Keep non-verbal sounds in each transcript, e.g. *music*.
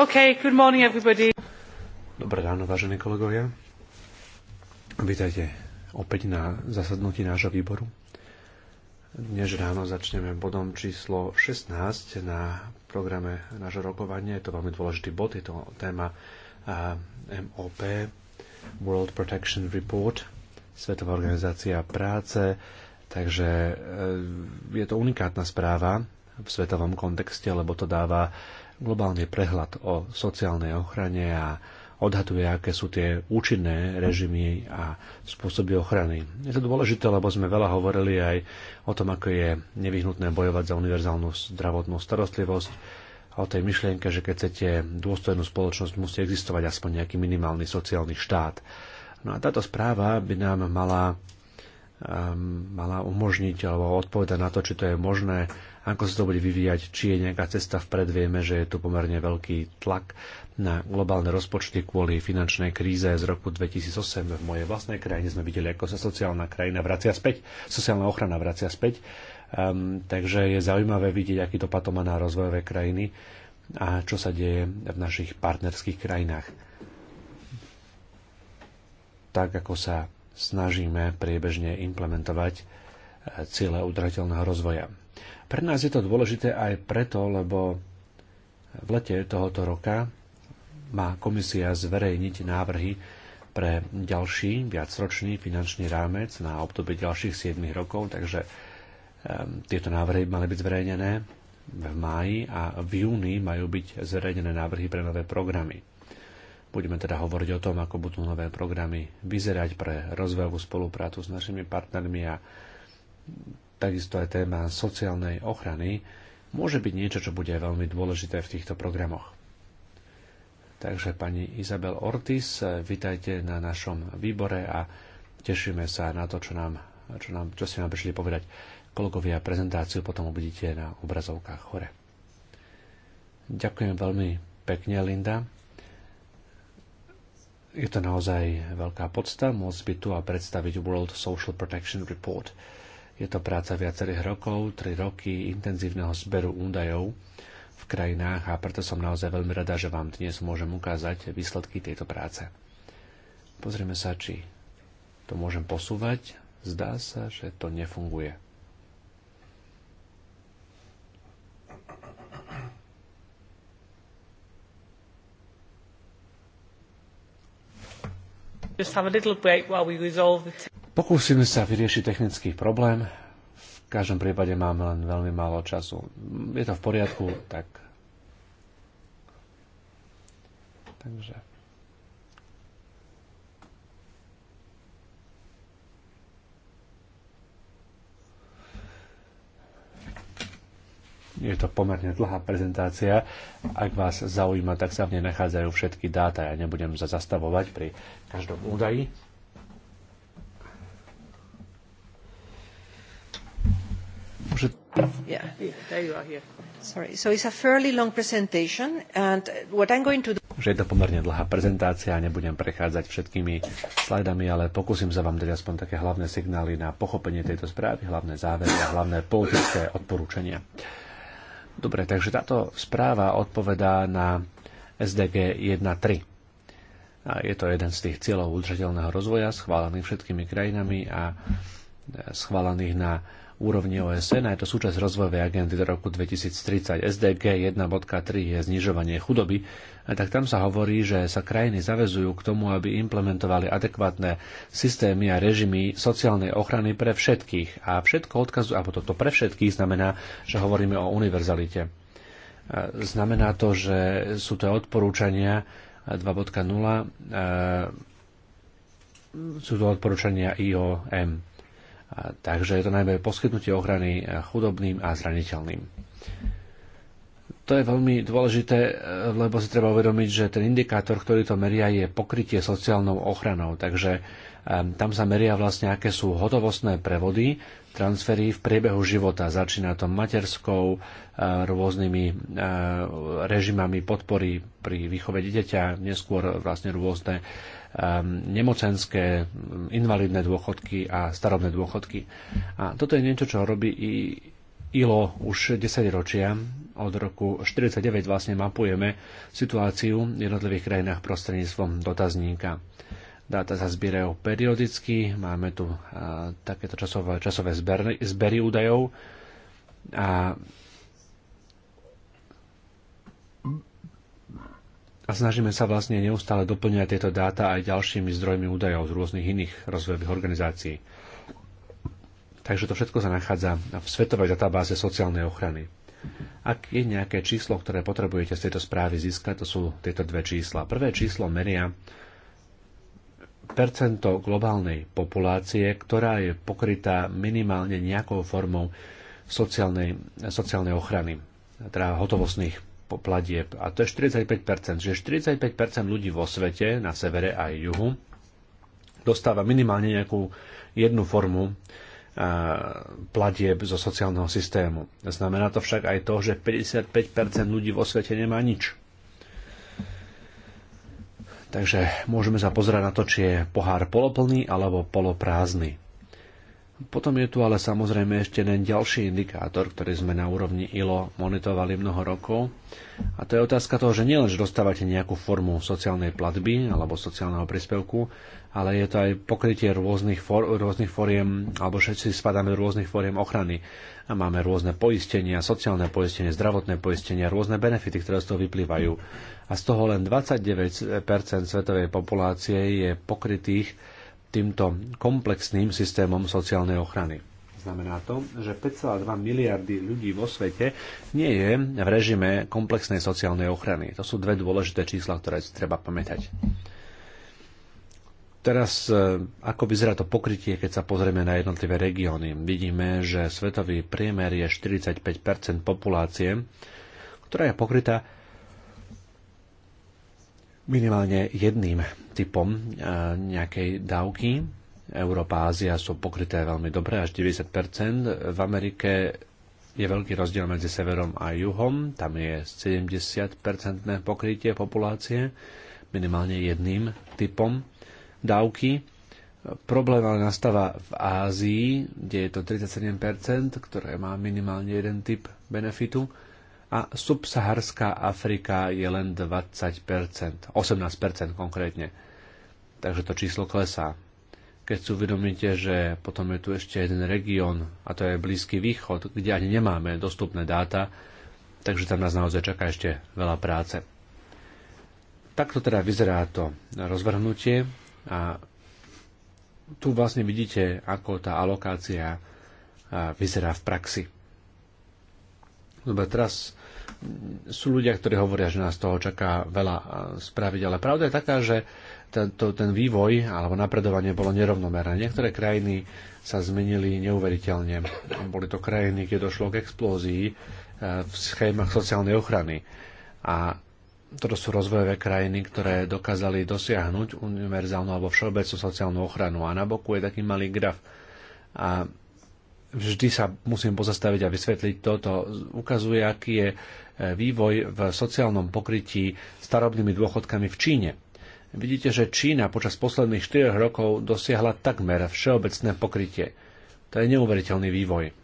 Dobré ráno, vážení kolegovia. Vítajte opäť na zasadnutí nášho výboru. Dnes ráno začneme bodom číslo 16 na programe nášho rokovania. Je to veľmi dôležitý bod, je to téma MOP, World Protection Report, Svetová organizácia práce, takže e, je to unikátna správa v svetovom kontexte, lebo to dáva globálne prehľad o sociálnej ochrane a odhaduje, aké sú tie účinné režimy a spôsoby ochrany. Je to dôležité, lebo sme veľa hovorili aj o tom, ako je nevyhnutné bojovať za univerzálnu zdravotnú starostlivosť a o tej myšlienke, že keď chcete dôstojnú spoločnosť, musí existovať aspoň nejaký minimálny sociálny štát. No a táto správa by nám mala, um, mala umožniť alebo odpovedať na to, či to je možné ako sa to bude vyvíjať, či je nejaká cesta vpred. Vieme, že je tu pomerne veľký tlak na globálne rozpočty kvôli finančnej kríze z roku 2008. V mojej vlastnej krajine sme videli, ako sa sociálna krajina vracia späť, sociálna ochrana vracia späť. Um, takže je zaujímavé vidieť, aký dopad to má na rozvojové krajiny a čo sa deje v našich partnerských krajinách. Tak ako sa snažíme priebežne implementovať eh, ciele udržateľného rozvoja. Pre nás je to dôležité aj preto, lebo v lete tohoto roka má komisia zverejniť návrhy pre ďalší viacročný finančný rámec na obdobie ďalších 7 rokov, takže ehm, tieto návrhy mali byť zverejnené v máji a v júni majú byť zverejnené návrhy pre nové programy. Budeme teda hovoriť o tom, ako budú nové programy vyzerať pre rozvojovú spoluprácu s našimi partnermi a takisto aj téma sociálnej ochrany, môže byť niečo, čo bude veľmi dôležité v týchto programoch. Takže pani Izabel Ortiz, vitajte na našom výbore a tešíme sa na to, čo, nám, čo, nám, čo ste nám prišli povedať. Kolegovia, prezentáciu potom uvidíte na obrazovkách hore. Ďakujem veľmi pekne, Linda. Je to naozaj veľká podsta môcť byť tu a predstaviť World Social Protection Report – je to práca viacerých rokov, 3 roky intenzívneho zberu údajov v krajinách a preto som naozaj veľmi rada, že vám dnes môžem ukázať výsledky tejto práce. Pozrieme sa, či to môžem posúvať. Zdá sa, že to nefunguje. Just have a little break while we resolve the Pokúsime sa vyriešiť technický problém. V každom prípade máme len veľmi málo času. Je to v poriadku, tak... Takže... Je to pomerne dlhá prezentácia. Ak vás zaujíma, tak sa v nej nachádzajú všetky dáta. Ja nebudem sa zastavovať pri každom údaji. Že je to pomerne dlhá prezentácia, nebudem prechádzať všetkými slajdami, ale pokúsim sa vám dať aspoň také hlavné signály na pochopenie tejto správy, hlavné závery a hlavné politické odporúčania. Dobre, takže táto správa odpovedá na SDG 1.3. A je to jeden z tých cieľov udržateľného rozvoja, schválených všetkými krajinami a schválených na úrovni OSN a je to súčasť rozvojovej agendy do roku 2030. SDG 1.3 je znižovanie chudoby, tak tam sa hovorí, že sa krajiny zavezujú k tomu, aby implementovali adekvátne systémy a režimy sociálnej ochrany pre všetkých. A všetko odkazu, alebo toto pre všetkých znamená, že hovoríme o univerzalite. Znamená to, že sú to odporúčania 2.0, e, sú to odporúčania IOM. Takže je to najmä poskytnutie ochrany e, chudobným a zraniteľným. To je veľmi dôležité, e, lebo si treba uvedomiť, že ten indikátor, ktorý to meria, je pokrytie sociálnou ochranou. Takže e, tam sa meria vlastne, aké sú hotovostné prevody, transfery v priebehu života. Začína to materskou, rôznymi režimami podpory pri výchove dieťa, neskôr vlastne rôzne Ehm, nemocenské, ehm, invalidné dôchodky a starobné dôchodky. A toto je niečo, čo robí i ILO už 10 ročia. Od roku 1949 vlastne mapujeme situáciu v jednotlivých krajinách prostredníctvom dotazníka. Dáta sa zbierajú periodicky, máme tu a, takéto časové, časové zbery, zbery údajov a a snažíme sa vlastne neustále doplňať tieto dáta aj ďalšími zdrojmi údajov z rôznych iných rozvojových organizácií. Takže to všetko sa nachádza v svetovej databáze sociálnej ochrany. Ak je nejaké číslo, ktoré potrebujete z tejto správy získať, to sú tieto dve čísla. Prvé číslo meria percento globálnej populácie, ktorá je pokrytá minimálne nejakou formou sociálnej, sociálnej ochrany, teda hotovostných platieb. A to je 45%. Že 45% ľudí vo svete, na severe aj juhu, dostáva minimálne nejakú jednu formu eh, platieb zo sociálneho systému. Znamená to však aj to, že 55% ľudí vo svete nemá nič. Takže môžeme sa pozerať na to, či je pohár poloplný alebo poloprázdny. Potom je tu ale samozrejme ešte jeden ďalší indikátor, ktorý sme na úrovni ILO monitorovali mnoho rokov. A to je otázka toho, že nielen, že dostávate nejakú formu sociálnej platby alebo sociálneho príspevku, ale je to aj pokrytie rôznych, for, rôznych foriem, alebo všetci spadáme do rôznych foriem ochrany. A máme rôzne poistenia, sociálne poistenie, zdravotné poistenia, rôzne benefity, ktoré z toho vyplývajú. A z toho len 29% svetovej populácie je pokrytých týmto komplexným systémom sociálnej ochrany. Znamená to, že 5,2 miliardy ľudí vo svete nie je v režime komplexnej sociálnej ochrany. To sú dve dôležité čísla, ktoré si treba pamätať. Teraz, e, ako vyzerá to pokrytie, keď sa pozrieme na jednotlivé regióny? Vidíme, že svetový priemer je 45 populácie, ktorá je pokrytá minimálne jedným typom e, nejakej dávky. Európa a Ázia sú pokryté veľmi dobre, až 90%. V Amerike je veľký rozdiel medzi severom a juhom. Tam je 70 pokrytie populácie minimálne jedným typom dávky. Problém ale nastáva v Ázii, kde je to 37%, ktoré má minimálne jeden typ benefitu a subsaharská Afrika je len 20%, 18% konkrétne. Takže to číslo klesá. Keď si uvedomíte, že potom je tu ešte jeden región, a to je Blízky východ, kde ani nemáme dostupné dáta, takže tam nás naozaj čaká ešte veľa práce. Takto teda vyzerá to rozvrhnutie a tu vlastne vidíte, ako tá alokácia vyzerá v praxi. Dobre, teraz sú ľudia, ktorí hovoria, že nás toho čaká veľa e, spraviť, ale pravda je taká, že tento, ten vývoj alebo napredovanie bolo nerovnomerné. Niektoré krajiny sa zmenili neuveriteľne. Boli to krajiny, kde došlo k explózii e, v schémach sociálnej ochrany. A toto sú rozvojové krajiny, ktoré dokázali dosiahnuť univerzálnu alebo všeobecnú sociálnu ochranu. A na boku je taký malý graf. A vždy sa musím pozastaviť a vysvetliť toto. Ukazuje, aký je e, vývoj v sociálnom pokrytí starobnými dôchodkami v Číne. Vidíte, že Čína počas posledných 4 rokov dosiahla takmer všeobecné pokrytie. To je neuveriteľný vývoj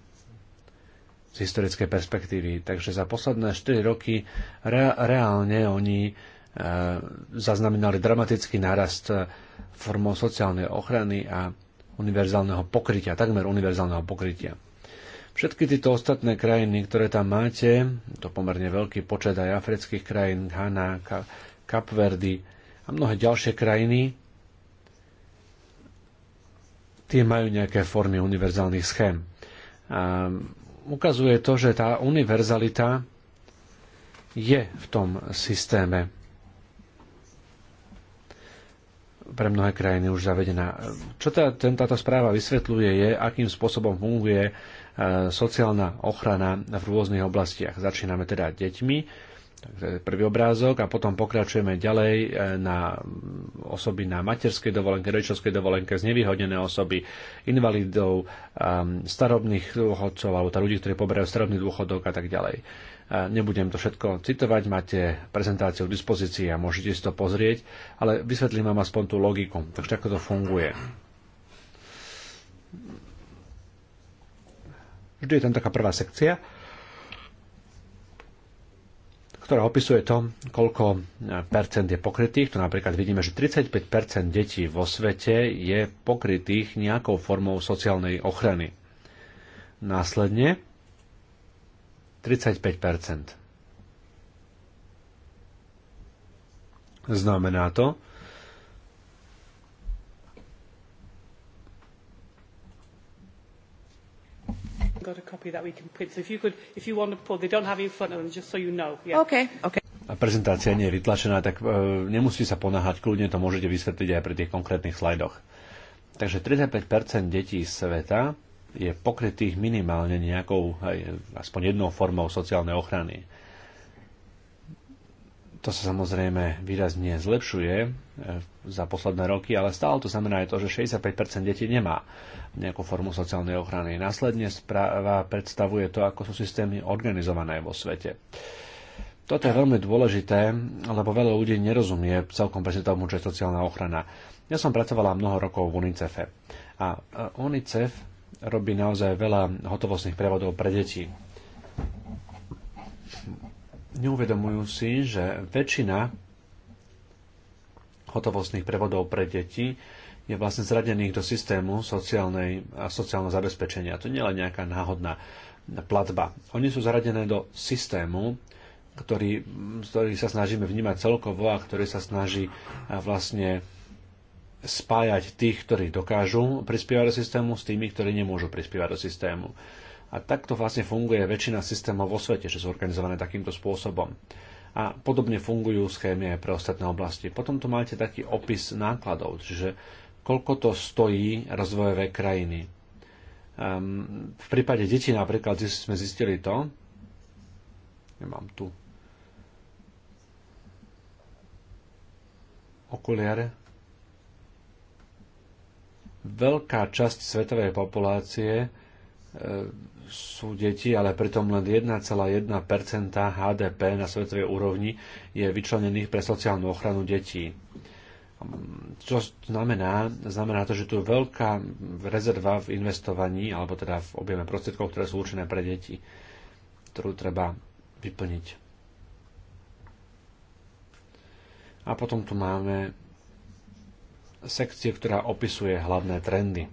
z historickej perspektívy. Takže za posledné 4 roky re- reálne oni e, zaznamenali dramatický nárast e, formou sociálnej ochrany a univerzálneho pokrytia, takmer univerzálneho pokrytia. Všetky tieto ostatné krajiny, ktoré tam máte, to pomerne veľký počet aj afrických krajín, Ghana, Kapverdy a mnohé ďalšie krajiny, tie majú nejaké formy univerzálnych schém. A ukazuje to, že tá univerzalita je v tom systéme pre mnohé krajiny už zavedená. Čo tá, ten, táto správa vysvetľuje je, akým spôsobom funguje e, sociálna ochrana v rôznych oblastiach. Začíname teda deťmi, takže prvý obrázok a potom pokračujeme ďalej e, na mm, osoby na materskej dovolenke, rodičovskej dovolenke, znevýhodnené osoby, invalidov, e, starobných dôchodcov alebo tá ľudí, ktorí poberajú starobný dôchodok a tak ďalej. Nebudem to všetko citovať, máte prezentáciu v dispozícii a môžete si to pozrieť, ale vysvetlím vám aspoň tú logiku, takže ako to funguje. Vždy je tam taká prvá sekcia, ktorá opisuje to, koľko percent je pokrytých. Tu napríklad vidíme, že 35 detí vo svete je pokrytých nejakou formou sociálnej ochrany. Následne 35 Znamená to, A prezentácia nie je vytlačená, tak e, nemusí sa ponáhať, kľudne to môžete vysvetliť aj pri tých konkrétnych slajdoch. Takže 35% detí sveta je pokrytých minimálne nejakou, aj, aspoň jednou formou sociálnej ochrany. To sa samozrejme výrazne zlepšuje eh, za posledné roky, ale stále to znamená aj to, že 65% detí nemá nejakú formu sociálnej ochrany. Následne správa predstavuje to, ako sú systémy organizované vo svete. Toto je veľmi dôležité, lebo veľa ľudí nerozumie celkom presne tomu, čo je sociálna ochrana. Ja som pracovala mnoho rokov v UNICEFe a eh, UNICEF robí naozaj veľa hotovostných prevodov pre deti. Neuvedomujú si, že väčšina hotovostných prevodov pre deti je vlastne zradených do systému sociálnej a sociálneho zabezpečenia. To nie je len nejaká náhodná platba. Oni sú zaradené do systému, ktorý, ktorý sa snažíme vnímať celkovo a ktorý sa snaží vlastne spájať tých, ktorí dokážu prispievať do systému s tými, ktorí nemôžu prispievať do systému. A takto vlastne funguje väčšina systémov vo svete, že sú organizované takýmto spôsobom. A podobne fungujú schémy aj pre ostatné oblasti. Potom tu máte taký opis nákladov, čiže koľko to stojí rozvojové krajiny. Um, v prípade detí napríklad sme zistili to, nemám tu okuliare, Veľká časť svetovej populácie e, sú deti, ale pritom len 1,1 HDP na svetovej úrovni je vyčlenených pre sociálnu ochranu detí. Hm, čo znamená? Znamená to, že tu je veľká rezerva v investovaní, alebo teda v objeme prostriedkov, ktoré sú určené pre deti, ktorú treba vyplniť. A potom tu máme sekcie, ktorá opisuje hlavné trendy.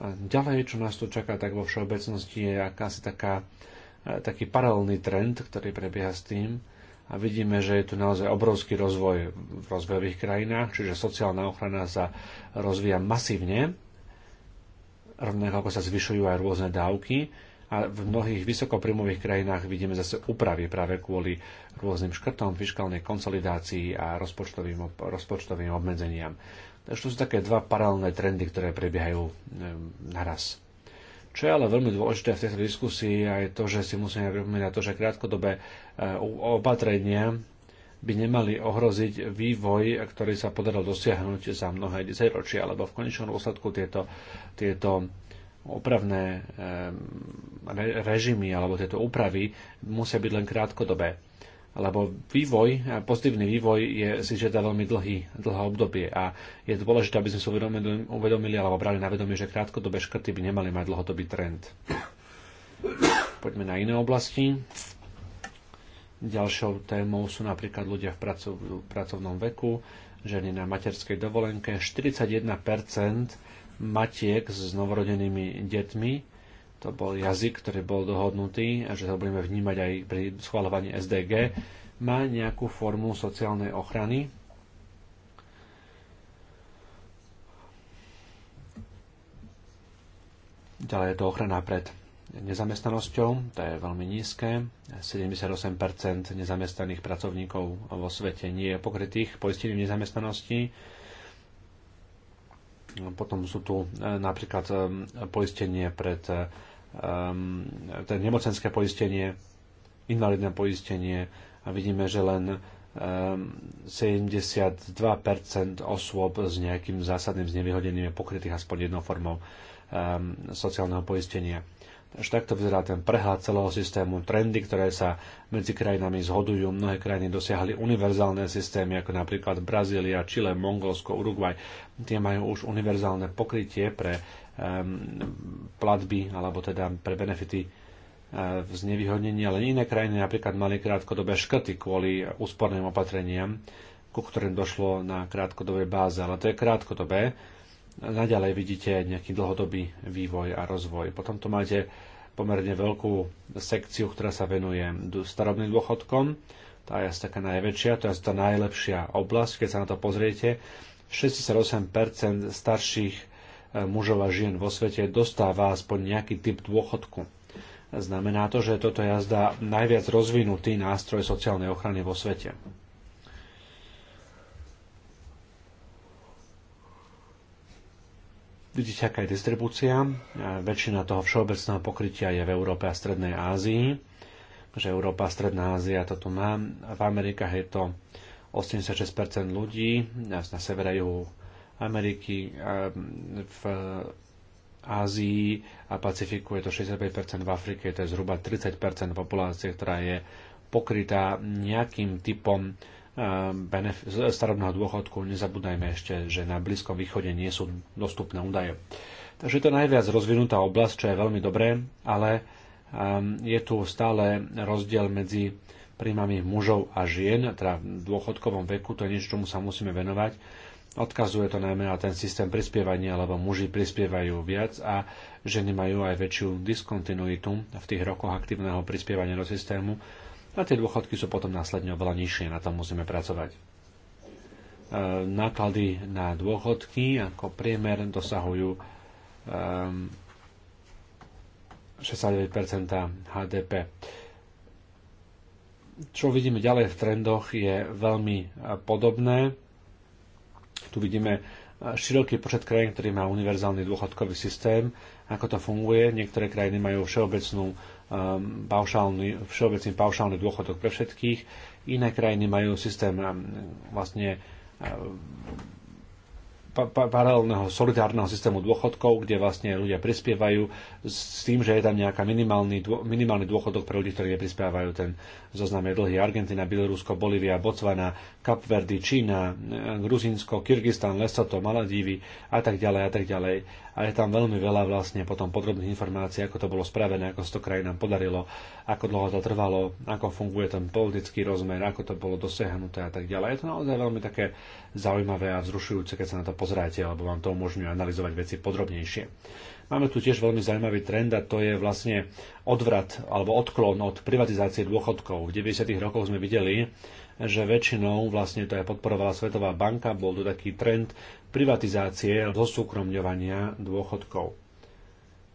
A ďalej, čo nás tu čaká tak vo všeobecnosti, je akási taká, e, taký paralelný trend, ktorý prebieha s tým, a vidíme, že je tu naozaj obrovský rozvoj v rozvojových krajinách, čiže sociálna ochrana sa rozvíja masívne, rovnako ako sa zvyšujú aj rôzne dávky, a v mnohých vysokoprímových krajinách vidíme zase úpravy práve kvôli rôznym škrtom, fiskálnej konsolidácii a rozpočtovým, rozpočtovým obmedzeniam. Takže to sú také dva paralelné trendy, ktoré prebiehajú naraz. Čo je ale veľmi dôležité v tejto diskusii a je to, že si musíme pripomínať to, že krátkodobé e, opatrenia by nemali ohroziť vývoj, ktorý sa podaril dosiahnuť za mnohé desaťročia, lebo v konečnom dôsledku tieto, tieto opravné režimy alebo tieto úpravy musia byť len krátkodobé. Lebo vývoj, e, pozitívny vývoj je, si žiada veľmi dlhý, dlhé obdobie a je dôležité, aby sme si uvedomili, uvedomili alebo brali na vedomie, že krátkodobé škrty by nemali mať dlhodobý trend. Poďme na iné oblasti. Ďalšou témou sú napríklad ľudia v, pracov, pracovnom veku, ženy na materskej dovolenke. 41 matiek s novorodenými deťmi. To bol jazyk, ktorý bol dohodnutý a že ho budeme vnímať aj pri schváľovaní SDG. Má nejakú formu sociálnej ochrany. Ďalej je to ochrana pred nezamestnanosťou, to je veľmi nízke. 78% nezamestnaných pracovníkov vo svete nie je pokrytých poistením nezamestnanosti potom sú tu e, napríklad e, poistenie pred e, nemocenské poistenie, invalidné poistenie a vidíme, že len 72% osôb s nejakým zásadným znevýhodením je pokrytých aspoň jednou formou sociálneho poistenia že takto vyzerá ten prehľad celého systému, trendy, ktoré sa medzi krajinami zhodujú. Mnohé krajiny dosiahli univerzálne systémy, ako napríklad Brazília, Čile, Mongolsko, Uruguay. Tie majú už univerzálne pokrytie pre um, platby, alebo teda pre benefity uh, eh, znevýhodnenia, ale iné krajiny napríklad mali krátkodobé škrty kvôli úsporným opatreniam, ku ktorým došlo na krátkodobej báze, ale to je krátkodobé naďalej vidíte nejaký dlhodobý vývoj a rozvoj. Potom tu máte pomerne veľkú sekciu, ktorá sa venuje starobným dôchodkom. Tá je asi taká najväčšia, to je asi tá najlepšia oblasť, keď sa na to pozriete. 68% starších eh, mužov a žien vo svete dostáva aspoň nejaký typ dôchodku. Znamená to, že toto je jazda najviac rozvinutý nástroj sociálnej ochrany vo svete. vidíte, aká je distribúcia. E, väčšina toho všeobecného pokrytia je v Európe a Strednej Ázii. Že Európa a Stredná Ázia to tu má. V Amerikách je to 86% ľudí na severe juhu Ameriky, e, v Ázii a Pacifiku je to 65%, v Afrike to je zhruba 30% populácie, ktorá je pokrytá nejakým typom starobného dôchodku. Nezabúdajme ešte, že na Blízkom východe nie sú dostupné údaje. Takže je to najviac rozvinutá oblasť, čo je veľmi dobré, ale um, je tu stále rozdiel medzi príjmami mužov a žien, teda v dôchodkovom veku, to je niečo, čomu sa musíme venovať. Odkazuje to najmä na ten systém prispievania, lebo muži prispievajú viac a ženy majú aj väčšiu diskontinuitu v tých rokoch aktívneho prispievania do systému, a tie dôchodky sú potom následne oveľa nižšie, na tom musíme pracovať. E, náklady na dôchodky ako priemer dosahujú 69% HDP. Čo vidíme ďalej v trendoch je veľmi e, podobné. Tu vidíme e, široký počet krajín, ktorý má univerzálny dôchodkový systém, ako to funguje. Niektoré krajiny majú všeobecnú Um, paušálny, všeobecný paušálny dôchodok pre všetkých. Iné krajiny majú systém um, vlastne um, paralelného solidárneho systému dôchodkov, kde vlastne ľudia prispievajú s tým, že je tam nejaká minimálny, dô, minimálny dôchodok pre ľudí, ktorí neprispievajú. Ten zoznam je dlhý. Argentina, Bielorusko, Bolívia, Botswana, Kapverdy, Čína, eh, Gruzinsko, Kyrgyzstan, Lesoto, Maladívy a tak ďalej a tak ďalej. A je tam veľmi veľa vlastne potom podrobných informácií, ako to bolo spravené, ako sa to krajinám podarilo ako dlho to trvalo, ako funguje ten politický rozmer, ako to bolo dosiahnuté a tak ďalej. Je to naozaj veľmi také zaujímavé a vzrušujúce, keď sa na to pozráte, alebo vám to umožňuje analyzovať veci podrobnejšie. Máme tu tiež veľmi zaujímavý trend a to je vlastne odvrat alebo odklon od privatizácie dôchodkov. V 90. rokoch sme videli, že väčšinou vlastne to aj podporovala Svetová banka, bol to taký trend privatizácie zosúkromňovania dôchodkov.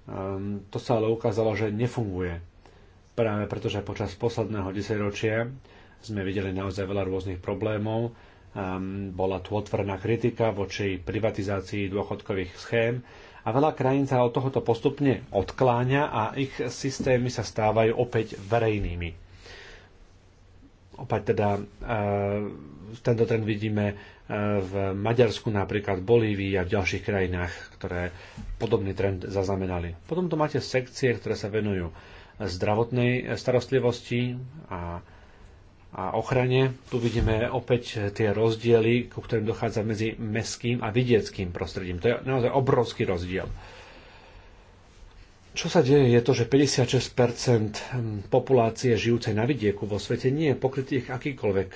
Um, to sa ale ukázalo, že nefunguje práve pretože počas posledného desaťročia sme videli naozaj veľa rôznych problémov. Ehm, bola tu otvorená kritika voči privatizácii dôchodkových schém a veľa krajín sa od tohoto postupne odkláňa a ich systémy sa stávajú opäť verejnými opäť teda ehm, tento trend vidíme ehm, v Maďarsku napríklad, Bolívii a v ďalších krajinách, ktoré podobný trend zaznamenali. Potom tu máte sekcie, ktoré sa venujú zdravotnej starostlivosti a, a ochrane. Tu vidíme opäť tie rozdiely, ku ktorým dochádza medzi meským a vidieckým prostredím. To je naozaj obrovský rozdiel. Čo sa deje je to, že 56% populácie žijúcej na vidieku vo svete nie je pokrytých akýmkoľvek,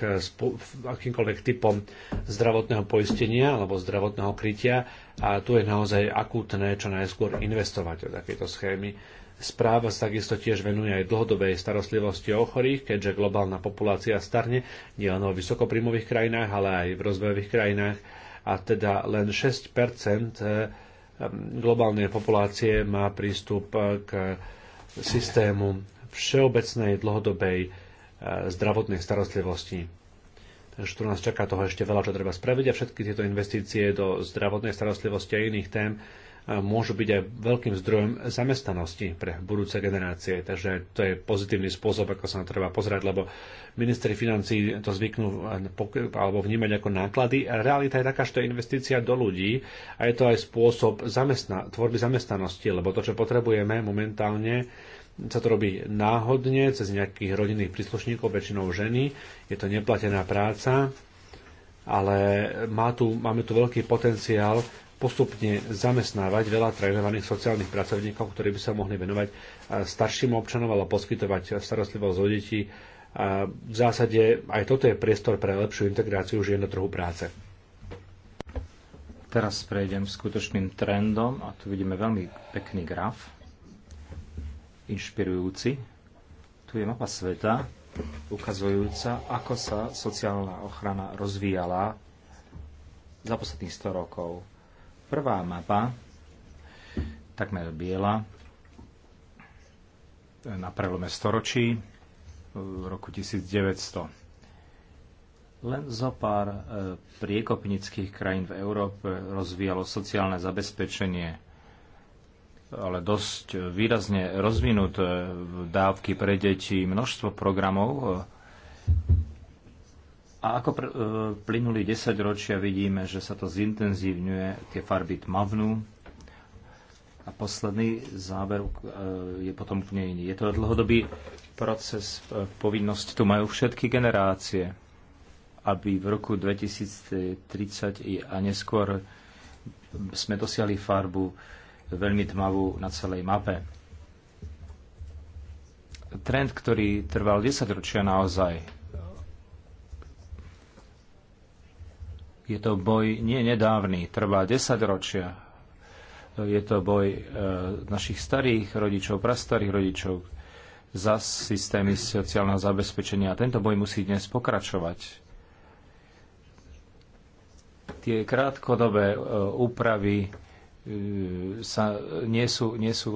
akýmkoľvek typom zdravotného poistenia alebo zdravotného krytia a tu je naozaj akútne čo najskôr investovať do takéto schémy Správa sa takisto tiež venuje aj dlhodobej starostlivosti o chorých, keďže globálna populácia starne nielen vo vysokoprímových krajinách, ale aj v rozvojových krajinách a teda len 6 eh, globálnej populácie má prístup eh, k systému všeobecnej dlhodobej eh, zdravotnej starostlivosti. Takže tu nás čaká toho ešte veľa, čo treba spraviť a všetky tieto investície do zdravotnej starostlivosti a iných tém môžu byť aj veľkým zdrojom zamestnanosti pre budúce generácie. Takže to je pozitívny spôsob, ako sa na to treba pozerať, lebo ministri financí to zvyknú alebo vnímať ako náklady. realita je taká, že to je investícia do ľudí a je to aj spôsob zamestna- tvorby zamestnanosti, lebo to, čo potrebujeme momentálne, sa to robí náhodne, cez nejakých rodinných príslušníkov, väčšinou ženy. Je to neplatená práca, ale má tu, máme tu veľký potenciál postupne zamestnávať veľa trénovaných sociálnych pracovníkov, ktorí by sa mohli venovať starším občanom alebo poskytovať starostlivosť o deti. A v zásade aj toto je priestor pre lepšiu integráciu žien do trhu práce. Teraz prejdem k skutočným trendom a tu vidíme veľmi pekný graf, inšpirujúci. Tu je mapa sveta, ukazujúca, ako sa sociálna ochrana rozvíjala za posledných 100 rokov Prvá mapa, takmer biela, na prelome storočí v roku 1900. Len zo pár e, priekopnických krajín v Európe rozvíjalo sociálne zabezpečenie ale dosť výrazne rozvinuté dávky pre deti, množstvo programov e, a ako pr- e, plynuli 10 ročia vidíme, že sa to zintenzívňuje, tie farby tmavnú. A posledný záver e, je potom k nej. Je to dlhodobý proces, e, povinnosť tu majú všetky generácie, aby v roku 2030 a neskôr sme dosiahli farbu veľmi tmavú na celej mape. Trend, ktorý trval 10 ročia naozaj, Je to boj nie nedávny, trvá 10 ročia. Je to boj e, našich starých rodičov, prastarých rodičov za systémy sociálneho zabezpečenia. A tento boj musí dnes pokračovať. Tie krátkodobé e, úpravy e, sa nie sú, nie sú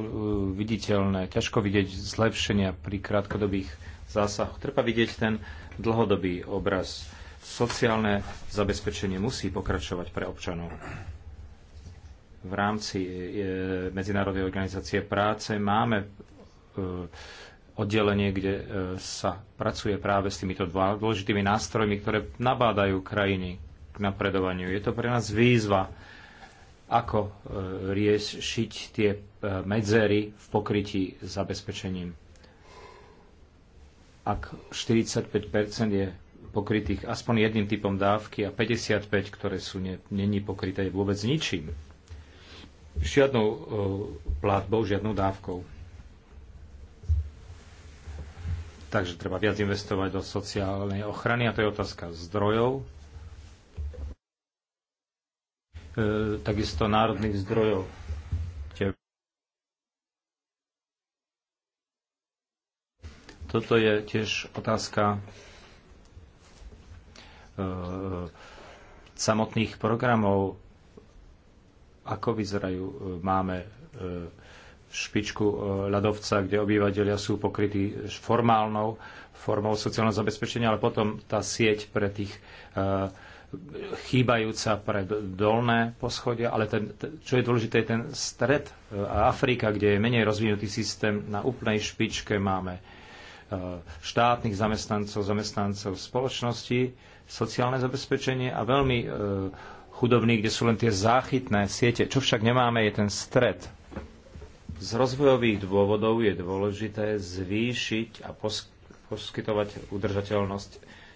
viditeľné. Ťažko vidieť zlepšenia pri krátkodobých zásahoch. Treba vidieť ten dlhodobý obraz Sociálne zabezpečenie musí pokračovať pre občanov. V rámci e, Medzinárodnej organizácie práce máme e, oddelenie, kde e, sa pracuje práve s týmito dva dôležitými nástrojmi, ktoré nabádajú krajiny k napredovaniu. Je to pre nás výzva, ako riešiť tie medzery v pokrytí zabezpečením ak 45% je pokrytých aspoň jedným typom dávky a 55, ktoré sú ne, není pokryté vôbec ničím. Žiadnou e, platbou, žiadnou dávkou. Takže treba viac investovať do sociálnej ochrany a to je otázka zdrojov. E, takisto národných zdrojov. Toto je tiež otázka E, samotných programov, ako vyzerajú. E, máme e, špičku ľadovca, kde obyvateľia sú pokrytí formálnou formou sociálneho zabezpečenia, ale potom tá sieť pre tých chýbajúca pre dolné poschodia, ale ten, čo je dôležité, je ten stred Afrika, kde je menej rozvinutý systém, na úplnej špičke máme štátnych zamestnancov, zamestnancov spoločnosti, sociálne zabezpečenie a veľmi e, chudobní, kde sú len tie záchytné siete. Čo však nemáme, je ten stred. Z rozvojových dôvodov je dôležité zvýšiť a poskytovať udržateľnosť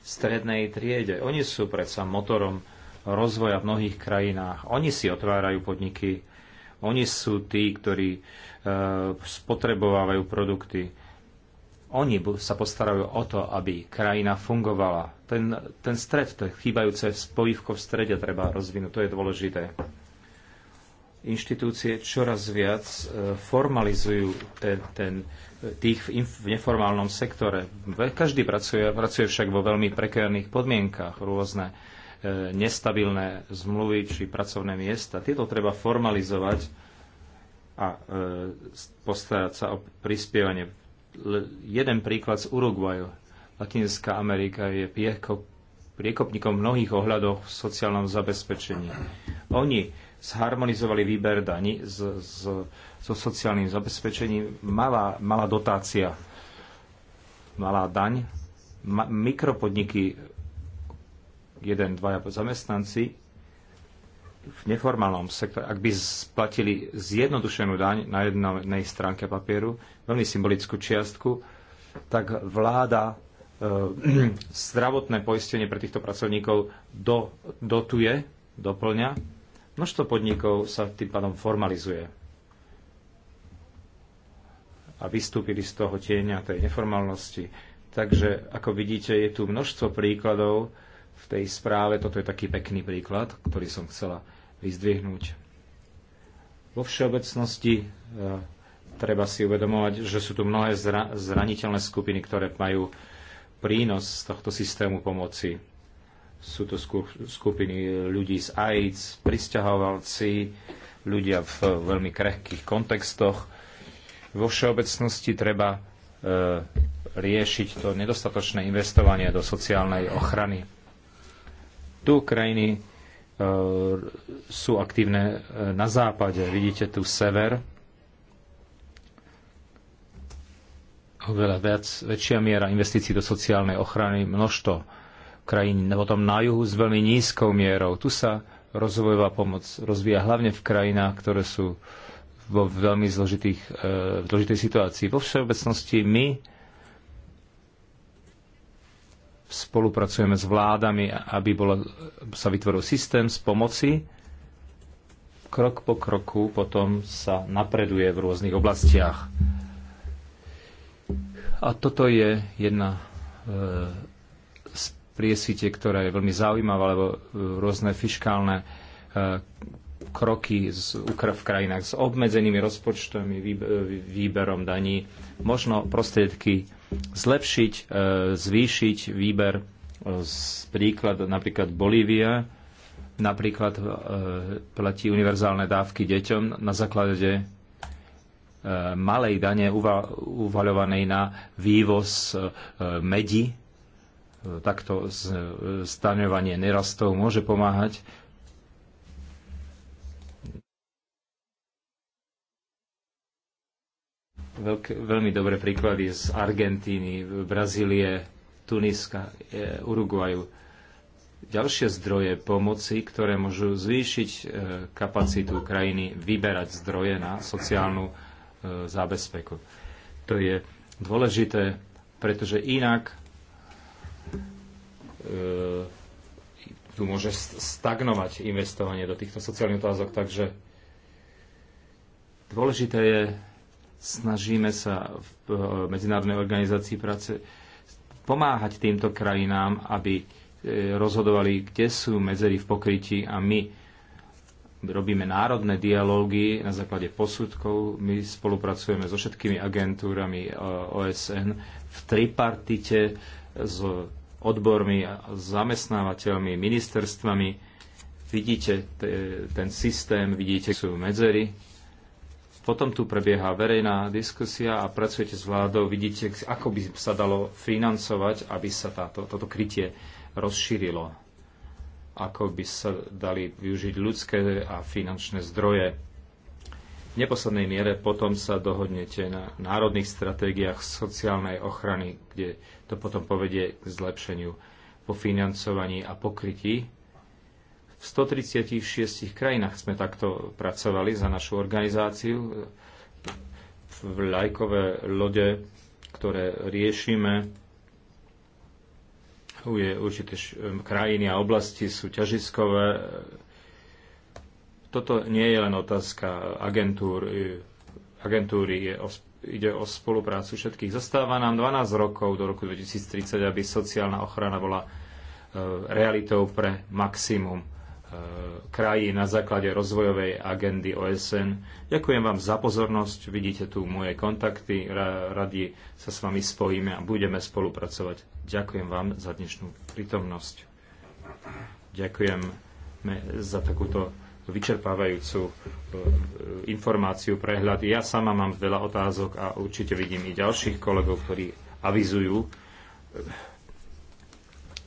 strednej triede. Oni sú predsa motorom rozvoja v mnohých krajinách. Oni si otvárajú podniky. Oni sú tí, ktorí e, spotrebovávajú produkty oni sa postarajú o to, aby krajina fungovala. Ten, ten stred, to chýbajúce spojivko v strede treba rozvinúť, to je dôležité. Inštitúcie čoraz viac e, formalizujú ten, ten, tých v, v neformálnom sektore. Každý pracuje, pracuje však vo veľmi prekérnych podmienkach, rôzne e, nestabilné zmluvy či pracovné miesta. Tieto treba formalizovať a e, postarať sa o prispievanie jeden príklad z Uruguaju. Latinská Amerika je priekopníkom v mnohých ohľadoch v sociálnom zabezpečení. Oni zharmonizovali výber daní so, so sociálnym zabezpečením. Malá, malá dotácia, malá daň, ma, mikropodniky, jeden, dvaja zamestnanci v neformálnom sektore, ak by splatili zjednodušenú daň na jednej stránke papieru, veľmi symbolickú čiastku, tak vláda e, *clears throat* zdravotné poistenie pre týchto pracovníkov do, dotuje, doplňa. Množstvo podnikov sa tým pádom formalizuje a vystúpili z toho tieňa tej neformálnosti. Takže, ako vidíte, je tu množstvo príkladov v tej správe. Toto je taký pekný príklad, ktorý som chcela vyzdvihnúť. Vo všeobecnosti e, treba si uvedomovať, že sú tu mnohé zra- zraniteľné skupiny, ktoré majú prínos z tohto systému pomoci. Sú to skupiny ľudí z AIDS, pristahovalci, ľudia v veľmi krehkých kontextoch. Vo všeobecnosti treba e, riešiť to nedostatočné investovanie do sociálnej ochrany. Tu krajiny E, sú aktívne e, na západe. Vidíte tu sever, oveľa viac, väčšia miera investícií do sociálnej ochrany, množstvo krajín, potom na juhu s veľmi nízkou mierou. Tu sa rozvojová pomoc rozvíja hlavne v krajinách, ktoré sú vo veľmi zložitých, e, zložitej situácii. Vo všeobecnosti my Spolupracujeme s vládami, aby bolo, sa vytvoril systém z pomoci. Krok po kroku potom sa napreduje v rôznych oblastiach. A toto je jedna e, z priesvite, ktorá je veľmi zaujímavá, lebo e, rôzne e, kroky z v krajinách s obmedzenými rozpočtami, e, výberom daní, možno prostriedky zlepšiť, e, zvýšiť výber e, z príklad napríklad Bolívia, napríklad e, platí univerzálne dávky deťom na základe malej dane uvaľovanej na vývoz medi, takto staňovanie nerastov môže pomáhať veľké, veľmi dobré príklady z Argentíny, Brazílie, Tuniska, e, Uruguaju. Ďalšie zdroje pomoci, ktoré môžu zvýšiť e, kapacitu krajiny vyberať zdroje na sociálnu e, zábezpeku. To je dôležité, pretože inak tu môže stagnovať investovanie do týchto sociálnych otázok, takže dôležité je Snažíme sa v e, Medzinárodnej organizácii práce pomáhať týmto krajinám, aby e, rozhodovali, kde sú medzery v pokrytí a my robíme národné dialógy na základe posudkov. My spolupracujeme so všetkými agentúrami e, OSN v tripartite s odbormi, zamestnávateľmi, ministerstvami. Vidíte ten systém, vidíte, sú medzery potom tu prebieha verejná diskusia a pracujete s vládou, vidíte, ako by sa dalo financovať, aby sa táto, toto krytie rozšírilo. Ako by sa dali využiť ľudské a finančné zdroje. V neposlednej miere potom sa dohodnete na národných stratégiách sociálnej ochrany, kde to potom povedie k zlepšeniu po financovaní a pokrytí v 136 krajinách sme takto pracovali za našu organizáciu. V lajkové lode, ktoré riešime, je určité krajiny a oblasti sú ťažiskové. Toto nie je len otázka agentúr, e, agentúry, je o ide o spoluprácu všetkých. Zostáva nám 12 rokov do roku 2030, aby sociálna ochrana bola e, realitou pre maximum E, krajín na základe rozvojovej agendy OSN. Ďakujem vám za pozornosť, vidíte tu moje kontakty, radi sa s vami spojíme a budeme spolupracovať. Ďakujem vám za dnešnú prítomnosť. Ďakujem za takúto vyčerpávajúcu e, informáciu, prehľad. Ja sama mám veľa otázok a určite vidím i ďalších kolegov, ktorí avizujú e,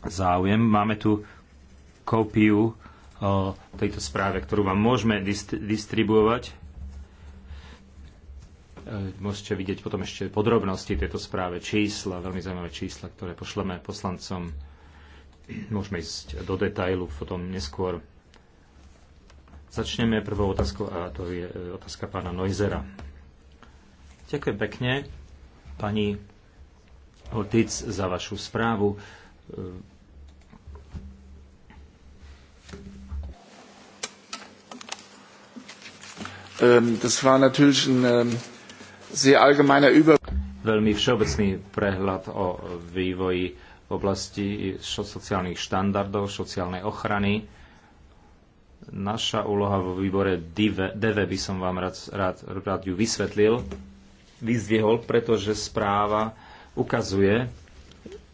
záujem. Máme tu kópiu o tejto správe, ktorú vám môžeme dist- distribuovať. E, môžete vidieť potom ešte podrobnosti tejto správe, čísla, veľmi zaujímavé čísla, ktoré pošleme poslancom. Môžeme ísť do detailu potom neskôr. Začneme prvou otázkou a to je e, otázka pána Noizera. Ďakujem pekne, pani Otic, za vašu správu e, Ähm, das war natürlich ein ähm, sehr allgemeiner Über Veľmi všeobecný prehľad o vývoji v oblasti sociálnych štandardov, sociálnej ochrany. Naša úloha vo výbore deve by som vám rád, rád, rád ju vysvetlil, vyzdvihol, pretože správa ukazuje,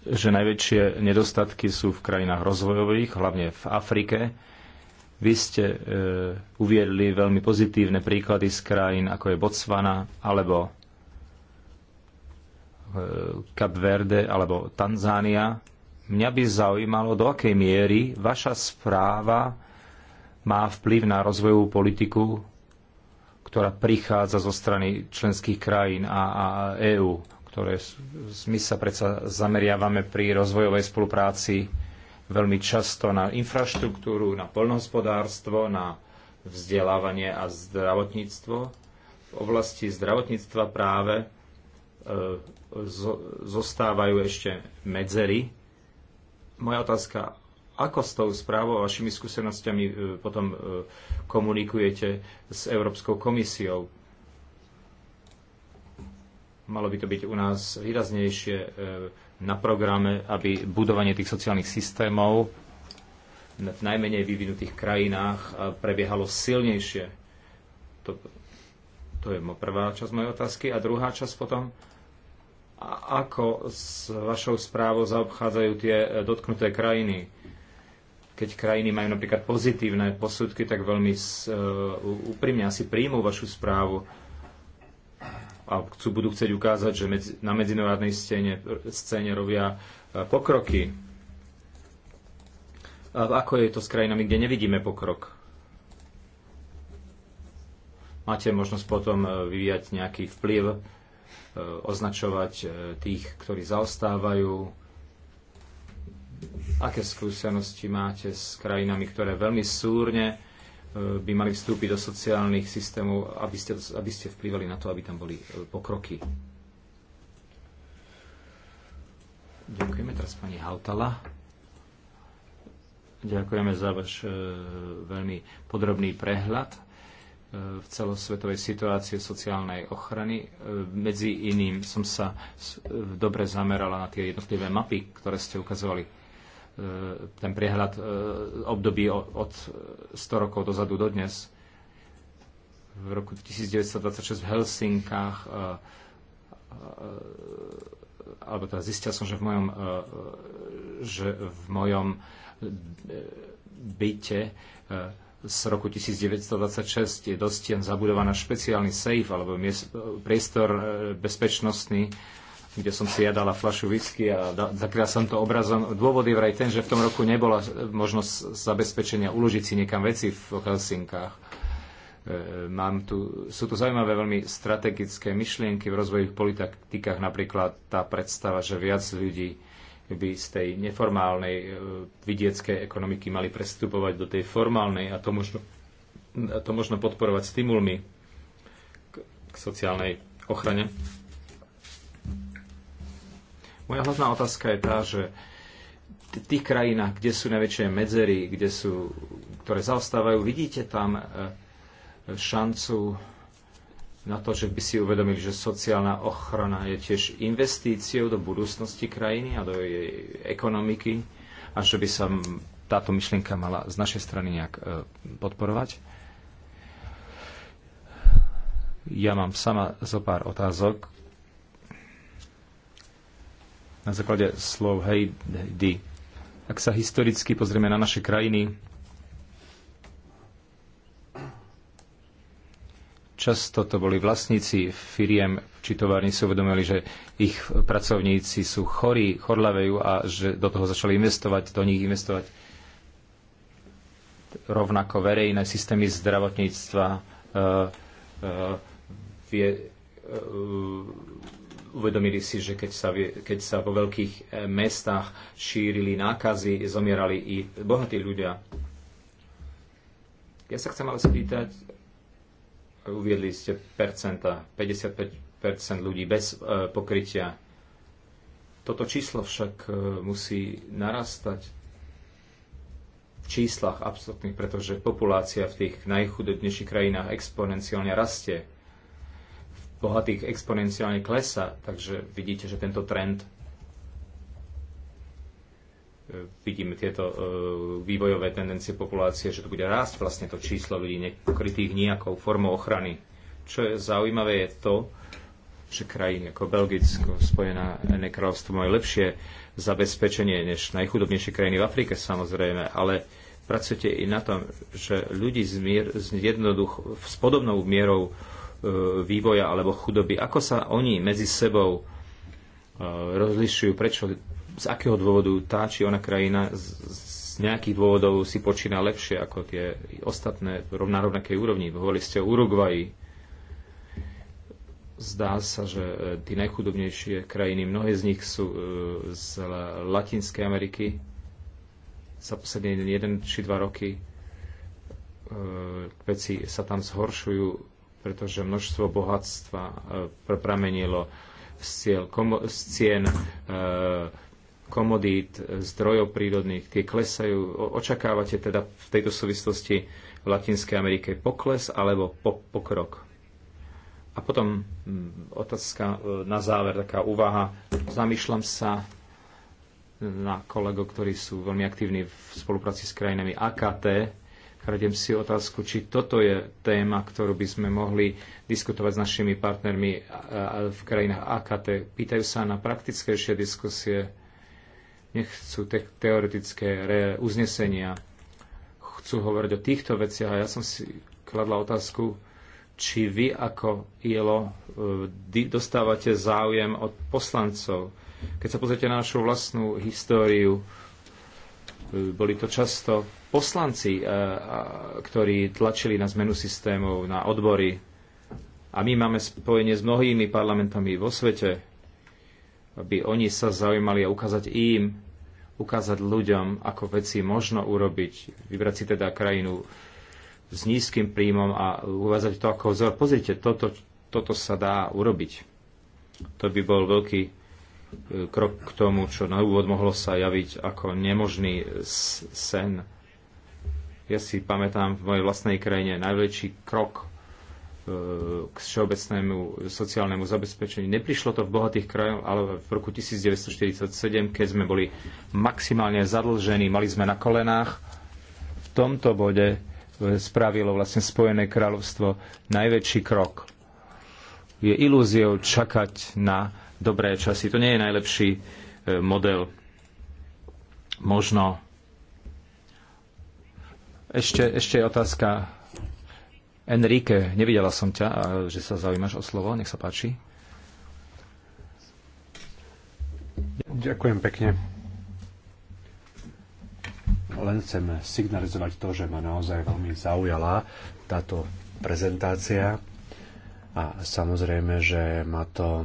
že najväčšie nedostatky sú v krajinách rozvojových, hlavne v Afrike, vy ste e, uviedli veľmi pozitívne príklady z krajín, ako je Botswana alebo e, Cap Verde alebo Tanzánia. Mňa by zaujímalo, do akej miery vaša správa má vplyv na rozvojovú politiku, ktorá prichádza zo strany členských krajín a, a EÚ, ktoré my sa predsa zameriavame pri rozvojovej spolupráci veľmi často na infraštruktúru, na poľnohospodárstvo, na vzdelávanie a zdravotníctvo. V oblasti zdravotníctva práve e, zostávajú ešte medzery. Moja otázka, ako s tou správou a vašimi skúsenostiami e, potom e, komunikujete s Európskou komisiou? Malo by to byť u nás výraznejšie na programe, aby budovanie tých sociálnych systémov v najmenej vyvinutých krajinách eh, prebiehalo silnejšie. To, to je prvá časť mojej otázky. A druhá časť potom, a ako s vašou správou zaobchádzajú tie eh, dotknuté krajiny. Keď krajiny majú napríklad pozitívne posudky, tak veľmi eh, úprimne asi príjmú vašu správu a chcú, budú chcieť ukázať, že medzi, na medzinárodnej scéne, scéne robia e, pokroky. A ako je to s krajinami, kde nevidíme pokrok? Máte možnosť potom e, vyvíjať nejaký vplyv, e, označovať tých, ktorí zaostávajú. Aké skúsenosti máte s krajinami, ktoré veľmi súrne E, by mali vstúpiť do sociálnych systémov, aby ste, aby ste vplývali na to, aby tam boli e, pokroky. Ďakujeme teraz pani Hautala. Ďakujeme za váš e, veľmi podrobný prehľad e, v celosvetovej situácie sociálnej ochrany. E, medzi iným som sa s, e, dobre zamerala na tie jednotlivé mapy, ktoré ste ukazovali E, ten priehľad e, období od 100 rokov dozadu do dnes. V roku 1926 v Helsinkách e, alebo teda zistil som, že v mojom, že v mojom byte z roku 1926 je dosť zabudovaná špeciálny safe alebo priestor bezpečnostný, kde som si ja dala flašu whisky a zakrýval som to obrazom. Dôvod je vraj ten, že v tom roku nebola možnosť zabezpečenia uložiť si niekam veci v Helsinkách. E, mám tu, sú tu zaujímavé veľmi strategické myšlienky v rozvojových politikách, napríklad tá predstava, že viac ľudí by z tej neformálnej e, vidieckej ekonomiky mali prestupovať do tej formálnej a to možno, a to možno podporovať stimulmi k, k sociálnej ochrane. Moja hlavná otázka je tá, že v tých krajinách, kde sú najväčšie medzery, kde sú, ktoré zaostávajú, vidíte tam e, šancu na to, že by si uvedomili, že sociálna ochrana je tiež investíciou do budúcnosti krajiny a do jej ekonomiky a že by sa táto myšlienka mala z našej strany nejak e, podporovať. Ja mám sama zo pár otázok, na základe slov di. Ak sa historicky pozrieme na naše krajiny, často to boli vlastníci firiem či továrni si uvedomili, že ich pracovníci sú chorí, chorlavejú a že do toho začali investovať, do nich investovať rovnako verejné systémy zdravotníctva, uh, uh, vie, uh, uvedomili si, že keď sa, keď sa vo veľkých e, mestách šírili nákazy, zomierali i bohatí ľudia. Ja sa chcem ale spýtať, uviedli ste percenta, 55% ľudí bez e, pokrytia. Toto číslo však e, musí narastať v číslach absolútnych, pretože populácia v tých najchudobnejších krajinách exponenciálne rastie bohatých exponenciálne klesa. Takže vidíte, že tento trend e, vidíme tieto e, vývojové tendencie populácie, že to bude rásť. Vlastne to číslo ľudí nekrytých nejakou formou ochrany. Čo je zaujímavé je to, že krajiny ako Belgicko, Spojené kráľovstvo majú lepšie zabezpečenie než najchudobnejšie krajiny v Afrike samozrejme, ale pracujete i na tom, že ľudí z, mier, z jednoduch, s podobnou mierou E, vývoja alebo chudoby. Ako sa oni medzi sebou e, rozlišujú, prečo, z akého dôvodu tá či ona krajina z, z nejakých dôvodov si počína lepšie ako tie ostatné na rovnakej úrovni. Hovorili ste o Uruguayi. Zdá sa, že e, tí najchudobnejšie krajiny, mnohé z nich sú z Latinskej Ameriky. Za posledný 1 či dva roky veci sa tam zhoršujú pretože množstvo bohatstva e, pramenilo z cien e, komodít, zdrojov prírodných, tie klesajú. Očakávate teda v tejto súvislosti v Latinskej Amerike pokles alebo po, pokrok? A potom mm, otázka e, na záver, taká úvaha. Zamýšľam sa na kolegov, ktorí sú veľmi aktívni v spolupráci s krajinami AKT, Kladiem si otázku, či toto je téma, ktorú by sme mohli diskutovať s našimi partnermi v krajinách AKT. Pýtajú sa na praktickejšie diskusie, nechcú te- teoretické re- uznesenia, chcú hovoriť o týchto veciach a ja som si kladla otázku, či vy ako ILO e, dostávate záujem od poslancov. Keď sa pozrite na našu vlastnú históriu, e, boli to často poslanci, eh, ktorí tlačili na zmenu systémov, na odbory. A my máme spojenie s mnohými parlamentami vo svete, aby oni sa zaujímali a ukázať im, ukázať ľuďom, ako veci možno urobiť, vybrať si teda krajinu s nízkym príjmom a uvázať to ako vzor. Pozrite, toto, toto sa dá urobiť. To by bol veľký eh, krok k tomu, čo na úvod mohlo sa javiť ako nemožný sen ja si pamätám v mojej vlastnej krajine najväčší krok e, k všeobecnému sociálnemu zabezpečeniu. Neprišlo to v bohatých krajoch, ale v roku 1947, keď sme boli maximálne zadlžení, mali sme na kolenách, v tomto bode e, spravilo vlastne Spojené kráľovstvo najväčší krok. Je ilúziou čakať na dobré časy. To nie je najlepší e, model. Možno ešte, ešte je otázka. Enrique, nevidela som ťa, že sa zaujímaš o slovo. Nech sa páči. Ďakujem pekne. Len chcem signalizovať to, že ma naozaj veľmi zaujala táto prezentácia a samozrejme, že ma to e,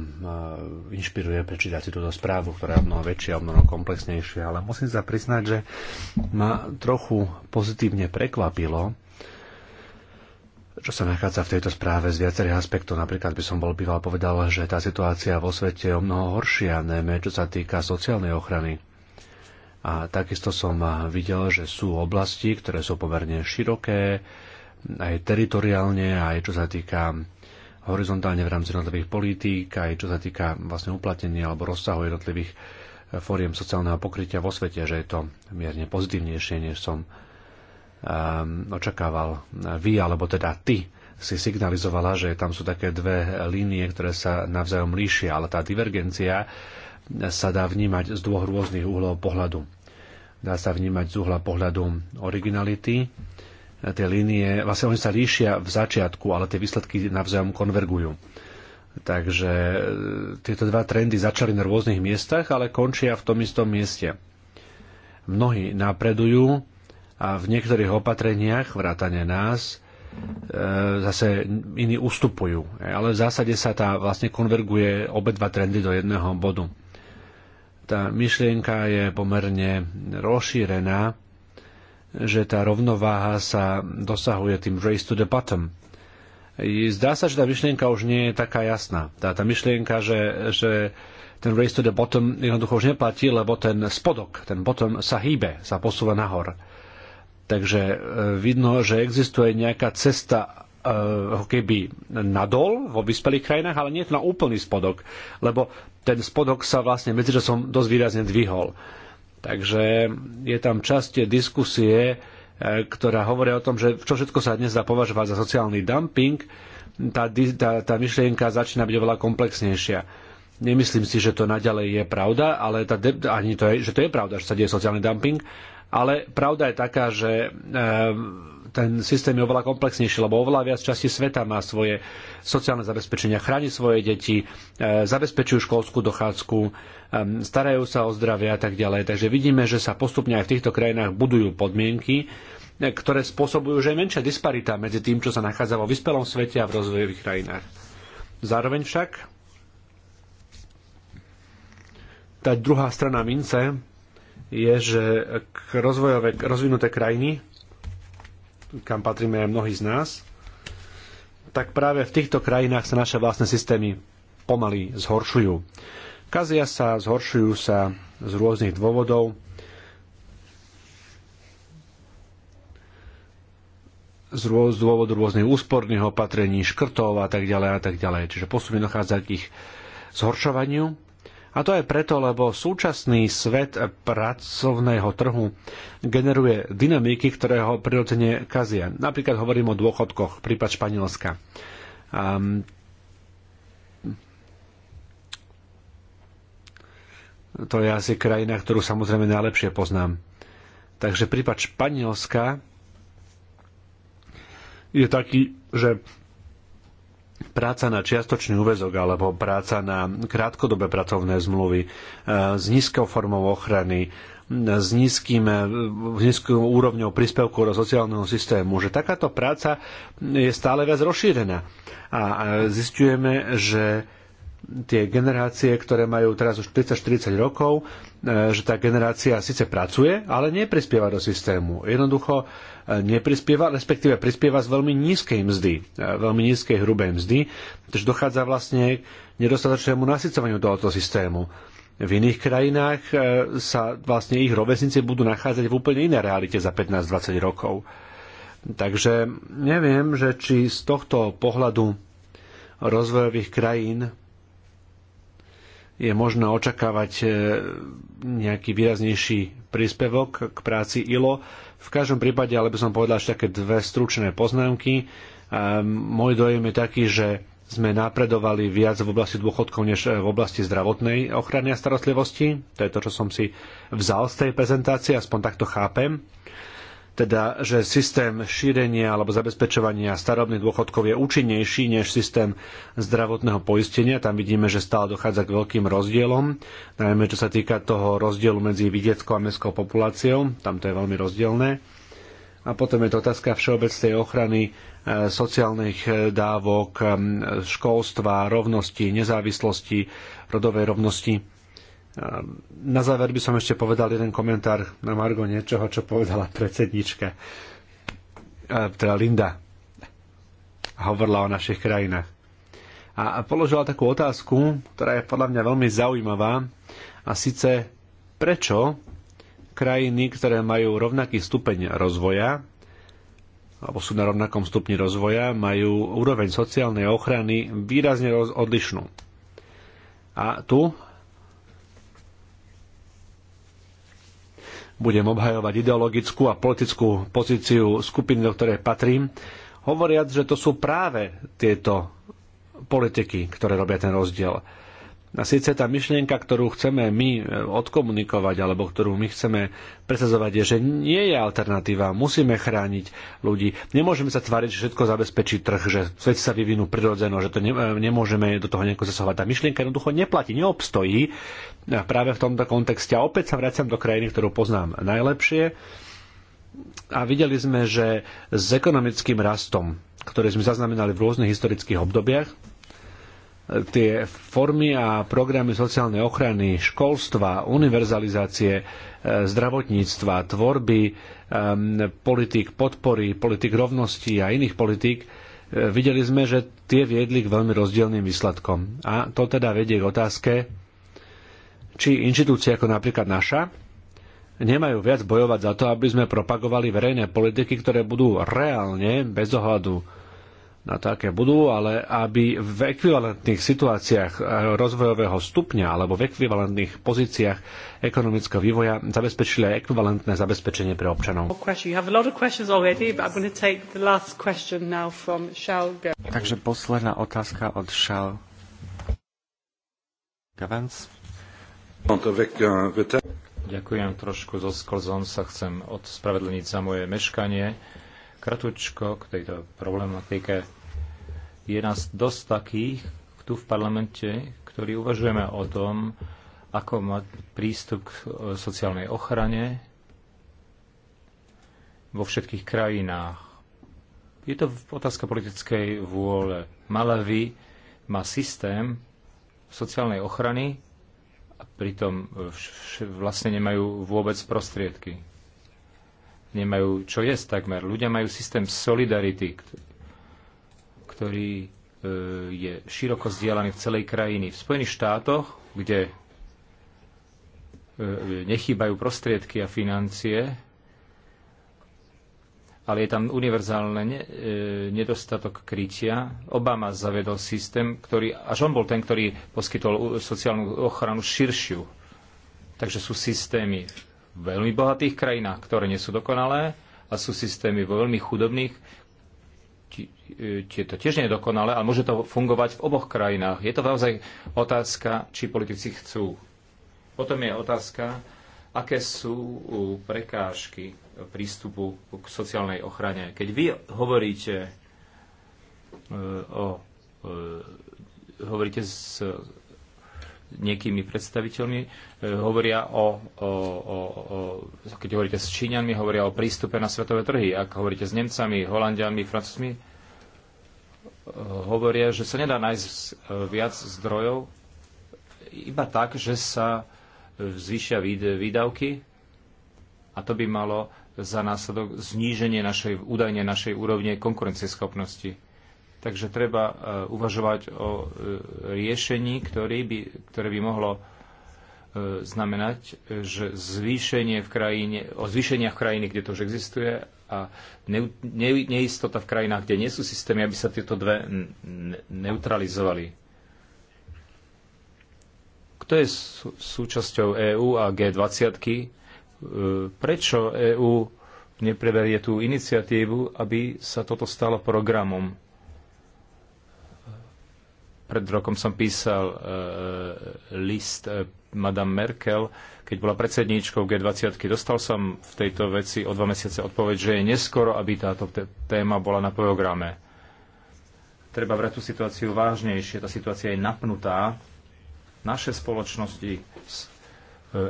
inšpiruje prečítať si túto správu, ktorá je mnoho väčšia, mnoho komplexnejšia, ale musím sa priznať, že ma trochu pozitívne prekvapilo, čo sa nachádza v tejto správe z viacerých aspektov. Napríklad by som bol býval povedal, že tá situácia vo svete je o mnoho horšia, najmä čo sa týka sociálnej ochrany. A takisto som videl, že sú oblasti, ktoré sú pomerne široké, aj teritoriálne, aj čo sa týka horizontálne v rámci jednotlivých politík, aj čo sa týka vlastne uplatnenia alebo rozsahu jednotlivých eh, fóriem sociálneho pokrytia vo svete, že je to mierne pozitívnejšie, než som um, očakával vy, alebo teda ty si signalizovala, že tam sú také dve línie, ktoré sa navzájom líšia, ale tá divergencia sa dá vnímať z dvoch rôznych uhlov pohľadu. Dá sa vnímať z uhla pohľadu originality, tie línie, vlastne oni sa líšia v začiatku, ale tie výsledky navzájom konvergujú. Takže e, tieto dva trendy začali na rôznych miestach, ale končia v tom istom mieste. Mnohí napredujú a v niektorých opatreniach, vrátane nás, e, zase iní ustupujú. Ale v zásade sa tá vlastne konverguje obe dva trendy do jedného bodu. Tá myšlienka je pomerne rozšírená že tá rovnováha sa dosahuje tým race to the bottom. Zdá sa, že tá myšlienka už nie je taká jasná. Tá, tá myšlienka, že, že ten race to the bottom jednoducho už neplatí, lebo ten spodok, ten bottom sa hýbe, sa posúva nahor. Takže e, vidno, že existuje nejaká cesta e, ako keby nadol vo vyspelých krajinách, ale nie je to na úplný spodok, lebo ten spodok sa vlastne medzičasom dosť výrazne dvihol. Takže je tam časť diskusie, e, ktorá hovorí o tom, že čo všetko sa dnes dá považovať za sociálny dumping, tá, tá, tá myšlienka začína byť oveľa komplexnejšia. Nemyslím si, že to naďalej je pravda, ale tá de- ani to je, že to je pravda, že sa deje sociálny dumping, ale pravda je taká, že ten systém je oveľa komplexnejší, lebo oveľa viac časti sveta má svoje sociálne zabezpečenia, chráni svoje deti, e, zabezpečujú školskú dochádzku, e, starajú sa o zdravie a tak ďalej. Takže vidíme, že sa postupne aj v týchto krajinách budujú podmienky, e, ktoré spôsobujú, že je menšia disparita medzi tým, čo sa nachádza vo vyspelom svete a v rozvojových krajinách. Zároveň však tá druhá strana mince je, že rozvojové, rozvinuté krajiny kam patríme aj mnohí z nás, tak práve v týchto krajinách sa naše vlastné systémy pomaly zhoršujú. Kazia sa, zhoršujú sa z rôznych dôvodov. Z, rôz, z dôvodu rôznych úsporných opatrení, škrtov a tak ďalej a tak ďalej. Čiže postupne dochádza k ich zhoršovaniu a to aj preto, lebo súčasný svet pracovného trhu generuje dynamiky, ktoré ho prirodzene kazia. Napríklad hovorím o dôchodkoch, prípad Španielska. Um, to je asi krajina, ktorú samozrejme najlepšie poznám. Takže prípad Španielska je taký, že práca na čiastočný úvezok alebo práca na krátkodobé pracovné zmluvy e, s nízkou formou ochrany, e, s, nízkym, e, s nízkou úrovňou príspevkov do sociálneho systému, že takáto práca je stále viac rozšírená. A zistujeme, že tie generácie, ktoré majú teraz už 30-40 rokov, e, že tá generácia síce pracuje, ale neprispieva do systému. Jednoducho e, neprispieva, respektíve prispieva z veľmi nízkej mzdy, e, veľmi nízkej hrubej mzdy, takže dochádza vlastne k nedostatočnému nasycovaniu tohoto systému. V iných krajinách sa vlastne ich rovesnice budú nachádzať v úplne inej realite za 15-20 rokov. Takže neviem, že či z tohto pohľadu rozvojových krajín je možné očakávať e, nejaký výraznejší príspevok k práci ILO. V každom prípade, ale by som povedal ešte také dve stručné poznámky. E, môj dojem je taký, že sme napredovali viac v oblasti dôchodkov než v oblasti zdravotnej ochrany a starostlivosti. To je to, čo som si vzal z tej prezentácie, aspoň takto chápem teda, že systém šírenia alebo zabezpečovania starobných dôchodkov je účinnejší než systém zdravotného poistenia. Tam vidíme, že stále dochádza k veľkým rozdielom, najmä čo sa týka toho rozdielu medzi vidieckou a mestskou populáciou. Tam to je veľmi rozdielne. A potom je to otázka všeobecnej ochrany e, sociálnych e, dávok, e, školstva, rovnosti, nezávislosti, rodovej rovnosti. Na záver by som ešte povedal jeden komentár na Margo niečoho, čo povedala predsednička, teda Linda. Hovorila o našich krajinách. A položila takú otázku, ktorá je podľa mňa veľmi zaujímavá, a síce prečo krajiny, ktoré majú rovnaký stupeň rozvoja, alebo sú na rovnakom stupni rozvoja, majú úroveň sociálnej ochrany výrazne odlišnú. A tu budem obhajovať ideologickú a politickú pozíciu skupiny, do ktorej patrím, hovoriac, že to sú práve tieto politiky, ktoré robia ten rozdiel. A síce tá myšlienka, ktorú chceme my e, odkomunikovať, alebo ktorú my chceme presazovať, je, že nie je alternatíva. Musíme chrániť ľudí. Nemôžeme sa tváriť, že všetko zabezpečí trh, že svet sa vyvinú prirodzeno, že to ne, nemôžeme do toho nejako zasahovať. Tá myšlienka jednoducho neplatí, neobstojí, práve v tomto kontexte. A opäť sa vraciam do krajiny, ktorú poznám najlepšie. A videli sme, že s ekonomickým rastom, ktorý sme zaznamenali v rôznych historických obdobiach, tie formy a programy sociálnej ochrany, školstva, univerzalizácie, e, zdravotníctva, tvorby, e, politik podpory, politik rovnosti a iných politik, e, videli sme, že tie viedli k veľmi rozdielným výsledkom. A to teda vedie k otázke, či inštitúcie ako napríklad naša nemajú viac bojovať za to, aby sme propagovali verejné politiky, ktoré budú reálne, bez ohľadu na to, aké budú, ale aby v ekvivalentných situáciách rozvojového stupňa alebo v ekvivalentných pozíciách ekonomického vývoja zabezpečili aj ekvivalentné zabezpečenie pre občanov. Takže posledná otázka od Shal Gavans. Ďakujem trošku so sklzom, sa chcem odspravedlniť za moje meškanie. Kratučko k tejto problematike. Je nás dosť takých tu v parlamente, ktorí uvažujeme o tom, ako mať prístup k e, sociálnej ochrane vo všetkých krajinách. Je to otázka politickej vôle. Malavy má systém sociálnej ochrany, a pritom e, vlastne nemajú vôbec prostriedky. Nemajú čo jesť takmer. Ľudia majú systém solidarity, ktorý e, je široko zdieľaný v celej krajiny. V Spojených štátoch, kde e, nechýbajú prostriedky a financie, ale je tam univerzálne e, nedostatok krytia. Obama zavedol systém, ktorý, až on bol ten, ktorý poskytol sociálnu ochranu širšiu. Takže sú systémy v veľmi bohatých krajinách, ktoré nie sú dokonalé, a sú systémy vo veľmi chudobných, je to tiež nie je dokonalé, ale môže to fungovať v oboch krajinách. Je to naozaj otázka, či politici chcú. Potom je otázka, aké sú prekážky prístupu k sociálnej ochrane. Keď vy hovoríte e, o e, hovoríte s niekými predstaviteľmi, e, hovoria o, o, o, o, keď hovoríte s Číňanmi, hovoria o prístupe na svetové trhy. Ak hovoríte s Nemcami, Holandiami, Francúzmi, hovoria, že sa nedá nájsť viac zdrojov iba tak, že sa zvýšia výdavky a to by malo za následok zníženie našej, údajne našej úrovne konkurencieschopnosti. Takže treba e, uvažovať o e, riešení, ktoré by, ktoré by mohlo e, znamenať, že zvýšenie v krajine, o zvýšeniach krajiny, kde to už existuje a neistota v krajinách, kde nie sú systémy, aby sa tieto dve neutralizovali kto je súčasťou EÚ a G20, e, prečo EÚ nepreberie tú iniciatívu, aby sa toto stalo programom? Pred rokom som písal e, e, list Madame Merkel, keď bola predsedníčkou G20, dostal som v tejto veci o dva mesiace odpoveď, že je neskoro, aby táto téma bola na programe. Treba brať tú situáciu vážnejšie. Tá situácia je napnutá naše spoločnosti e, e,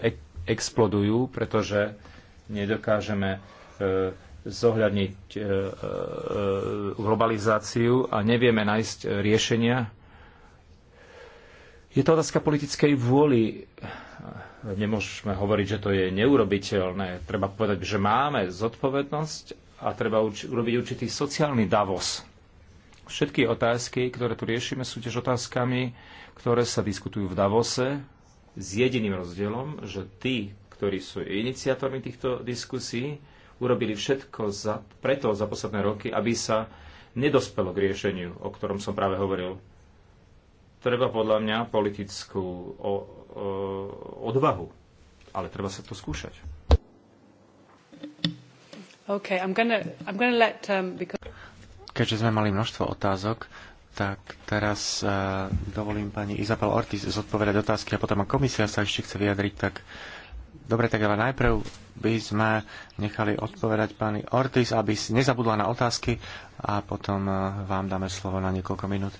e, explodujú, pretože nedokážeme zohľadniť globalizáciu a nevieme nájsť riešenia. Je to otázka politickej vôly. Nemôžeme hovoriť, že to je neurobiteľné. Treba povedať, že máme zodpovednosť a treba urobiť určitý sociálny davos. Všetky otázky, ktoré tu riešime, sú tiež otázkami, ktoré sa diskutujú v Davose s jediným rozdielom, že tí, ktorí sú iniciátormi týchto diskusí, urobili všetko za, preto za posledné roky, aby sa nedospelo k riešeniu, o ktorom som práve hovoril. Treba podľa mňa politickú o, o, odvahu, ale treba sa to skúšať. Okay, I'm gonna, I'm gonna let, um, because... Keďže sme mali množstvo otázok, tak teraz uh, dovolím pani Izabel Ortiz zodpovedať otázky a potom a komisia sa ešte chce vyjadriť, tak dobre, tak ale najprv by sme nechali odpovedať pani Ortiz, aby si nezabudla na otázky a potom uh, vám dáme slovo na niekoľko minút.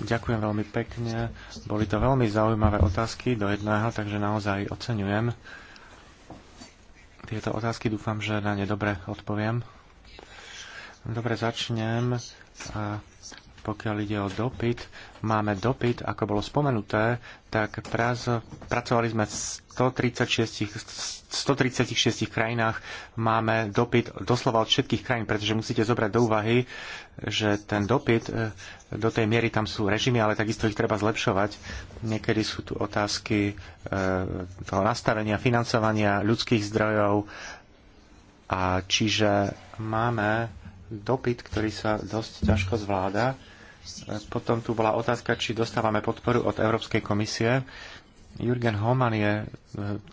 Ďakujem veľmi pekne. Boli to veľmi zaujímavé otázky do jedného, takže naozaj oceňujem tieto otázky. Dúfam, že na ne dobre odpoviem. Dobre, začnem. A pokiaľ ide o dopyt, máme dopyt, ako bolo spomenuté, tak praz, pracovali sme v 136, 136 krajinách, máme dopyt doslova od všetkých krajín, pretože musíte zobrať do úvahy, že ten dopyt, e, do tej miery tam sú režimy, ale takisto ich treba zlepšovať. Niekedy sú tu otázky e, toho nastavenia, financovania ľudských zdrojov, a čiže máme dopyt, ktorý sa dosť ťažko zvláda. Potom tu bola otázka, či dostávame podporu od Európskej komisie. Jürgen Homan je e,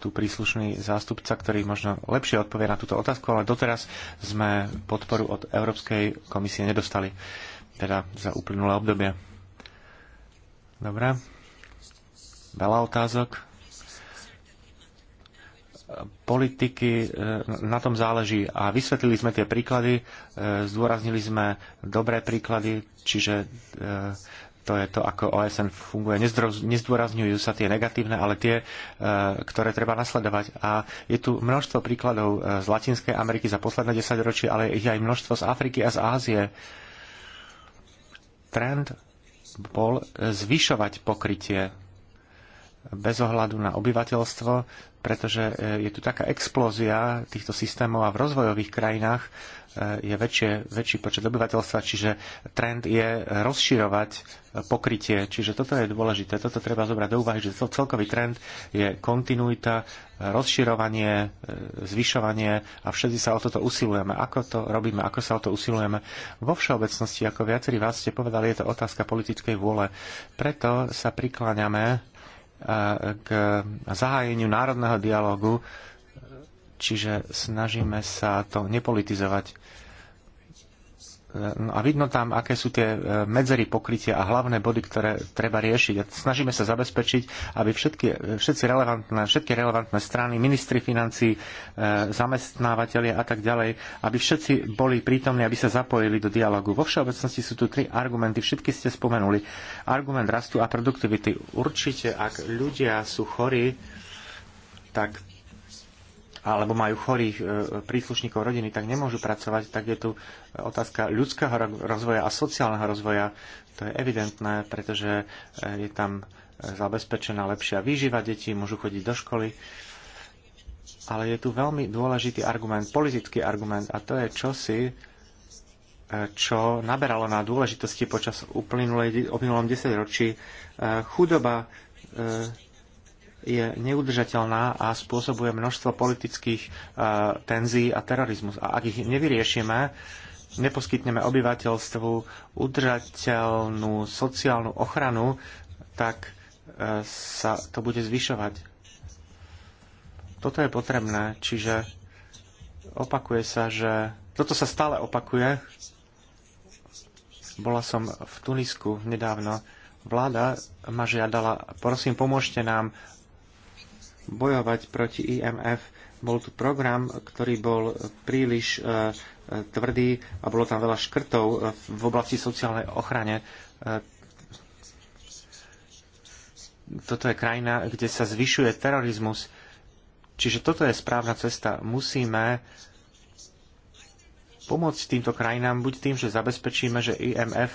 tu príslušný zástupca, ktorý možno lepšie odpovie na túto otázku, ale doteraz sme podporu od Európskej komisie nedostali, teda za uplynulé obdobie. Dobre. Veľa otázok politiky, e, na tom záleží. A vysvetlili sme tie príklady, e, zdôraznili sme dobré príklady, čiže e, to je to, ako OSN funguje. Nezdôrazňujú sa tie negatívne, ale tie, ktoré treba nasledovať. A je tu množstvo príkladov z Latinskej Ameriky za posledné 10 ročí, ale je aj množstvo z Afriky a z Ázie. Trend bol zvyšovať pokrytie bez ohľadu na obyvateľstvo, pretože e, je tu taká explózia týchto systémov a v rozvojových krajinách e, je väčšie, väčší počet obyvateľstva, čiže trend je rozširovať e, pokrytie. Čiže toto je dôležité, toto treba zobrať do úvahy, že celkový trend je kontinuita, rozširovanie, zvyšovanie a všetci sa o toto usilujeme. Ako to robíme, ako sa o to usilujeme? Vo všeobecnosti, ako viacerí vás ste povedali, je to otázka politickej vôle. Preto sa prikláňame k zahájeniu národného dialogu, čiže snažíme sa to nepolitizovať. No a vidno tam, aké sú tie e, medzery pokrytia a hlavné body, ktoré treba riešiť. A snažíme sa zabezpečiť, aby všetky, e, všetci relevantné, všetky relevantné strany, ministri financí, e, zamestnávateľia a tak ďalej, aby všetci boli prítomní, aby sa zapojili do dialogu. Vo všeobecnosti sú tu tri argumenty, všetky ste spomenuli. Argument rastu a produktivity. Určite, ak ľudia sú chorí, tak alebo majú chorých e, príslušníkov rodiny, tak nemôžu pracovať, tak je tu otázka ľudského rozvoja a sociálneho rozvoja. To je evidentné, pretože e, je tam e, zabezpečená lepšia výživa detí, môžu chodiť do školy. Ale je tu veľmi dôležitý argument, politický argument, a to je čosi, čo naberalo na dôležitosti počas uplynulom desaťročí. Chudoba je neudržateľná a spôsobuje množstvo politických e, tenzí a terorizmus. A ak ich nevyriešime, neposkytneme obyvateľstvu udržateľnú sociálnu ochranu, tak e, sa to bude zvyšovať. Toto je potrebné, čiže opakuje sa, že toto sa stále opakuje. Bola som v Tunisku nedávno. Vláda ma žiadala, prosím, pomôžte nám bojovať proti IMF. Bol tu program, ktorý bol príliš e, e, tvrdý a bolo tam veľa škrtov e, v oblasti sociálnej ochrane. Toto je krajina, kde sa zvyšuje terorizmus. Čiže toto je správna cesta. Musíme pomôcť týmto krajinám buď tým, že zabezpečíme, že IMF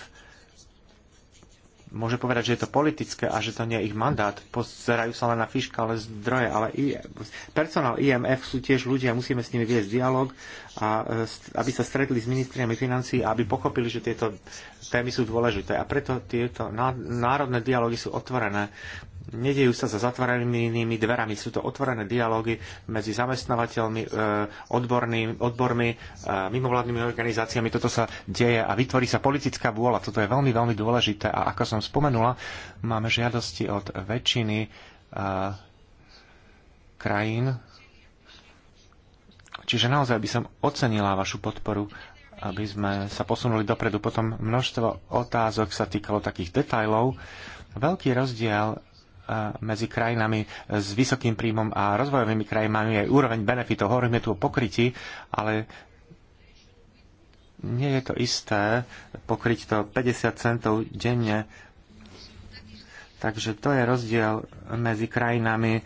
môže povedať, že je to politické a že to nie je ich mandát. Pozerajú sa len na fiškálne zdroje, ale i, personál IMF sú tiež ľudia, musíme s nimi viesť dialog, a, e, aby sa stretli s ministriami financií, a aby pochopili, že tieto témy sú dôležité. A preto tieto národné dialógy sú otvorené nedejú sa za zatvorenými dverami. Sú to otvorené dialógy medzi zamestnávateľmi, e, odbormi, e, mimovládnymi organizáciami. Toto sa deje a vytvorí sa politická vôľa. Toto je veľmi, veľmi dôležité. A ako som spomenula, máme žiadosti od väčšiny e, krajín. Čiže naozaj by som ocenila vašu podporu aby sme sa posunuli dopredu. Potom množstvo otázok sa týkalo takých detajlov. Veľký rozdiel medzi krajinami s vysokým príjmom a rozvojovými krajinami je úroveň benefitov. Hovoríme tu o pokrytí, ale nie je to isté pokryť to 50 centov denne. Takže to je rozdiel medzi krajinami e,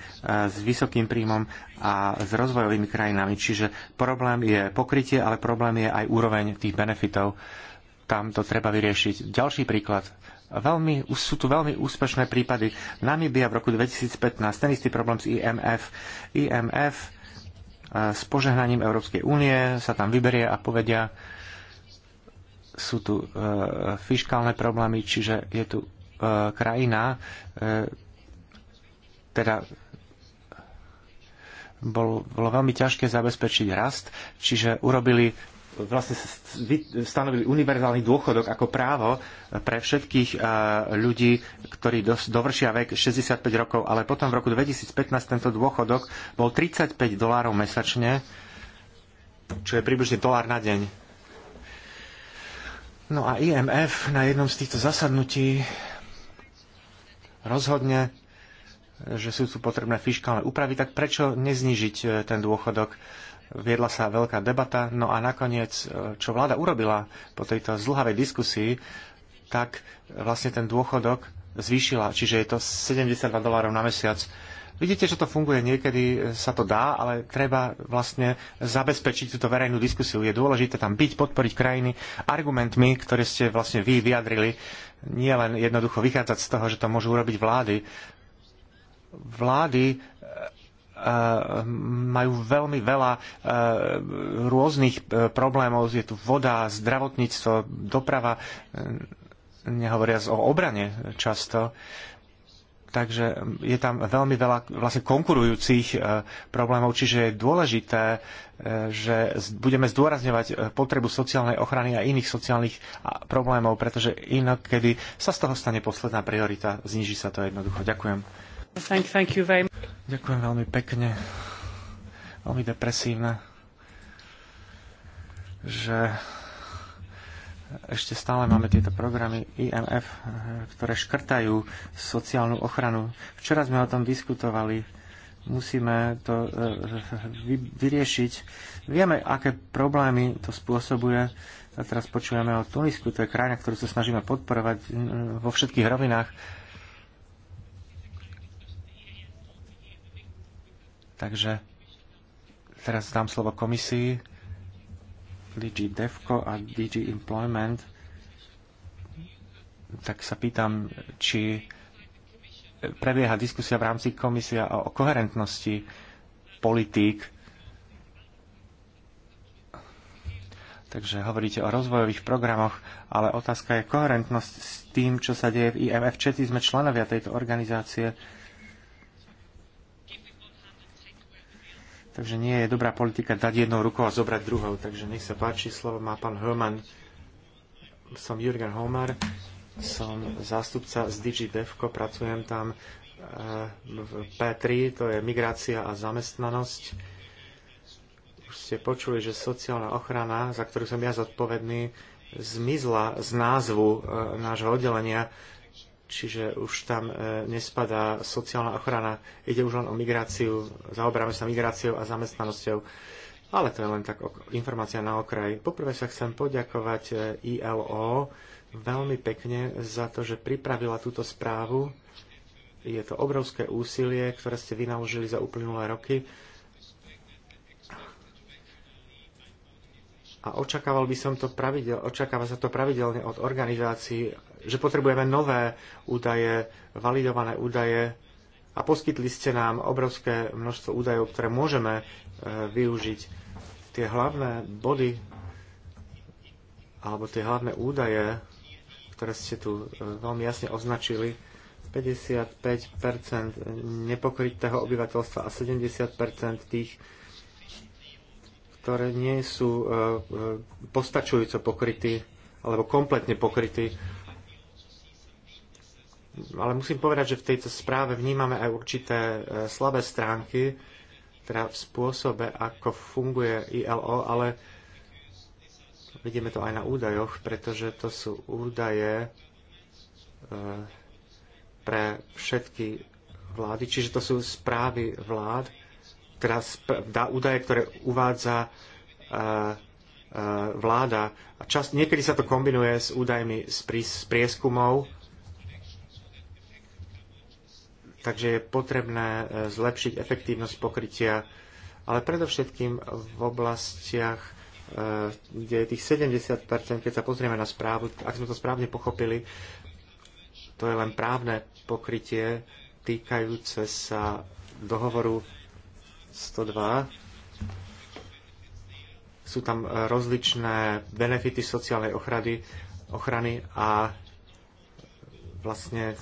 s vysokým príjmom a s rozvojovými krajinami. Čiže problém je pokrytie, ale problém je aj úroveň tých benefitov. Tam to treba vyriešiť. Ďalší príklad veľmi, sú tu veľmi úspešné prípady. Namibia v roku 2015, ten istý problém s IMF. IMF e, s požehnaním Európskej únie sa tam vyberie a povedia, sú tu e, fiskálne problémy, čiže je tu e, krajina, e, teda bolo, bolo veľmi ťažké zabezpečiť rast, čiže urobili vlastne stanovili univerzálny dôchodok ako právo pre všetkých eh, ľudí, ktorí dovršia vek 65 rokov, ale potom v roku 2015 tento dôchodok bol 35 dolárov mesačne, čo je približne dolár na deň. No a IMF na jednom z týchto zasadnutí rozhodne, že sú tu potrebné fiskálne úpravy, tak prečo neznižiť eh, ten dôchodok? viedla sa veľká debata, no a nakoniec, e, čo vláda urobila po tejto zlhavej diskusii, tak vlastne ten dôchodok zvýšila, čiže je to 72 dolárov na mesiac. Vidíte, že to funguje, niekedy e, sa to dá, ale treba vlastne zabezpečiť túto verejnú diskusiu. Je dôležité tam byť, podporiť krajiny argumentmi, ktoré ste vlastne vy vyjadrili, nie len jednoducho vychádzať z toho, že to môžu urobiť vlády. Vlády e, Eh, majú veľmi veľa eh, rôznych eh, problémov. Je tu voda, zdravotníctvo, doprava, nehovoria o obrane často. Takže je tam veľmi veľa vlastne konkurujúcich problémov, čiže je dôležité, že budeme zdôrazňovať potrebu sociálnej ochrany a iných sociálnych problémov, pretože inak, kedy sa z toho stane posledná priorita, zniží sa to jednoducho. Ďakujem. Thank, thank you very much. Ďakujem veľmi pekne. Veľmi depresívne, že ešte stále máme tieto programy IMF, ktoré škrtajú sociálnu ochranu. Včera sme o tom diskutovali. Musíme to eh, vyriešiť. Vieme, aké problémy to spôsobuje. A teraz počujeme o Tunisku, to je krajina, ktorú sa snažíme podporovať eh, vo všetkých rovinách. Takže teraz dám slovo komisii DG DEVCO a DG Employment. Tak sa pýtam, či prebieha diskusia v rámci komisia o koherentnosti politík. Takže hovoríte o rozvojových programoch, ale otázka je koherentnosť s tým, čo sa deje v IMF. Všetci sme členovia tejto organizácie Takže nie je dobrá politika dať jednou rukou a zobrať druhou. Takže nech sa páči, slovo má pán Homan. Som Jürgen Holmar, som zástupca z DigiDevco, pracujem tam eh, v P3, to je migrácia a zamestnanosť. Už ste počuli, že sociálna ochrana, za ktorú som ja zodpovedný, zmizla z názvu eh, nášho oddelenia čiže už tam e, nespadá sociálna ochrana. Ide už len o migráciu, zaoberáme sa migráciou a zamestnanosťou. Ale to je len tak informácia na okraj. Poprvé sa chcem poďakovať e, ILO veľmi pekne za to, že pripravila túto správu. Je to obrovské úsilie, ktoré ste vynaložili za uplynulé roky. A očakával by som to pravidel, očakáva sa to pravidelne od organizácií že potrebujeme nové údaje, validované údaje a poskytli ste nám obrovské množstvo údajov, ktoré môžeme e, využiť. Tie hlavné body alebo tie hlavné údaje, ktoré ste tu e, veľmi jasne označili, 55 nepokrytého obyvateľstva a 70 tých, ktoré nie sú e, postačujúco pokrytí alebo kompletne pokrytí ale musím povedať, že v tejto správe vnímame aj určité e, slabé stránky, teda v spôsobe, ako funguje ILO, ale vidíme to aj na údajoch, pretože to sú údaje e, pre všetky vlády, čiže to sú správy vlád, teda dá údaje, ktoré uvádza e, vláda. A čas, niekedy sa to kombinuje s údajmi z prieskumov takže je potrebné e, zlepšiť efektívnosť pokrytia, ale predovšetkým v oblastiach, e, kde je tých 70%, keď sa pozrieme na správu, ak sme to správne pochopili, to je len právne pokrytie týkajúce sa dohovoru 102. Sú tam e, rozličné benefity sociálnej ochrany, ochrany a vlastne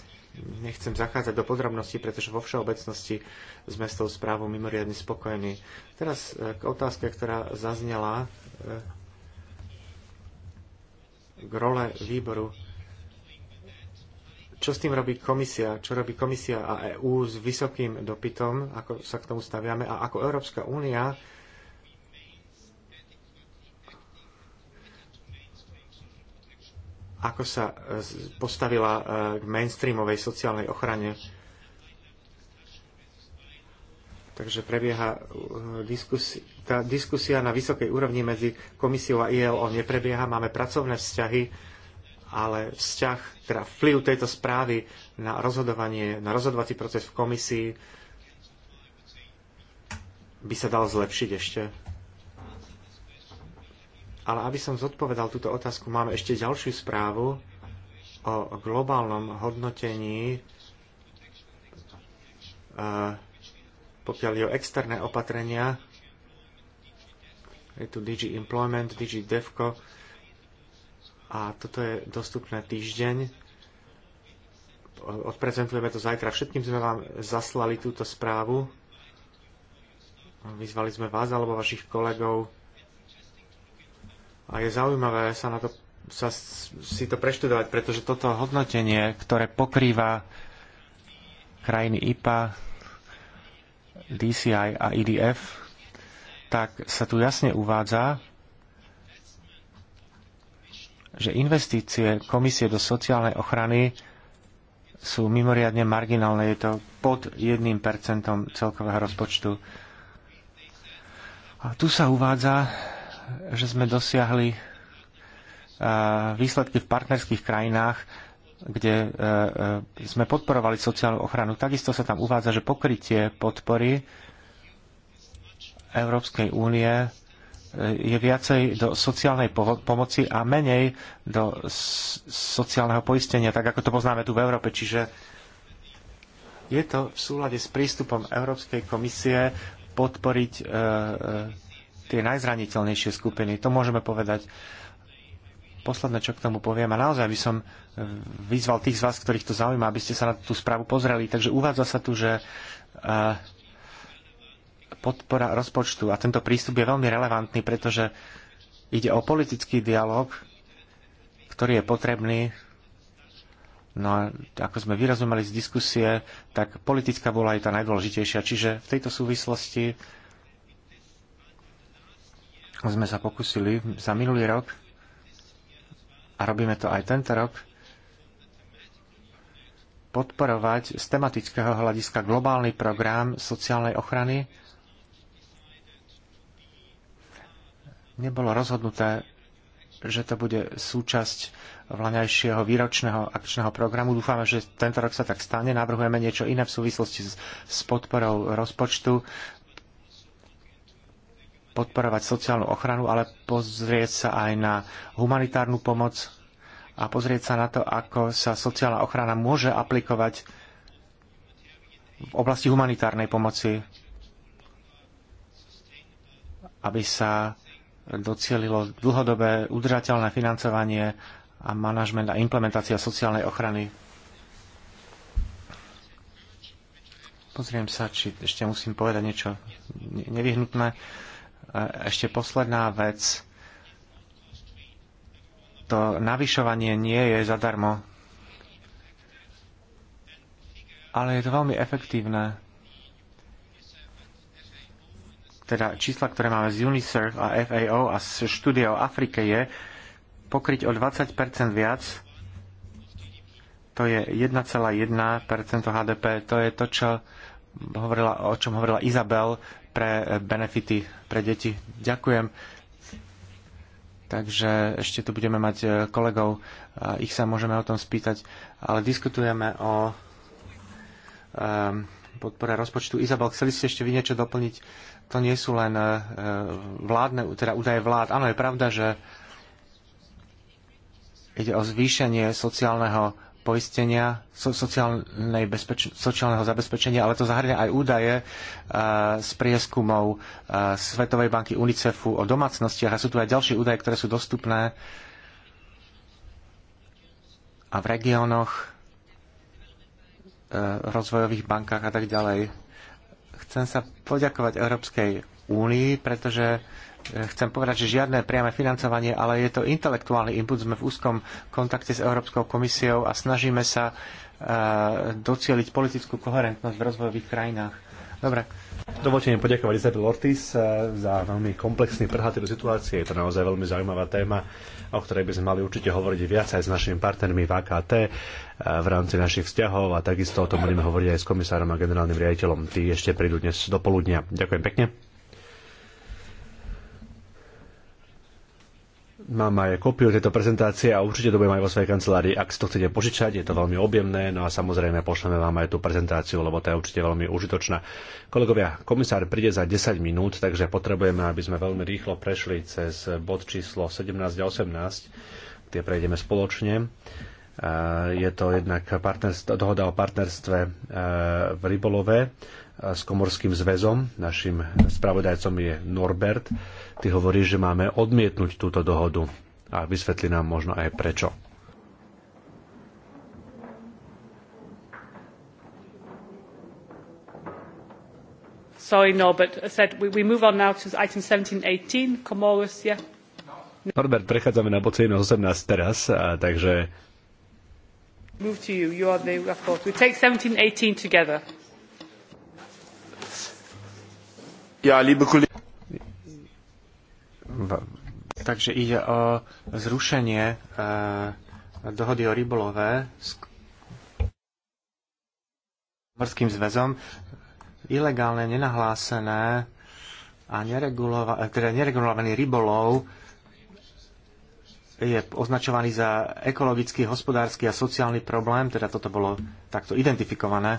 nechcem zachádzať do podrobností, pretože vo všeobecnosti sme s tou správou mimoriadne spokojení. Teraz e, k otázke, ktorá zaznela e, k role výboru. Čo s tým robí komisia? Čo robí komisia a EÚ s vysokým dopytom? Ako sa k tomu staviame? A ako Európska únia ako sa e, postavila e, k mainstreamovej sociálnej ochrane. Takže prebieha e, diskusia, tá diskusia na vysokej úrovni medzi komisiou a ILO neprebieha. Máme pracovné vzťahy, ale vzťah, teda vplyv tejto správy na rozhodovanie, na rozhodovací proces v komisii by sa dal zlepšiť ešte. Ale aby som zodpovedal túto otázku, máme ešte ďalšiu správu o globálnom hodnotení, eh, pokiaľ je o externé opatrenia. Je tu Digi Employment, Digi Devco a toto je dostupné týždeň. Odprezentujeme to zajtra. Všetkým sme vám zaslali túto správu. Vyzvali sme vás alebo vašich kolegov a je zaujímavé sa, na to, sa si to preštudovať, pretože toto hodnotenie, ktoré pokrýva krajiny IPA, DCI a EDF, tak sa tu jasne uvádza, že investície Komisie do sociálnej ochrany sú mimoriadne marginálne. Je to pod 1% celkového rozpočtu. A tu sa uvádza, že sme dosiahli eh, výsledky v partnerských krajinách, kde eh, eh, sme podporovali sociálnu ochranu. Takisto sa tam uvádza, že pokrytie podpory Európskej únie je viacej do sociálnej pomoci a menej do sociálneho poistenia, tak ako to poznáme tu v Európe. Čiže je to v súlade s prístupom Európskej komisie podporiť tie najzraniteľnejšie skupiny. To môžeme povedať. Posledné, čo k tomu poviem, a naozaj by som vyzval tých z vás, ktorých to zaujíma, aby ste sa na tú správu pozreli. Takže uvádza sa tu, že eh, podpora rozpočtu a tento prístup je veľmi relevantný, pretože ide o politický dialog, ktorý je potrebný No a ako sme vyrozumeli z diskusie, tak politická bola je tá najdôležitejšia. Čiže v tejto súvislosti sme sa pokusili za minulý rok a robíme to aj tento rok podporovať z tematického hľadiska globálny program sociálnej ochrany. Nebolo rozhodnuté, že to bude súčasť vlaňajšieho výročného akčného programu. Dúfame, že tento rok sa tak stane. Navrhujeme niečo iné v súvislosti s, s podporou rozpočtu podporovať sociálnu ochranu, ale pozrieť sa aj na humanitárnu pomoc a pozrieť sa na to, ako sa sociálna ochrana môže aplikovať v oblasti humanitárnej pomoci, aby sa docielilo dlhodobé udržateľné financovanie a manažment a implementácia sociálnej ochrany. Pozriem sa, či ešte musím povedať niečo nevyhnutné ešte posledná vec. To navyšovanie nie je zadarmo, ale je to veľmi efektívne. Teda čísla, ktoré máme z UNICEF a FAO a z štúdia o Afrike je pokryť o 20% viac. To je 1,1% HDP. To je to, čo hovorila, o čom hovorila Izabel pre benefity pre deti. Ďakujem. Takže ešte tu budeme mať e, kolegov, e, ich sa môžeme o tom spýtať, ale diskutujeme o um, podpore rozpočtu. Izabel, chceli ste ešte vy niečo doplniť? To nie sú len uh, vládne, teda údaje vlád. Áno, je pravda, že ide o zvýšenie sociálneho poistenia, sociálnej bezpeč- sociálneho zabezpečenia, ale to zahrňa aj údaje eh, z prieskumov eh, Svetovej banky UNICEFu o domácnostiach a sú tu aj ďalšie údaje, ktoré sú dostupné a v regiónoch, eh, rozvojových bankách a tak ďalej. Chcem sa poďakovať Európskej únii, pretože chcem povedať, že žiadne priame financovanie, ale je to intelektuálny input. Sme v úzkom kontakte s Európskou komisiou a snažíme sa e, docieliť politickú koherentnosť v rozvojových krajinách. Dobre. Dovolte mi poďakovať Isabel Ortiz e, za veľmi komplexný prehľad do situácie. Je to naozaj veľmi zaujímavá téma, o ktorej by sme mali určite hovoriť viac aj s našimi partnermi v AKT e, v rámci našich vzťahov a takisto o tom budeme hovoriť aj s komisárom a generálnym riaditeľom. Tí ešte prídu dnes do poludnia. Ďakujem pekne. Mám aj kopiu tejto prezentácie a určite to budem aj vo svojej kancelárii. Ak si to chcete požičať, je to veľmi objemné, no a samozrejme pošleme vám aj tú prezentáciu, lebo tá je určite veľmi užitočná. Kolegovia, komisár príde za 10 minút, takže potrebujeme, aby sme veľmi rýchlo prešli cez bod číslo 17 a 18. Tie prejdeme spoločne. Je to jednak dohoda o partnerstve e, v Rybolove e, s Komorským zväzom. Našim spravodajcom je Norbert ty hovoríš, že máme odmietnúť túto dohodu a vysvetli nám možno aj prečo. Sorry, no, but I said we, move on now to item 17, 18, Comoros, yeah. Norbert, prechádzame na bod 18 teraz, a takže... Move to you, you are the rapport. We take 17, 18 together. Ja, liebe kolegy... Takže ide o zrušenie eh, dohody o rybolove s Morským zväzom. Ilegálne, nenahlásené a neregulova- eh, teda neregulovaný rybolov je označovaný za ekologický, hospodársky a sociálny problém, teda toto bolo takto identifikované.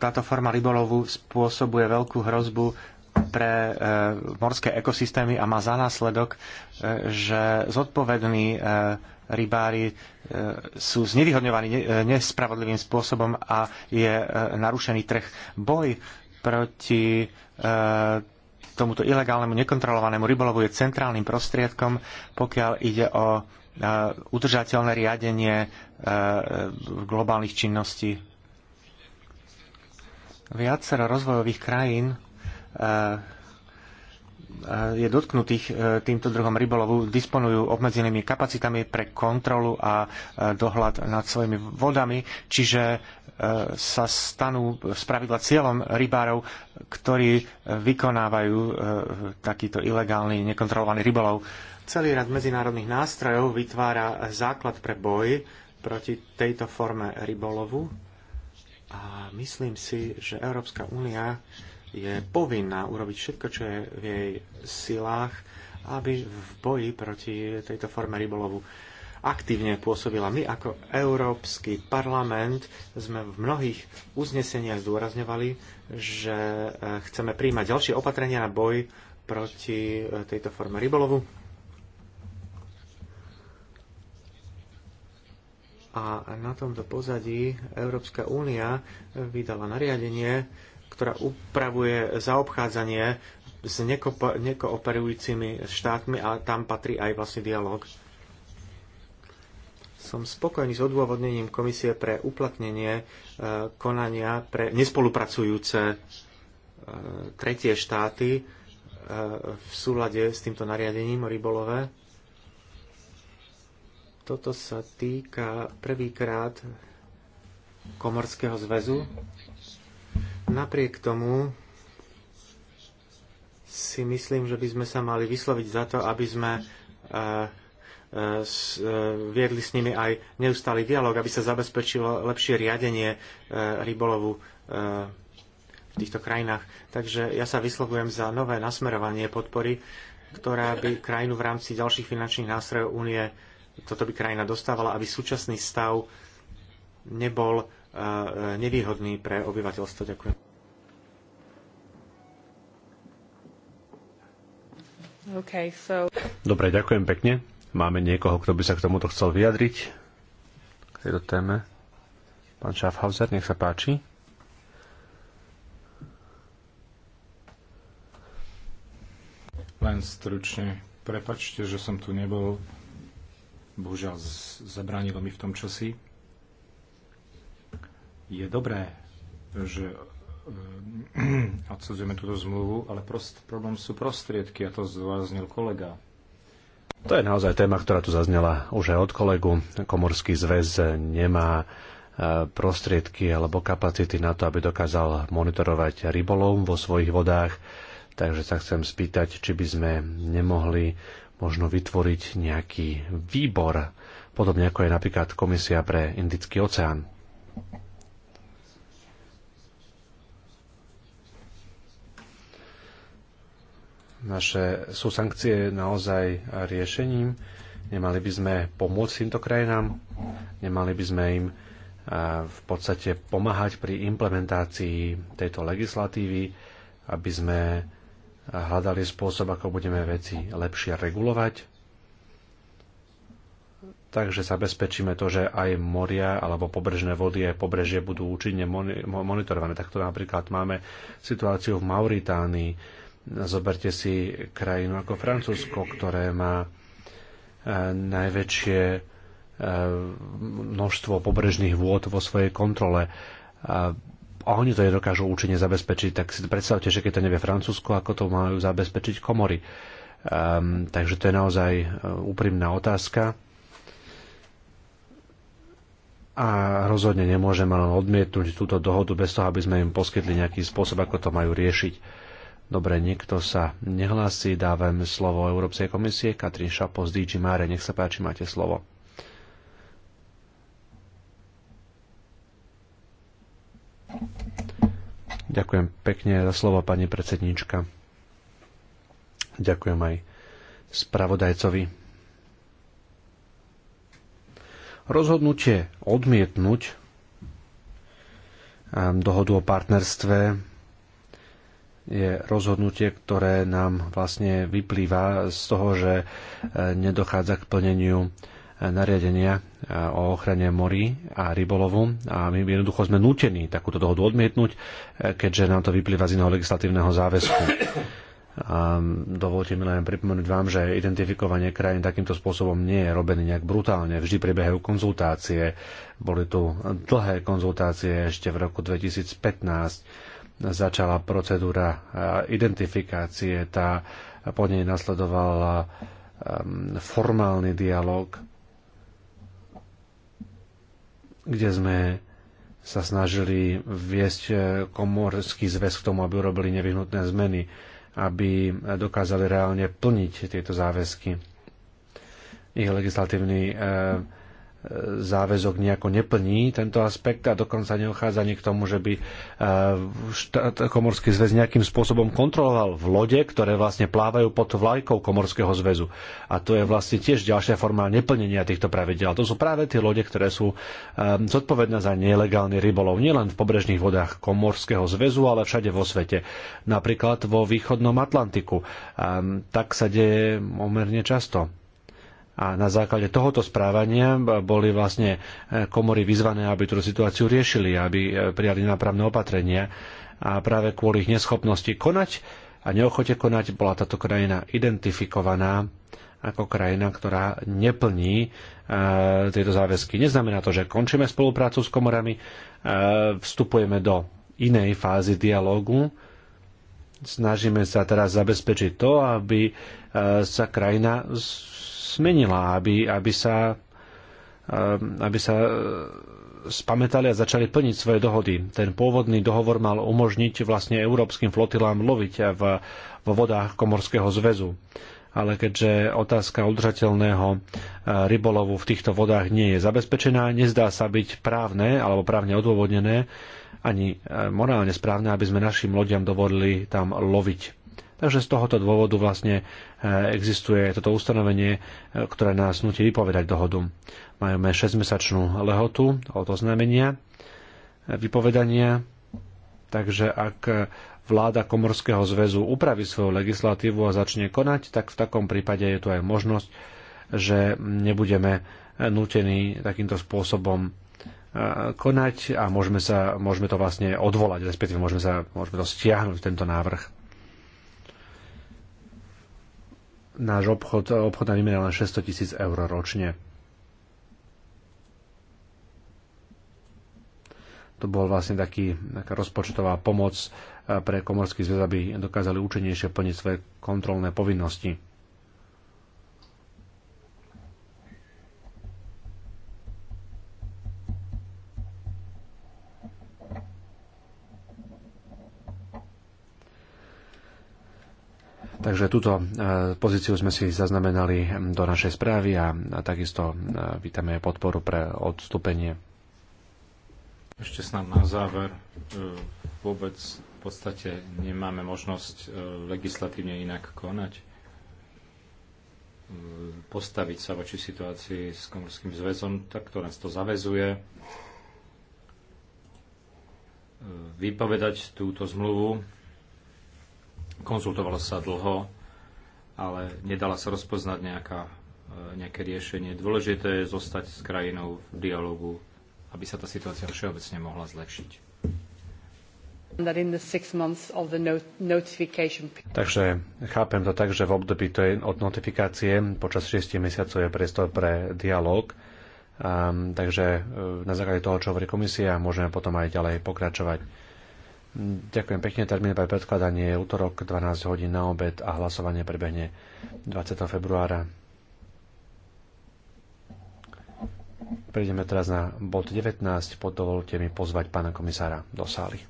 Táto forma rybolovu spôsobuje veľkú hrozbu pre e, morské ekosystémy a má za následok, e, že zodpovední e, rybári sú znevýhodňovaní nespravodlivým spôsobom a je narušený trh. Boj proti tomuto ilegálnemu, nekontrolovanému rybolovu je centrálnym prostriedkom, pokiaľ ide o udržateľné riadenie globálnych činností. Viacero rozvojových krajín je dotknutých e, týmto druhom rybolovu, disponujú obmedzenými kapacitami pre kontrolu a e, dohľad nad svojimi vodami, čiže e, sa stanú spravidla cieľom rybárov, ktorí vykonávajú takýto ilegálny, nekontrolovaný rybolov. Celý rad medzinárodných nástrojov vytvára základ pre boj proti tejto forme rybolovu a myslím si, že Európska únia je povinná urobiť všetko, čo je v jej silách, aby v boji proti tejto forme rybolovu aktívne pôsobila. My ako Európsky parlament sme v mnohých uzneseniach zdôrazňovali, že e, chceme príjmať ďalšie opatrenia na boj proti e, tejto forme rybolovu. A na tomto pozadí Európska únia vydala nariadenie, ktorá upravuje zaobchádzanie s nekopa- nekooperujúcimi štátmi a tam patrí aj vlastne dialog. Som spokojný s odôvodnením komisie pre uplatnenie e, konania pre nespolupracujúce e, tretie štáty e, v súlade s týmto nariadením rybolové. Toto sa týka prvýkrát Komorského zväzu Napriek tomu si myslím, že by sme sa mali vysloviť za to, aby sme e, e, e, viedli s nimi aj neustály dialog, aby sa zabezpečilo lepšie riadenie rybolovu v týchto krajinách. Takže ja sa vyslovujem za nové nasmerovanie podpory, ktorá by krajinu v rámci ďalších finančných nástrojov únie, toto by krajina dostávala, aby súčasný stav nebol E, nevýhodný pre obyvateľstvo. Ďakujem. Okay, so... Dobre, ďakujem pekne. Máme niekoho, kto by sa k tomuto chcel vyjadriť? K tejto téme. Pán Schaffhauser, nech sa páči. Len stručne. Prepačte, že som tu nebol. Bohužiaľ, zabránilo mi v tom čosi. Je dobré, že eh, *clears throat* odsudzujeme túto zmluvu, ale prost, problém sú prostriedky, a to zdôraznil kolega. To je naozaj téma, ktorá tu zaznela už aj od kolegu. Komorský zväz nemá eh, prostriedky alebo kapacity na to, aby dokázal monitorovať rybolov vo svojich vodách. Takže sa chcem spýtať, či by sme nemohli možno vytvoriť nejaký výbor, podobne ako je napríklad Komisia pre Indický oceán. naše, sú sankcie naozaj riešením? Nemali by sme pomôcť týmto krajinám? Nemali by sme im v podstate pomáhať pri implementácii tejto legislatívy, aby sme hľadali spôsob, ako budeme veci lepšie regulovať? Takže zabezpečíme to, že aj moria alebo pobrežné vody aj pobrežie budú účinne monitorované. Takto napríklad máme situáciu v Mauritánii, Zoberte si krajinu ako Francúzsko, ktoré má e, najväčšie e, množstvo pobrežných vôd vo svojej kontrole. A oni to nedokážu účinne zabezpečiť, tak si predstavte, že keď to nevie Francúzsko, ako to majú zabezpečiť komory. Um, takže to je naozaj e, úprimná otázka. A rozhodne nemôžeme len odmietnúť túto dohodu bez toho, aby sme im poskytli nejaký spôsob, ako to majú riešiť Dobre, niekto sa nehlási, dávam slovo Európskej komisie. Katrin Šapo z DG Mare, nech sa páči, máte slovo. Ďakujem pekne za slovo, pani predsednička. Ďakujem aj spravodajcovi. Rozhodnutie odmietnúť ehm, dohodu o partnerstve je rozhodnutie, ktoré nám vlastne vyplýva z toho, že e, nedochádza k plneniu e, nariadenia e, o ochrane morí a rybolovu a my jednoducho sme nútení takúto dohodu odmietnúť, keďže nám to vyplýva z iného legislatívneho záväzku. A dovolte mi len pripomenúť vám, že identifikovanie krajín takýmto spôsobom nie je robené nejak brutálne. Vždy prebiehajú konzultácie. Boli tu dlhé konzultácie ešte v roku 2015 začala procedúra e, identifikácie, tá po nej nasledoval e, formálny dialog, kde sme sa snažili viesť e, komorský zväz k tomu, aby urobili nevyhnutné zmeny, aby dokázali reálne plniť tieto záväzky. Ich legislatívny záväzok nejako neplní tento aspekt a dokonca neochádza ani k tomu, že by eh, štát, Komorský zväz nejakým spôsobom kontroloval v lode, ktoré vlastne plávajú pod vlajkou Komorského zväzu. A to je vlastne tiež ďalšia forma neplnenia týchto pravidel. To sú práve tie lode, ktoré sú eh, zodpovedné za nelegálny rybolov nielen v pobrežných vodách Komorského zväzu, ale všade vo svete. Napríklad vo východnom Atlantiku. Ehm, tak sa deje pomerne často. A na základe tohoto správania boli vlastne e, komory vyzvané, aby tú situáciu riešili, aby e, prijali nápravné opatrenia. A práve kvôli ich neschopnosti konať a neochote konať bola táto krajina identifikovaná ako krajina, ktorá neplní e, tieto záväzky. Neznamená to, že končíme spoluprácu s komorami, e, vstupujeme do inej fázy dialógu, snažíme sa teraz zabezpečiť to, aby e, sa krajina zmenila, aby, aby sa, um, aby sa uh, spamätali a začali plniť svoje dohody. Ten pôvodný dohovor mal umožniť vlastne európskym flotilám loviť v, vo vodách Komorského zväzu. Ale keďže otázka udržateľného uh, rybolovu v týchto vodách nie je zabezpečená, nezdá sa byť právne alebo právne odôvodnené ani uh, morálne správne, aby sme našim loďam dovolili tam loviť. Takže z tohoto dôvodu vlastne e, existuje toto ustanovenie, e, ktoré nás nutí vypovedať dohodu. Majúme 6-mesačnú lehotu od oznámenia e, vypovedania, takže ak vláda Komorského zväzu upraví svoju legislatívu a začne konať, tak v takom prípade je tu aj možnosť, že nebudeme nutení takýmto spôsobom konať a môžeme, sa, môžeme to vlastne odvolať, respektíve môžeme, sa, môžeme to stiahnuť, tento návrh. náš obchod, obchod na výmene len 600 tisíc eur ročne. To bol vlastne taký, taká rozpočtová pomoc eh, pre Komorský zväz, aby dokázali účinnejšie plniť svoje kontrolné povinnosti. Takže túto e, pozíciu sme si zaznamenali do našej správy a, takisto e, vítame podporu pre odstúpenie. Ešte snad na záver e, vôbec v podstate nemáme možnosť legislatívne inak konať postaviť sa voči situácii s Komorským zväzom, tak to nás to zavezuje vypovedať túto zmluvu Konzultovalo sa dlho, ale nedala sa rozpoznať nejaká, e, nejaké riešenie. Dôležité je zostať s krajinou v dialogu, aby sa tá situácia všeobecne mohla zlepšiť. Takže chápem to tak, že v období to je od notifikácie počas 6 mesiacov je priestor pre dialog. Um, takže e, na základe toho, čo hovorí komisia, môžeme potom aj ďalej pokračovať. Ďakujem pekne. Termín pre predkladanie je útorok 12 hodín na obed a hlasovanie prebehne 20. februára. Prejdeme teraz na bod 19. Podovolte mi pozvať pána komisára do sály.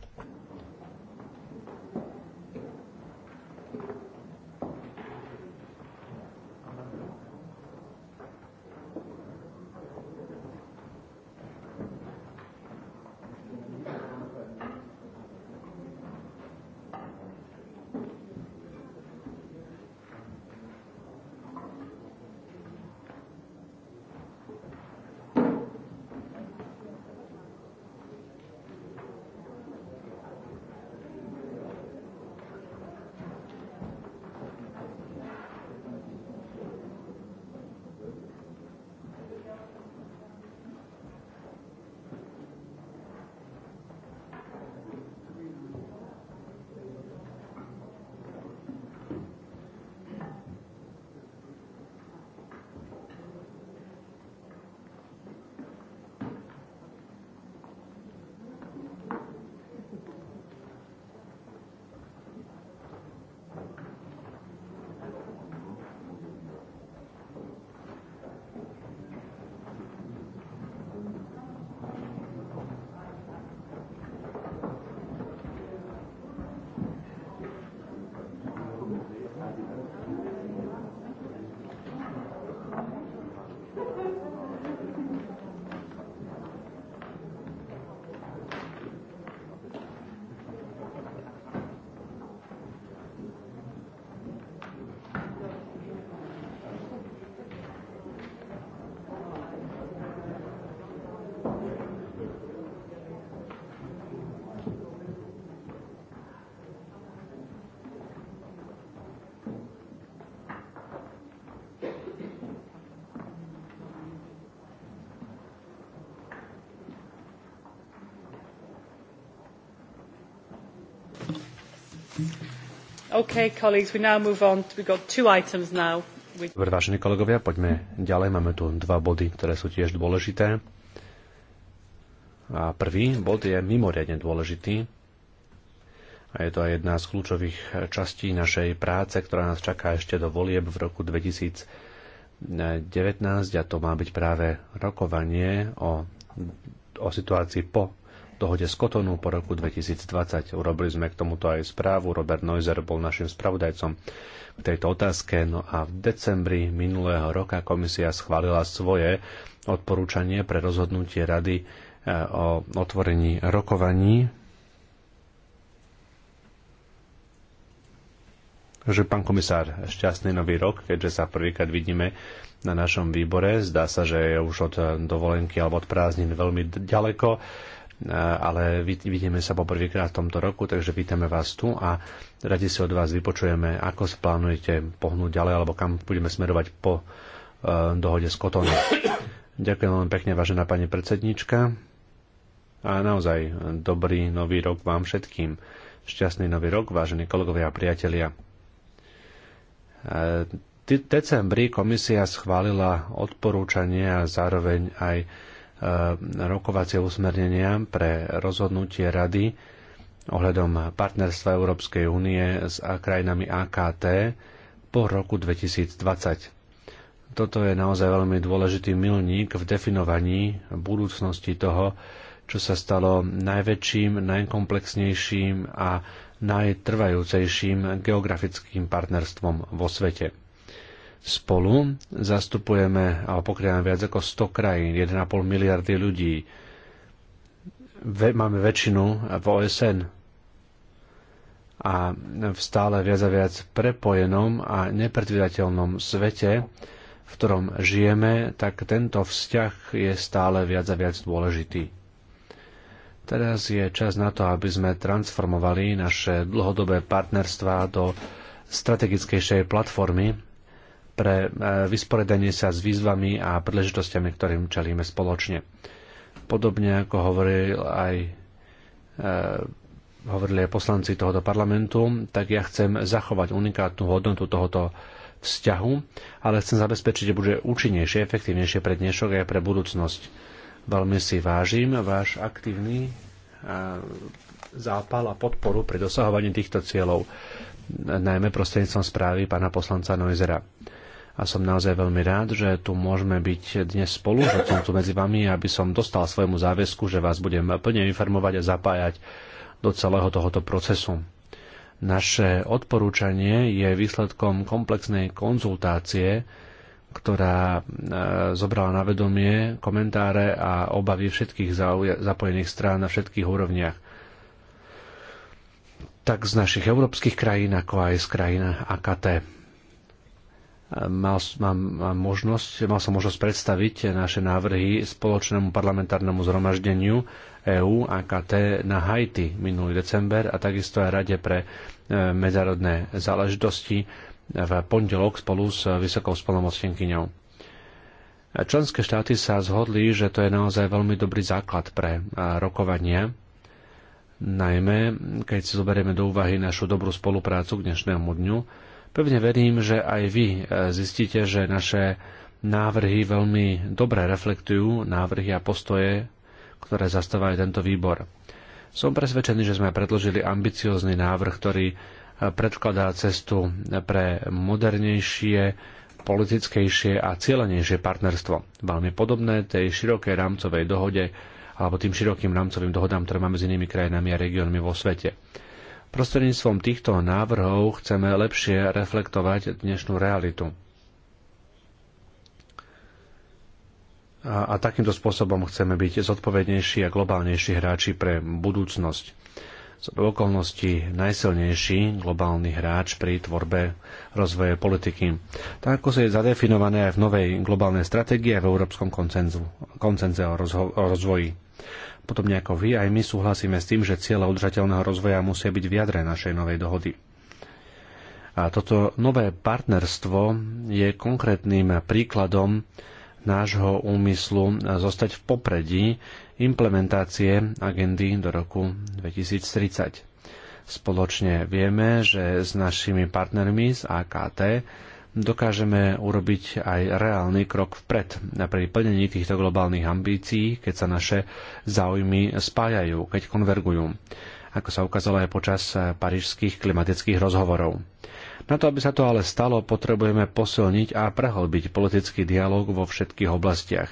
Okay, colleagues, we now move on. We've got two items now. Dobre, vážení kolegovia, poďme ďalej. Máme tu dva body, ktoré sú tiež dôležité. A prvý bod je mimoriadne dôležitý. A je to aj jedna z kľúčových častí našej práce, ktorá nás čaká ešte do volieb v roku 2019 a to má byť práve rokovanie o, o situácii po dohode z Kotonu po roku 2020. Urobili sme k tomuto aj správu. Robert Neuser bol našim spravodajcom k tejto otázke. No a v decembri minulého roka komisia schválila svoje odporúčanie pre rozhodnutie rady eh, o otvorení rokovaní že pán komisár, šťastný nový rok, keďže sa prvýkrát vidíme na našom výbore. Zdá sa, že je už od dovolenky alebo od prázdnin veľmi ďaleko. Eh, ale vidíme sa po prvýkrát v tomto roku, takže vítame vás tu a radi si od vás vypočujeme, ako sa plánujete pohnúť ďalej alebo kam budeme smerovať po eh, dohode s Kotonou. Ďakujem veľmi pekne, vážená pani predsednička. A naozaj eh, dobrý nový rok vám všetkým. Šťastný nový rok, vážení kolegovia a priatelia. V decembri komisia schválila odporúčanie a zároveň aj Eh, rokovacie usmernenia pre rozhodnutie Rady ohľadom partnerstva Európskej únie s krajinami AKT po roku 2020. Toto je naozaj veľmi dôležitý milník v definovaní budúcnosti toho, čo sa stalo najväčším, najkomplexnejším a najtrvajúcejším geografickým partnerstvom vo svete. Spolu zastupujeme a pokrývame viac ako 100 krajín, 1,5 miliardy ľudí. máme väčšinu v OSN a v stále viac a viac prepojenom a nepredvydateľnom svete, v ktorom žijeme, tak tento vzťah je stále viac a viac dôležitý. Teraz je čas na to, aby sme transformovali naše dlhodobé partnerstva do strategickejšej platformy, pre e, vysporiadanie sa s výzvami a príležitostiami, ktorým čelíme spoločne. Podobne ako hovoril aj e, hovorili aj poslanci tohoto parlamentu, tak ja chcem zachovať unikátnu hodnotu tohoto vzťahu, ale chcem zabezpečiť, že bude účinnejšie, efektívnejšie pre dnešok aj pre budúcnosť. Veľmi si vážim váš aktívny e, zápal a podporu pri dosahovaní týchto cieľov, najmä prostredníctvom správy pána poslanca Noizera a som naozaj veľmi rád, že tu môžeme byť dnes spolu, že som tu medzi vami, aby som dostal svojmu záväzku, že vás budem plne informovať a zapájať do celého tohoto procesu. Naše odporúčanie je výsledkom komplexnej konzultácie, ktorá e, zobrala na vedomie komentáre a obavy všetkých zapojených strán na všetkých úrovniach. Tak z našich európskych krajín, ako aj z krajín AKT mal, mám, mám možnosť, mal som možnosť predstaviť naše návrhy spoločnému parlamentárnemu zhromaždeniu EU AKT na Haiti minulý december a takisto aj Rade pre e, medzárodné záležitosti v pondelok spolu s vysokou spolnomocnenkyňou. Členské štáty sa zhodli, že to je naozaj veľmi dobrý základ pre e, rokovanie, najmä keď si zoberieme do úvahy našu dobrú spoluprácu k dnešnému dňu, Pevne verím, že aj vy e, zistíte, že naše návrhy veľmi dobre reflektujú návrhy a postoje, ktoré zastávajú tento výbor. Som presvedčený, že sme predložili ambiciózny návrh, ktorý e, predkladá cestu pre modernejšie, politickejšie a cieľenejšie partnerstvo. Veľmi podobné tej širokej rámcovej dohode alebo tým širokým rámcovým dohodám, ktoré máme s inými krajinami a regiónmi vo svete. Prostredníctvom týchto návrhov chceme lepšie reflektovať dnešnú realitu. A, a takýmto spôsobom chceme byť zodpovednejší a globálnejší hráči pre budúcnosť. Z okolností najsilnejší globálny hráč pri tvorbe rozvoje politiky. Tak ako sa je zadefinované aj v novej globálnej stratégii a v Európskom koncenzu, koncenze o, rozho- o rozvoji. Podobne ako vy, aj my súhlasíme s tým, že cieľa udržateľného rozvoja musia byť v jadre našej novej dohody. A toto nové partnerstvo je konkrétnym príkladom nášho úmyslu zostať v popredí implementácie agendy do roku 2030. Spoločne vieme, že s našimi partnermi z AKT dokážeme urobiť aj reálny krok vpred pri plnení týchto globálnych ambícií, keď sa naše záujmy spájajú, keď konvergujú, ako sa ukázalo aj počas eh, parížských klimatických rozhovorov. Na to, aby sa to ale stalo, potrebujeme posilniť a prehlbiť politický dialog vo všetkých oblastiach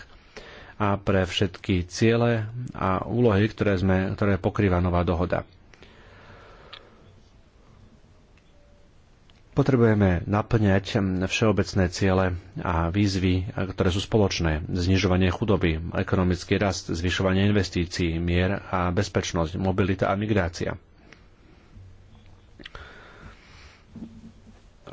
a pre všetky ciele a úlohy, ktoré, sme, ktoré pokrýva nová dohoda. Potrebujeme naplňať mm, všeobecné ciele a výzvy, ktoré sú spoločné. Znižovanie chudoby, ekonomický rast, zvyšovanie investícií, mier a bezpečnosť, mobilita a migrácia.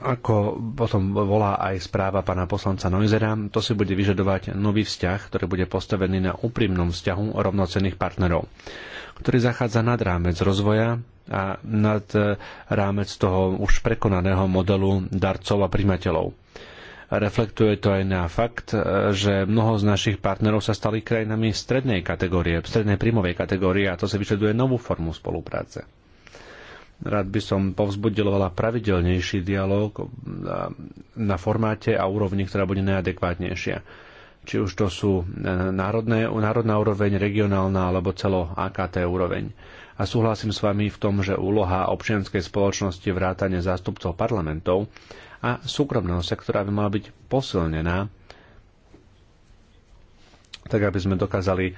Ako potom volá aj správa pána poslanca Noizera, to si bude vyžadovať nový vzťah, ktorý bude postavený na úprimnom vzťahu rovnocenných partnerov ktorý zachádza nad rámec rozvoja a nad eh, rámec toho už prekonaného modelu darcov a primateľov. Reflektuje to aj na fakt, eh, že mnoho z našich partnerov sa stali krajinami strednej kategórie, strednej príjmovej kategórie a to sa vyžaduje novú formu spolupráce. Rád by som povzbudilovala pravidelnejší dialog eh, na formáte a úrovni, ktorá bude najadekvátnejšia či už to sú e, národné, národná úroveň, regionálna alebo celo AKT úroveň. A súhlasím s vami v tom, že úloha občianskej spoločnosti vrátane zástupcov parlamentov a súkromného sektora by mala byť posilnená, tak aby sme dokázali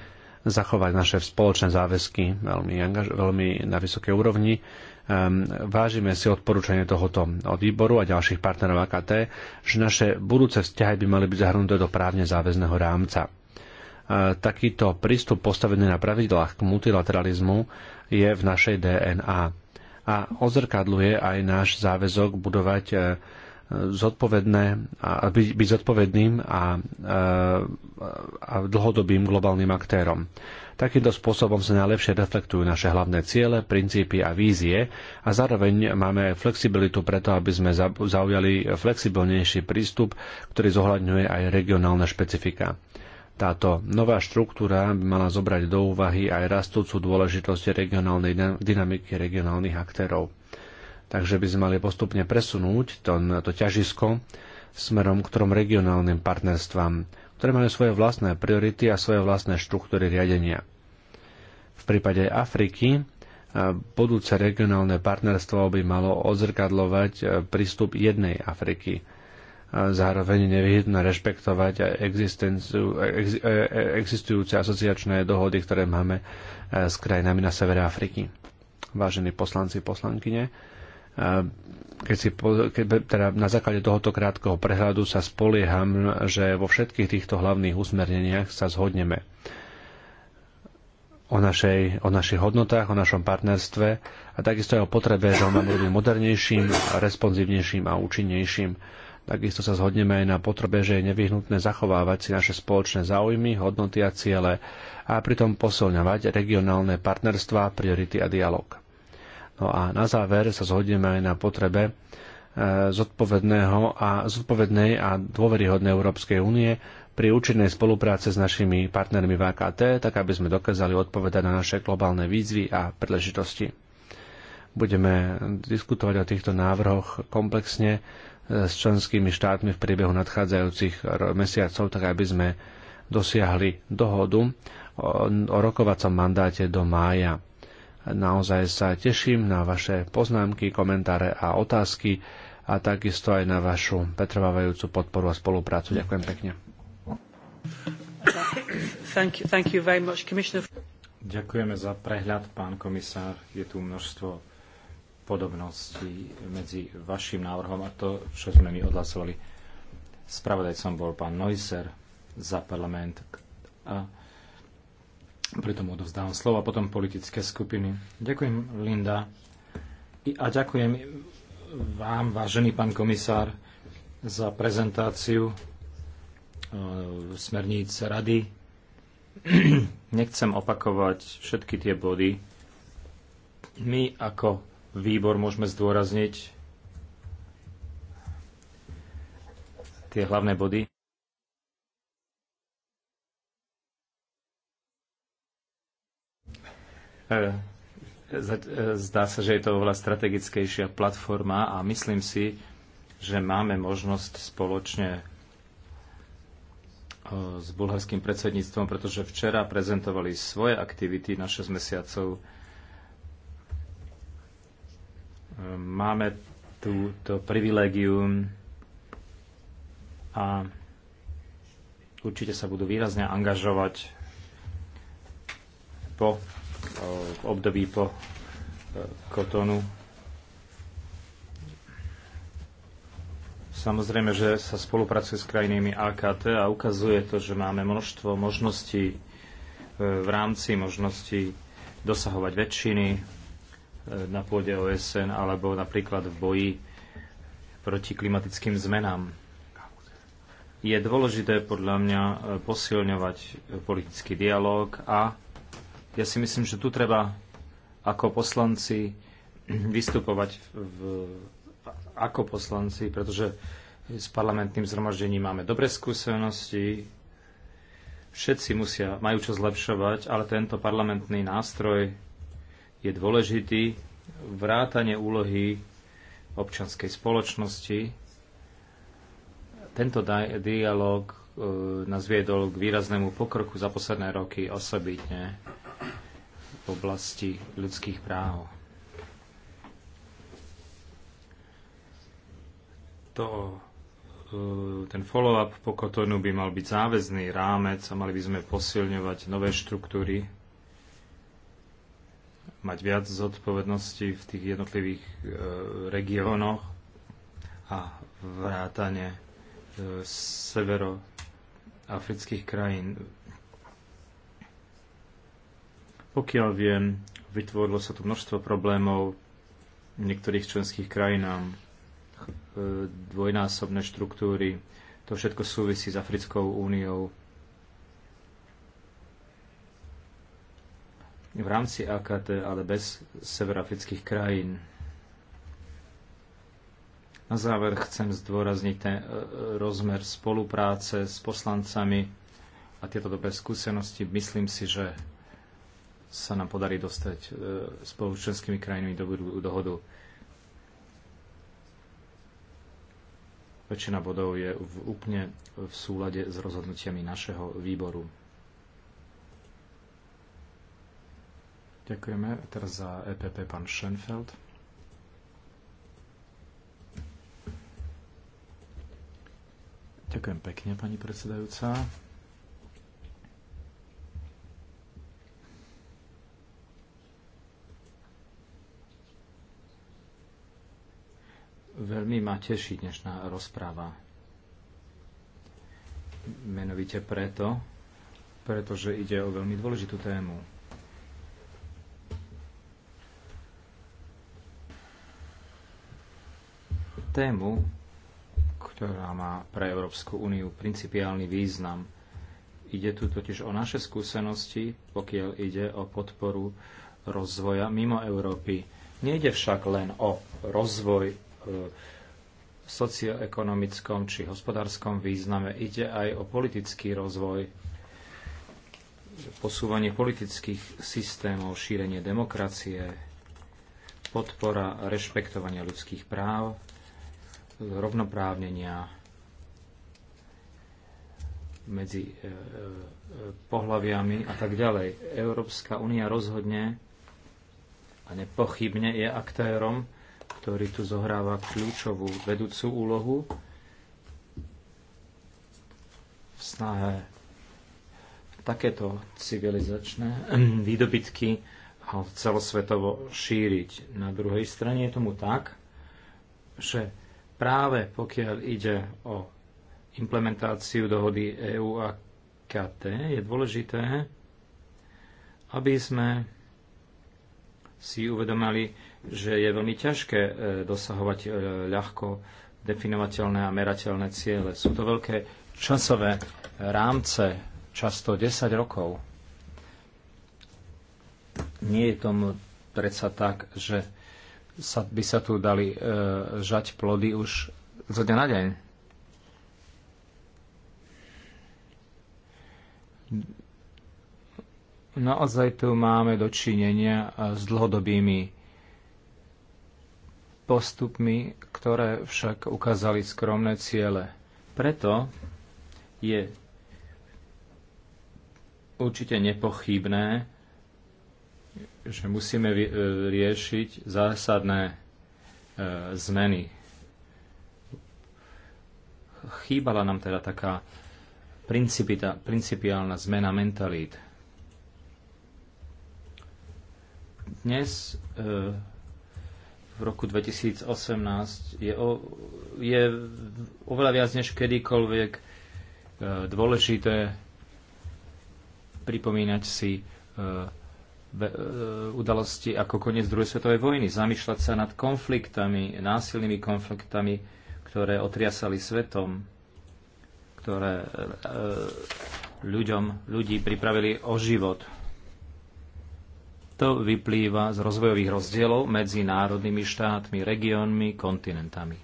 zachovať naše spoločné záväzky veľmi, veľmi na vysokej úrovni, Ehm, vážime si odporúčanie tohoto od výboru a ďalších partnerov AKT, že naše budúce vzťahy by mali byť zahrnuté do právne záväzného rámca. Ehm, takýto prístup postavený na pravidlách k multilateralizmu je v našej DNA a ozrkadluje aj náš záväzok budovať ehm, zodpovedné a byť, byť zodpovedným a, a, a dlhodobým globálnym aktérom. Takýmto spôsobom sa najlepšie reflektujú naše hlavné ciele, princípy a vízie a zároveň máme flexibilitu preto, aby sme zaujali flexibilnejší prístup, ktorý zohľadňuje aj regionálne špecifika. Táto nová štruktúra by mala zobrať do úvahy aj rastúcu dôležitosť regionálnej dynamiky regionálnych aktérov. Takže by sme mali postupne presunúť to, to ťažisko smerom k trom regionálnym partnerstvám, ktoré majú svoje vlastné priority a svoje vlastné štruktúry riadenia. V prípade Afriky budúce regionálne partnerstvo by malo odzrkadlovať prístup jednej Afriky. Zároveň nevyhnutné rešpektovať e, e, existujúce asociačné dohody, ktoré máme s krajinami na severe Afriky. Vážení poslanci, poslankyne, keď si keď, teda na základe tohoto krátkeho prehľadu sa spolieham, že vo všetkých týchto hlavných usmerneniach sa zhodneme o, našej, o našich hodnotách, o našom partnerstve a takisto aj o potrebe, že ho máme robiť modernejším, responsívnejším a účinnejším. Takisto sa zhodneme aj na potrebe, že je nevyhnutné zachovávať si naše spoločné záujmy, hodnoty a ciele a pritom posilňovať regionálne partnerstva, priority a dialog. No a na záver sa zhodneme aj na potrebe e, zodpovedného a zodpovednej a dôveryhodnej Európskej únie pri účinnej spolupráce s našimi partnermi v AKT, tak aby sme dokázali odpovedať na naše globálne výzvy a príležitosti. Budeme diskutovať o týchto návrhoch komplexne e, s členskými štátmi v priebehu nadchádzajúcich mesiacov, tak aby sme dosiahli dohodu o rokovacom mandáte do mája. Naozaj sa teším na vaše poznámky, komentáre a otázky a takisto aj na vašu pretrvávajúcu podporu a spoluprácu. Ďakujem pekne. Thank you, thank you very much, Ďakujeme za prehľad, pán komisár. Je tu množstvo podobností medzi vašim návrhom a to, čo sme my odhlasovali. Spravodajcom bol pán Neusser za parlament a preto mu odovzdávam slovo a potom politické skupiny. Ďakujem, Linda. A ďakujem vám, vážený pán komisár, za prezentáciu e, smerníc rady. *clears throat* Nechcem opakovať všetky tie body. My ako výbor môžeme zdôrazniť tie hlavné body. E, e, zdá sa, že je to oveľa strategickejšia platforma a myslím si, že máme možnosť spoločne e, s bulharským predsedníctvom, pretože včera prezentovali svoje aktivity na 6 mesiacov. Máme túto privilégium a určite sa budú výrazne angažovať po v období po e, kotonu. Samozrejme, že sa spolupracuje s krajinami AKT a ukazuje to, že máme množstvo možností e, v rámci možností dosahovať väčšiny e, na pôde OSN alebo napríklad v boji proti klimatickým zmenám. Je dôležité podľa mňa posilňovať politický dialog a ja si myslím, že tu treba ako poslanci vystupovať v, ako poslanci, pretože s parlamentným zhromaždením máme dobré skúsenosti, všetci musia, majú čo zlepšovať, ale tento parlamentný nástroj je dôležitý, vrátanie úlohy občanskej spoločnosti. Tento dialog e, nás viedol k výraznému pokroku za posledné roky osobitne v oblasti ľudských práv. To, e, ten follow-up po Kotonu by mal byť záväzný rámec a mali by sme posilňovať nové štruktúry, mať viac zodpovednosti v tých jednotlivých e, regiónoch a vrátane e, severo afrických krajín pokiaľ viem, vytvorilo sa tu množstvo problémov v niektorých členských krajinám, e, dvojnásobné štruktúry, to všetko súvisí s Africkou úniou. V rámci AKT, ale bez severafrických krajín. Na záver chcem zdôrazniť ten e, rozmer spolupráce s poslancami a tieto dobré skúsenosti. Myslím si, že sa nám podarí dostať e, spolu s členskými krajinami do dohodu. Väčšina bodov je v, úplne v súlade s rozhodnutiami našeho výboru. Ďakujeme. Teraz za EPP pán Schenfeld. Ďakujem pekne, pani predsedajúca. Veľmi ma teší dnešná rozpráva. Menovite preto, pretože ide o veľmi dôležitú tému. Tému, ktorá má pre Európsku úniu principiálny význam. Ide tu totiž o naše skúsenosti, pokiaľ ide o podporu rozvoja mimo Európy. Nejde však len o rozvoj socioekonomickom či hospodárskom význame. Ide aj o politický rozvoj, posúvanie politických systémov, šírenie demokracie, podpora rešpektovania ľudských práv, rovnoprávnenia medzi e, e, pohľaviami a tak ďalej. Európska únia rozhodne a nepochybne je aktérom ktorý tu zohráva kľúčovú vedúcu úlohu v snahe takéto civilizačné *clears throat* výdobytky celosvetovo šíriť. Na druhej strane je tomu tak, že práve pokiaľ ide o implementáciu dohody EU a KT, je dôležité, aby sme si uvedomali, že je veľmi ťažké e, dosahovať e, ľahko definovateľné a merateľné ciele. Sú to veľké časové rámce, často 10 rokov. Nie je tomu predsa tak, že sa, by sa tu dali e, žať plody už zo dňa na deň. Naozaj tu máme dočinenia e, s dlhodobými postupmi, ktoré však ukázali skromné ciele. Preto je určite nepochybné, že musíme riešiť zásadné e, zmeny. Chýbala nám teda taká principiálna zmena mentalít. Dnes e, v roku 2018 je, o, je oveľa viac než kedykoľvek e, dôležité pripomínať si e, e, udalosti ako koniec druhej svetovej vojny, zamýšľať sa nad konfliktami, násilnými konfliktami, ktoré otriasali svetom, ktoré ľuďom, ľudí pripravili o život. To vyplýva z rozvojových rozdielov medzi národnými štátmi, regiónmi, kontinentami.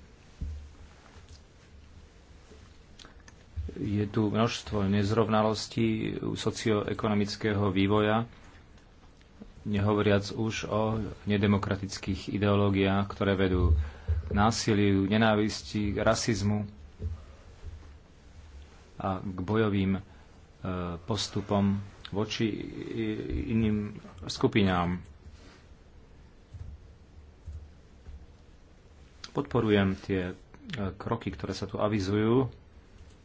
Je tu množstvo nezrovnalostí socioekonomického vývoja, nehovoriac už o nedemokratických ideológiách, ktoré vedú k násiliu, nenávisti, rasizmu a k bojovým e, postupom voči iným skupinám. Podporujem tie e, kroky, ktoré sa tu avizujú,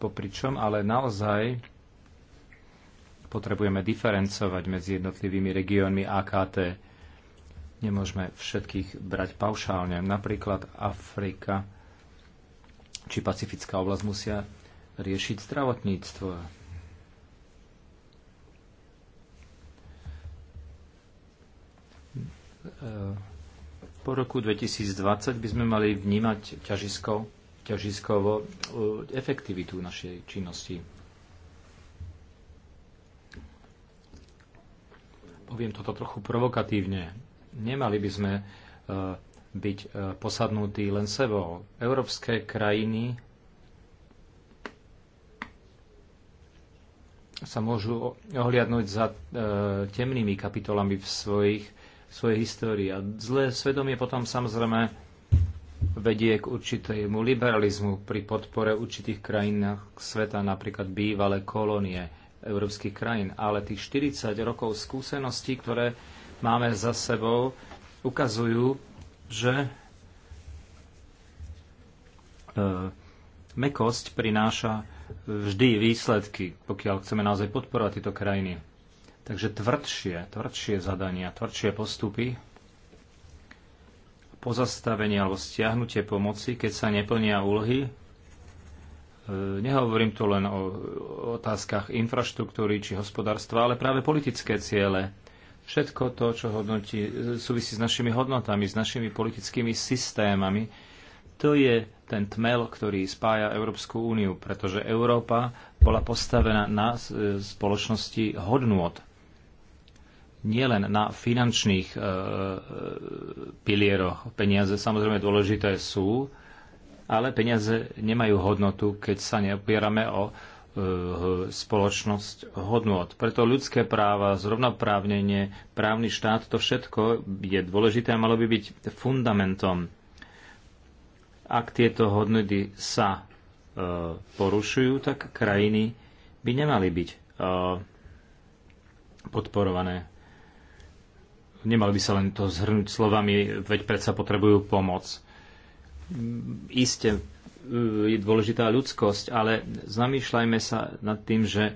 popričom, ale naozaj potrebujeme diferencovať medzi jednotlivými regiónmi AKT. Nemôžeme všetkých brať paušálne. Napríklad Afrika či Pacifická oblasť musia riešiť zdravotníctvo E, po roku 2020 by sme mali vnímať ťažisko, ťažiskovo e, efektivitu našej činnosti. Poviem toto trochu provokatívne. Nemali by sme e, byť posadnutí len sebou. Európske krajiny sa môžu ohliadnúť za temnými kapitolami v svojich svojej histórii. A zlé svedomie potom samozrejme vedie k určitému liberalizmu pri podpore určitých krajín sveta, napríklad bývalé kolónie európskych krajín. Ale tých 40 rokov skúseností, ktoré máme za sebou, ukazujú, že e, mekosť prináša vždy výsledky, pokiaľ chceme naozaj podporovať tieto krajiny. Takže tvrdšie, tvrdšie zadania, tvrdšie postupy, pozastavenie alebo stiahnutie pomoci, keď sa neplnia úlohy. E, nehovorím tu len o otázkach infraštruktúry či hospodárstva, ale práve politické ciele. Všetko to, čo hodnotí, súvisí s našimi hodnotami, s našimi politickými systémami, to je ten tmel, ktorý spája Európsku úniu, pretože Európa bola postavená na e, spoločnosti hodnôt nielen na finančných e, e, pilieroch. Peniaze samozrejme dôležité sú, ale peniaze nemajú hodnotu, keď sa neopierame o e, spoločnosť hodnot. Preto ľudské práva, zrovnoprávnenie, právny štát, to všetko je dôležité a malo by byť fundamentom. Ak tieto hodnoty sa e, porušujú, tak krajiny by nemali byť e, podporované nemal by sa len to zhrnúť slovami, veď predsa potrebujú pomoc. Isté e, je dôležitá ľudskosť, ale zamýšľajme sa nad tým, že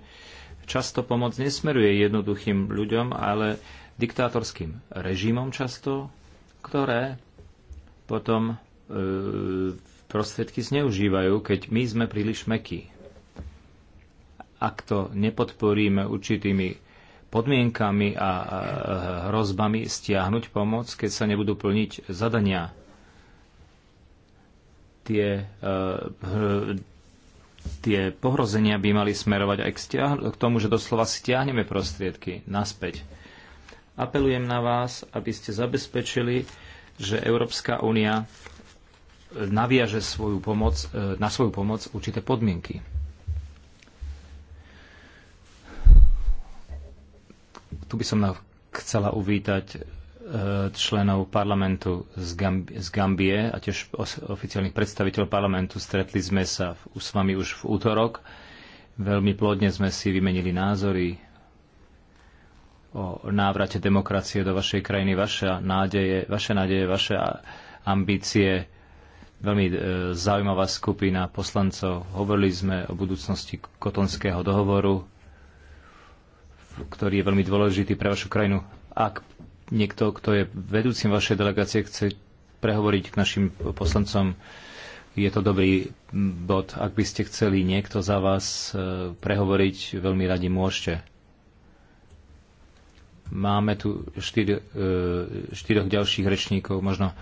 často pomoc nesmeruje jednoduchým ľuďom, ale diktátorským režimom často, ktoré potom e, prostriedky zneužívajú, keď my sme príliš mekí. Ak to nepodporíme určitými podmienkami a hrozbami stiahnuť pomoc, keď sa nebudú plniť zadania. Tie, e, tie pohrozenia by mali smerovať aj k, k tomu, že doslova stiahneme prostriedky naspäť. Apelujem na vás, aby ste zabezpečili, že Európska únia naviaže svoju pomoc, e, na svoju pomoc určité podmienky. Tu by som chcela uvítať e, členov parlamentu z, Gamb- z Gambie a tiež oficiálnych predstaviteľov parlamentu. Stretli sme sa v, s vami už v útorok. Veľmi plodne sme si vymenili názory o návrate demokracie do vašej krajiny, vaše nádeje, vaše, nádeje, vaše ambície. Veľmi e, zaujímavá skupina poslancov. Hovorili sme o budúcnosti kotonského dohovoru, ktorý je veľmi dôležitý pre vašu krajinu. Ak niekto, kto je vedúcim vašej delegácie, chce prehovoriť k našim poslancom, je to dobrý bod. Ak by ste chceli niekto za vás e, prehovoriť, veľmi radi môžete. Máme tu štyr, e, štyroch ďalších rečníkov. Možno, e,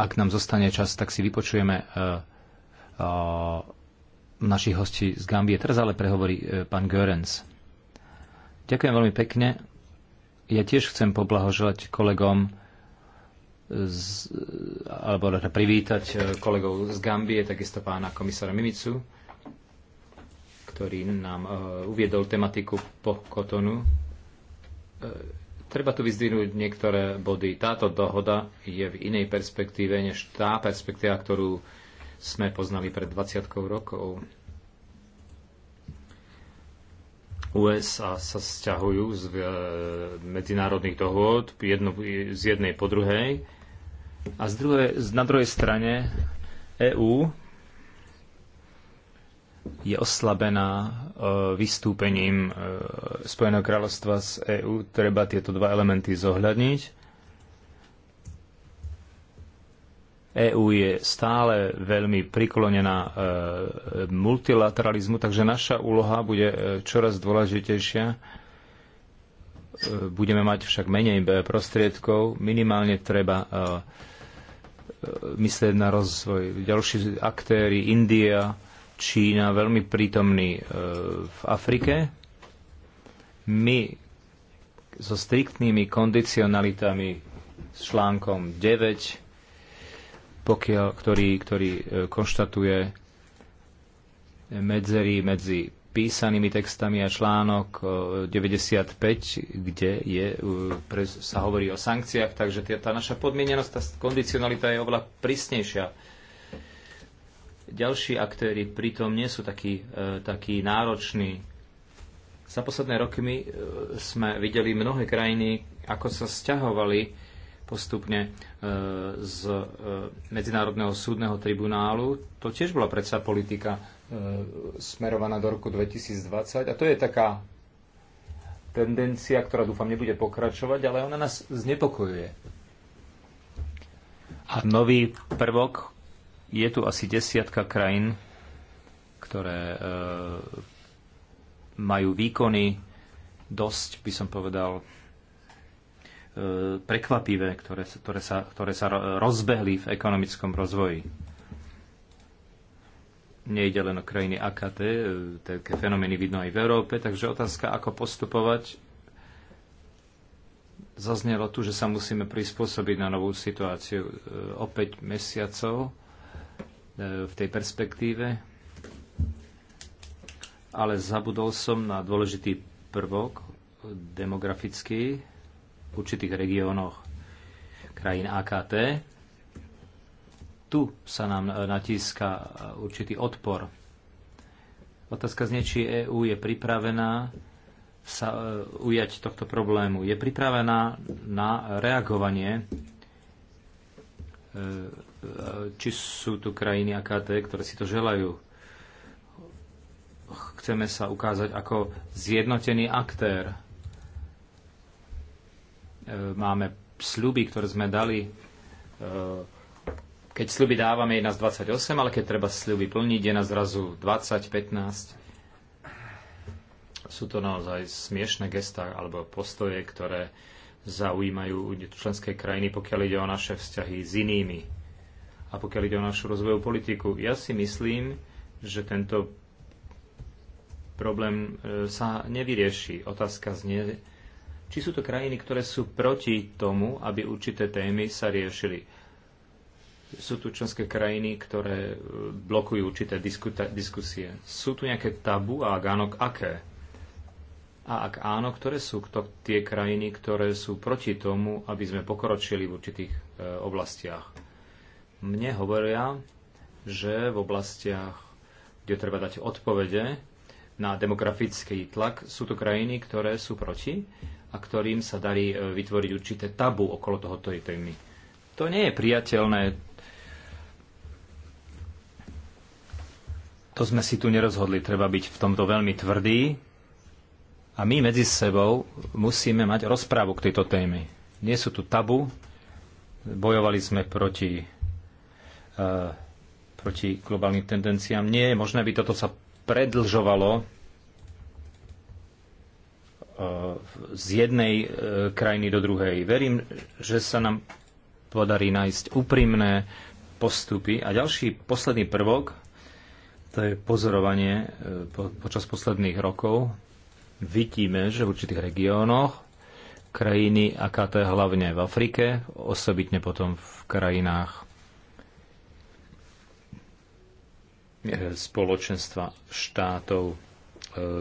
ak nám zostane čas, tak si vypočujeme našich hostí z Gambie. Teraz ale prehovorí e, pán Görens. Ďakujem veľmi pekne. Ja tiež chcem poblahoželať kolegom z, alebo teda privítať e, kolegov z Gambie, takisto pána komisára Mimicu, ktorý nám e, uviedol tematiku po Kotonu. Treba tu vyzdvihnúť niektoré body. Táto dohoda je v inej perspektíve než tá perspektíva, ktorú sme poznali pred 20 rokov. USA sa sťahujú z e, medzinárodných dohôd jedno, z jednej po druhej a z druhej, na druhej strane EÚ je oslabená e, vystúpením e, Spojeného kráľovstva z EÚ. Treba tieto dva elementy zohľadniť EÚ je stále veľmi priklonená e, multilateralizmu, takže naša úloha bude e, čoraz dôležitejšia. E, budeme mať však menej prostriedkov, minimálne treba myslieť na rozvoj. Ďalší aktéry, India, Čína, veľmi prítomní v Afrike. My so striktnými kondicionalitami s článkom 9 pokiaľ, ktorý, ktorý e, konštatuje medzery medzi písanými textami a článok 95, e, kde je, e, pre, sa hovorí o sankciách, takže tá naša podmienenosť, tá kondicionalita je oveľa prísnejšia. Ďalší aktéry pritom nie sú takí, takí nároční. Za posledné roky my sme videli mnohé krajiny, ako sa sťahovali postupne e, z e, Medzinárodného súdneho tribunálu. To tiež bola predsa politika e, smerovaná do roku 2020 a to je taká tendencia, ktorá dúfam nebude pokračovať, ale ona nás znepokojuje. A nový prvok je tu asi desiatka krajín, ktoré e, majú výkony dosť, by som povedal, E, prekvapivé, ktoré, ktoré, sa, ktoré sa rozbehli v ekonomickom rozvoji. Nejde len o krajiny AKT, e, také fenomény vidno aj v Európe, takže otázka, ako postupovať, zaznelo tu, že sa musíme prispôsobiť na novú situáciu e, o 5 mesiacov v tej perspektíve, ale zabudol som na dôležitý prvok demografický, určitých regiónoch krajín AKT. Tu sa nám e, natíska e, určitý odpor. Otázka znie, či EÚ je pripravená sa e, ujať tohto problému. Je pripravená na reagovanie, či sú tu krajiny AKT, ktoré si to želajú. Chceme sa ukázať ako zjednotený aktér E, máme sľuby, ktoré sme dali. E, keď sľuby dávame, je nás 28, ale keď treba sľuby plniť, je nás zrazu 20, 15. Sú to naozaj smiešne gestá alebo postoje, ktoré zaujímajú členské krajiny, pokiaľ ide o naše vzťahy s inými a pokiaľ ide o našu rozvojovú politiku. Ja si myslím, že tento problém e, sa nevyrieši. Otázka znie, či sú to krajiny, ktoré sú proti tomu, aby určité témy sa riešili. Sú tu členské krajiny, ktoré e, blokujú určité diskuta- diskusie. Sú tu nejaké tabu a ak áno, aké? A ak áno, ktoré sú to tie krajiny, ktoré sú proti tomu, aby sme pokročili v určitých e, oblastiach? Mne hovoria, že v oblastiach, kde treba dať odpovede na demografický tlak, sú to krajiny, ktoré sú proti a ktorým sa darí e, vytvoriť určité tabu okolo tohoto témy. To nie je priateľné. To sme si tu nerozhodli. Treba byť v tomto veľmi tvrdý. A my medzi sebou musíme mať rozprávu k tejto téme. Nie sú tu tabu. Bojovali sme proti, uh, proti globálnym tendenciám. Nie je možné, aby toto sa predlžovalo Eh, z jednej eh, krajiny do druhej. Verím, že sa nám podarí nájsť úprimné postupy. A ďalší posledný prvok, to je pozorovanie eh, po, počas posledných rokov. Vidíme, že v určitých regiónoch krajiny AKT hlavne v Afrike, osobitne potom v krajinách spoločenstva štátov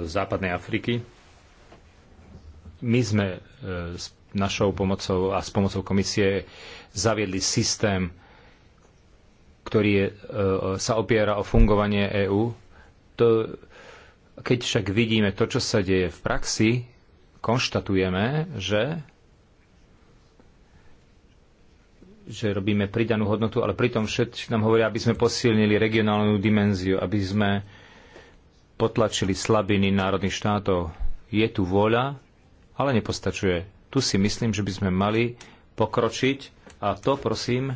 západnej Afriky, my sme e, s našou pomocou a s pomocou komisie zaviedli systém, ktorý je, e, sa opiera o fungovanie EÚ. To, keď však vidíme to, čo sa deje v praxi, konštatujeme, že že robíme pridanú hodnotu, ale pritom všetci nám hovoria, aby sme posilnili regionálnu dimenziu, aby sme potlačili slabiny národných štátov. Je tu vôľa, ale nepostačuje. Tu si myslím, že by sme mali pokročiť a to prosím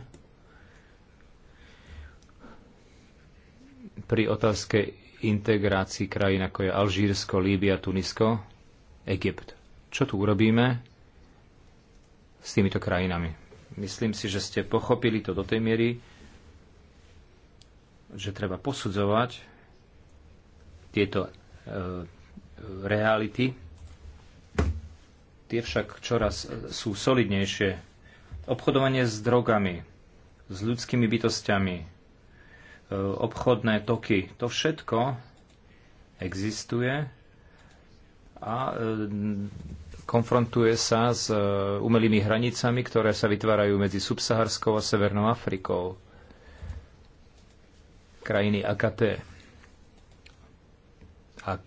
pri otázke integrácii krajín ako je Alžírsko, Líbia, Tunisko, Egypt. Čo tu urobíme s týmito krajinami? Myslím si, že ste pochopili to do tej miery, že treba posudzovať tieto e, reality Tie však čoraz e, sú solidnejšie. Obchodovanie s drogami, s ľudskými bytostiami, e, obchodné toky, to všetko existuje a e, konfrontuje sa s umelými hranicami, ktoré sa vytvárajú medzi subsaharskou a Severnou Afrikou. Krajiny AKT a e,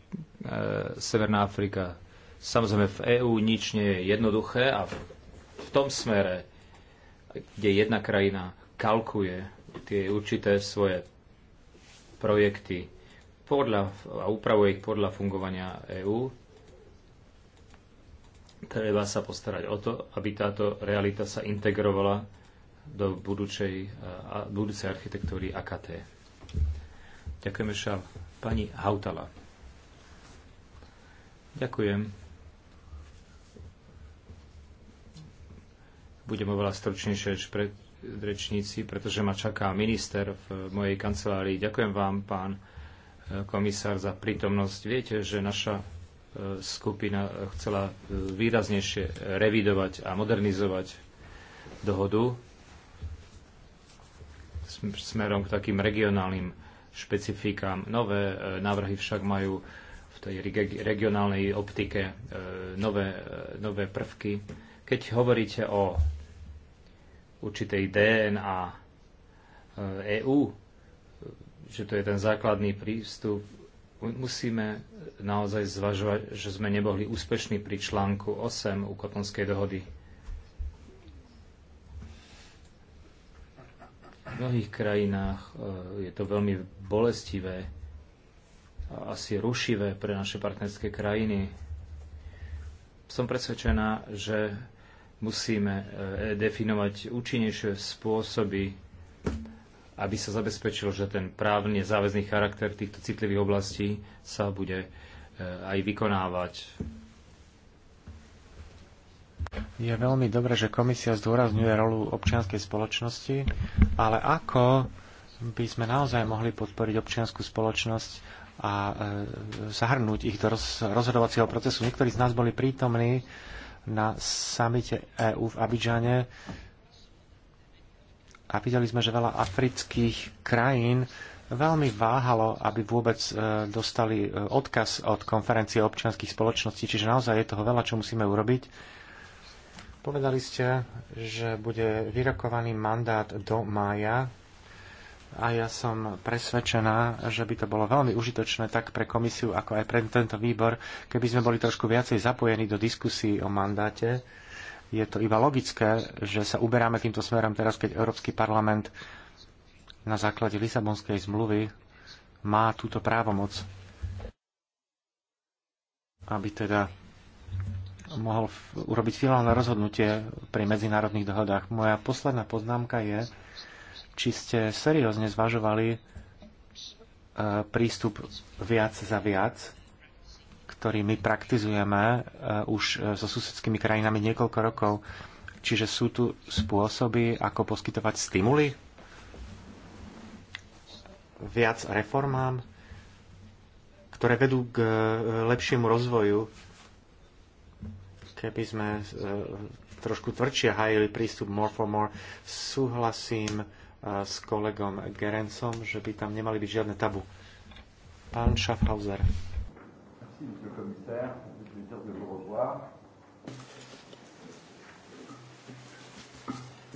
Severná Afrika Samozrejme, v EÚ nič nie je jednoduché a v tom smere, kde jedna krajina kalkuje tie určité svoje projekty podľa, a upravuje ich podľa fungovania EÚ, treba sa postarať o to, aby táto realita sa integrovala do budúcej, budúcej architektúry AKT. Ďakujeme, ešte Pani Hautala. Ďakujem. Budem oveľa stručnejšie než pred rečníci, pretože ma čaká minister v mojej kancelárii. Ďakujem vám, pán e, komisár, za prítomnosť. Viete, že naša e, skupina chcela e, výraznejšie revidovať a modernizovať dohodu smerom k takým regionálnym špecifikám. Nové návrhy však majú v tej regionálnej optike nové, nové prvky. Keď hovoríte o určitej DNA EÚ, e že to je ten základný prístup, musíme naozaj zvažovať, že sme neboli úspešní pri článku 8 u Kotonskej dohody. V mnohých krajinách e, je to veľmi bolestivé a asi rušivé pre naše partnerské krajiny. Som presvedčená, že Musíme e, definovať účinnejšie spôsoby, aby sa zabezpečilo, že ten právne záväzný charakter týchto citlivých oblastí sa bude e, aj vykonávať. Je veľmi dobré, že komisia zdôrazňuje rolu občianskej spoločnosti, ale ako by sme naozaj mohli podporiť občianskú spoločnosť a e, zahrnúť ich do rozhodovacieho procesu. Niektorí z nás boli prítomní na samite EÚ v Abidžane a videli sme, že veľa afrických krajín veľmi váhalo, aby vôbec e, dostali e, odkaz od konferencie občianských spoločností, čiže naozaj je toho veľa, čo musíme urobiť. Povedali ste, že bude vyrokovaný mandát do mája a ja som presvedčená, že by to bolo veľmi užitočné tak pre komisiu, ako aj pre tento výbor, keby sme boli trošku viacej zapojení do diskusí o mandáte. Je to iba logické, že sa uberáme týmto smerom teraz, keď Európsky parlament na základe Lisabonskej zmluvy má túto právomoc, aby teda mohol urobiť finálne rozhodnutie pri medzinárodných dohodách. Moja posledná poznámka je, či ste seriózne zvažovali e, prístup viac za viac, ktorý my praktizujeme e, už e, so susedskými krajinami niekoľko rokov. Čiže sú tu spôsoby, ako poskytovať stimuly viac reformám, ktoré vedú k lepšiemu rozvoju, keby sme trošku tvrdšie hajili prístup more for more. Súhlasím s kolegom Gerencom, že by tam nemali byť žiadne tabu. Pán Schaffhauser.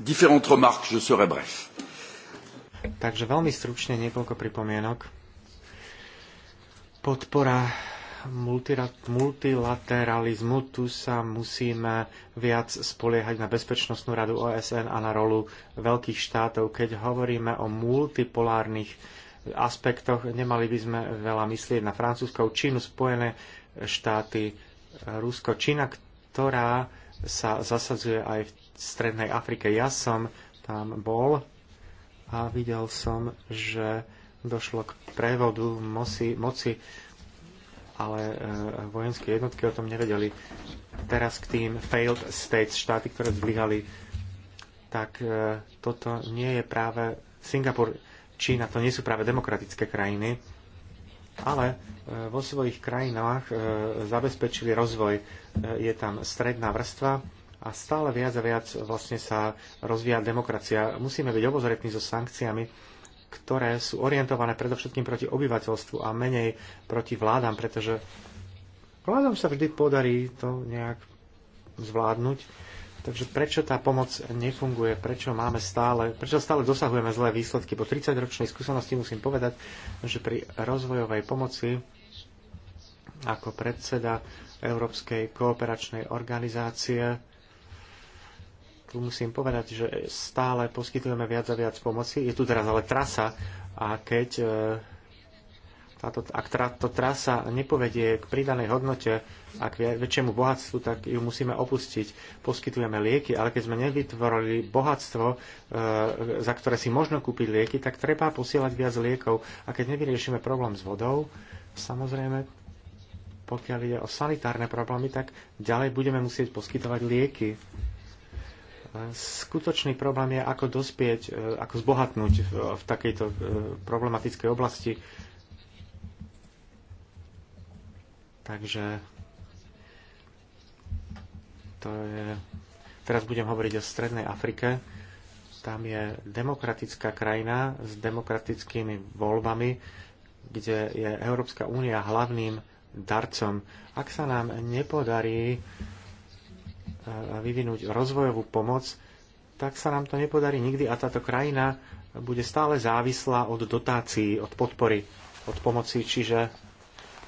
Différentes remarques, je serai bref. Takže veľmi stručne niekoľko pripomienok. Podpora multilateralizmu. Tu sa musíme viac spoliehať na Bezpečnostnú radu OSN a na rolu veľkých štátov. Keď hovoríme o multipolárnych aspektoch, nemali by sme veľa myslieť na Francúzsko, Čínu, Spojené štáty, Rusko, Čína, ktorá sa zasadzuje aj v Strednej Afrike. Ja som tam bol a videl som, že došlo k prevodu moci, moci ale e, vojenské jednotky o tom nevedeli. Teraz k tým failed states, štáty, ktoré zlyhali, tak e, toto nie je práve Singapur, Čína, to nie sú práve demokratické krajiny, ale e, vo svojich krajinách zabezpečili rozvoj. Je tam stredná vrstva, a stále viac a viac vlastne sa rozvíja demokracia. Musíme byť obozretní so sankciami, ktoré sú orientované predovšetkým proti obyvateľstvu a menej proti vládam, pretože vládam sa vždy podarí to nejak zvládnuť. Takže prečo tá pomoc nefunguje, prečo máme stále, prečo stále dosahujeme zlé výsledky. Po 30-ročnej skúsenosti musím povedať, že pri rozvojovej pomoci ako predseda Európskej kooperačnej organizácie tu musím povedať, že stále poskytujeme viac a viac pomoci. Je tu teraz ale trasa a keď e, táto, ak táto trasa nepovedie k pridanej hodnote a k väčšiemu bohatstvu, tak ju musíme opustiť. Poskytujeme lieky, ale keď sme nevytvorili bohatstvo, e, za ktoré si možno kúpiť lieky, tak treba posielať viac liekov. A keď nevyriešime problém s vodou, samozrejme, pokiaľ ide o sanitárne problémy, tak ďalej budeme musieť poskytovať lieky. Skutočný problém je, ako dospieť, e, ako zbohatnúť v, v takejto e, problematickej oblasti. Takže to je... Teraz budem hovoriť o Strednej Afrike. Tam je demokratická krajina s demokratickými voľbami, kde je Európska únia hlavným darcom. Ak sa nám nepodarí vyvinúť rozvojovú pomoc, tak sa nám to nepodarí nikdy a táto krajina bude stále závislá od dotácií, od podpory, od pomoci. Čiže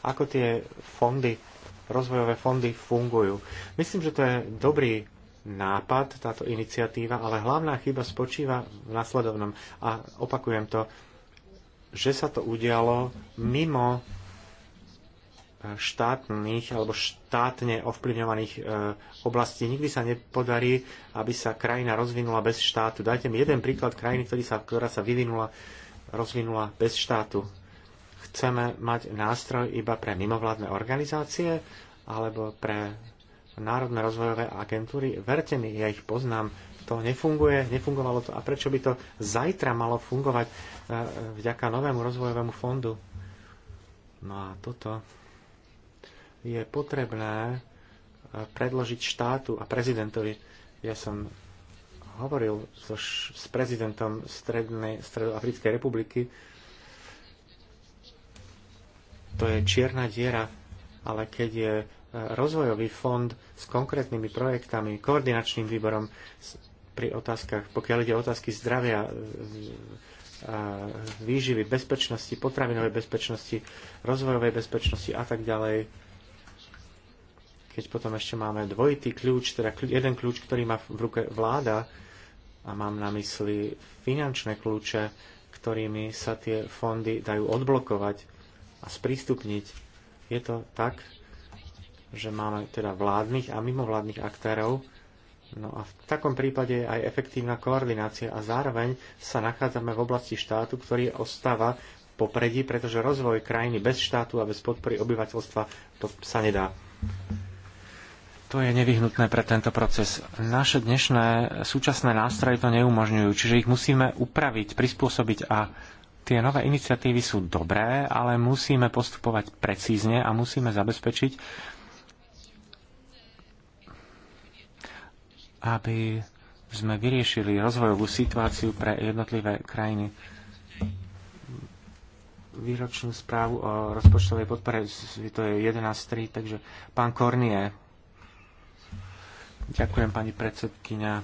ako tie fondy, rozvojové fondy fungujú. Myslím, že to je dobrý nápad, táto iniciatíva, ale hlavná chyba spočíva v nasledovnom. A opakujem to, že sa to udialo mimo štátnych alebo štátne ovplyvňovaných e, oblastí. Nikdy sa nepodarí, aby sa krajina rozvinula bez štátu. Dajte mi jeden príklad krajiny, ktorý sa, ktorá sa vyvinula, rozvinula bez štátu. Chceme mať nástroj iba pre mimovládne organizácie alebo pre národné rozvojové agentúry. Verte mi, ja ich poznám, to nefunguje, nefungovalo to. A prečo by to zajtra malo fungovať e, vďaka novému rozvojovému fondu? No a toto je potrebné eh, predložiť štátu a prezidentovi. Ja som hovoril so, s prezidentom Strednej, Stredoafrickej republiky. To je čierna diera, ale keď je eh, rozvojový fond s konkrétnymi projektami, koordinačným výborom pri otázkach, pokiaľ ide o otázky zdravia, eh, výživy, bezpečnosti, potravinovej bezpečnosti, rozvojovej bezpečnosti a tak ďalej, keď potom ešte máme dvojitý kľúč, teda jeden kľúč, ktorý má v ruke vláda, a mám na mysli finančné kľúče, ktorými sa tie fondy dajú odblokovať a sprístupniť. Je to tak, že máme teda vládnych a mimovládnych aktérov, No a v takom prípade je aj efektívna koordinácia a zároveň sa nachádzame v oblasti štátu, ktorý ostáva v popredí, pretože rozvoj krajiny bez štátu a bez podpory obyvateľstva to sa nedá. To je nevyhnutné pre tento proces. Naše dnešné súčasné nástroje to neumožňujú, čiže ich musíme upraviť, prispôsobiť a tie nové iniciatívy sú dobré, ale musíme postupovať precízne a musíme zabezpečiť, aby sme vyriešili rozvojovú situáciu pre jednotlivé krajiny. Výročnú správu o rozpočtovej podpore, to je 11.3, takže pán Kornie, Ďakujem, pani predsedkynia.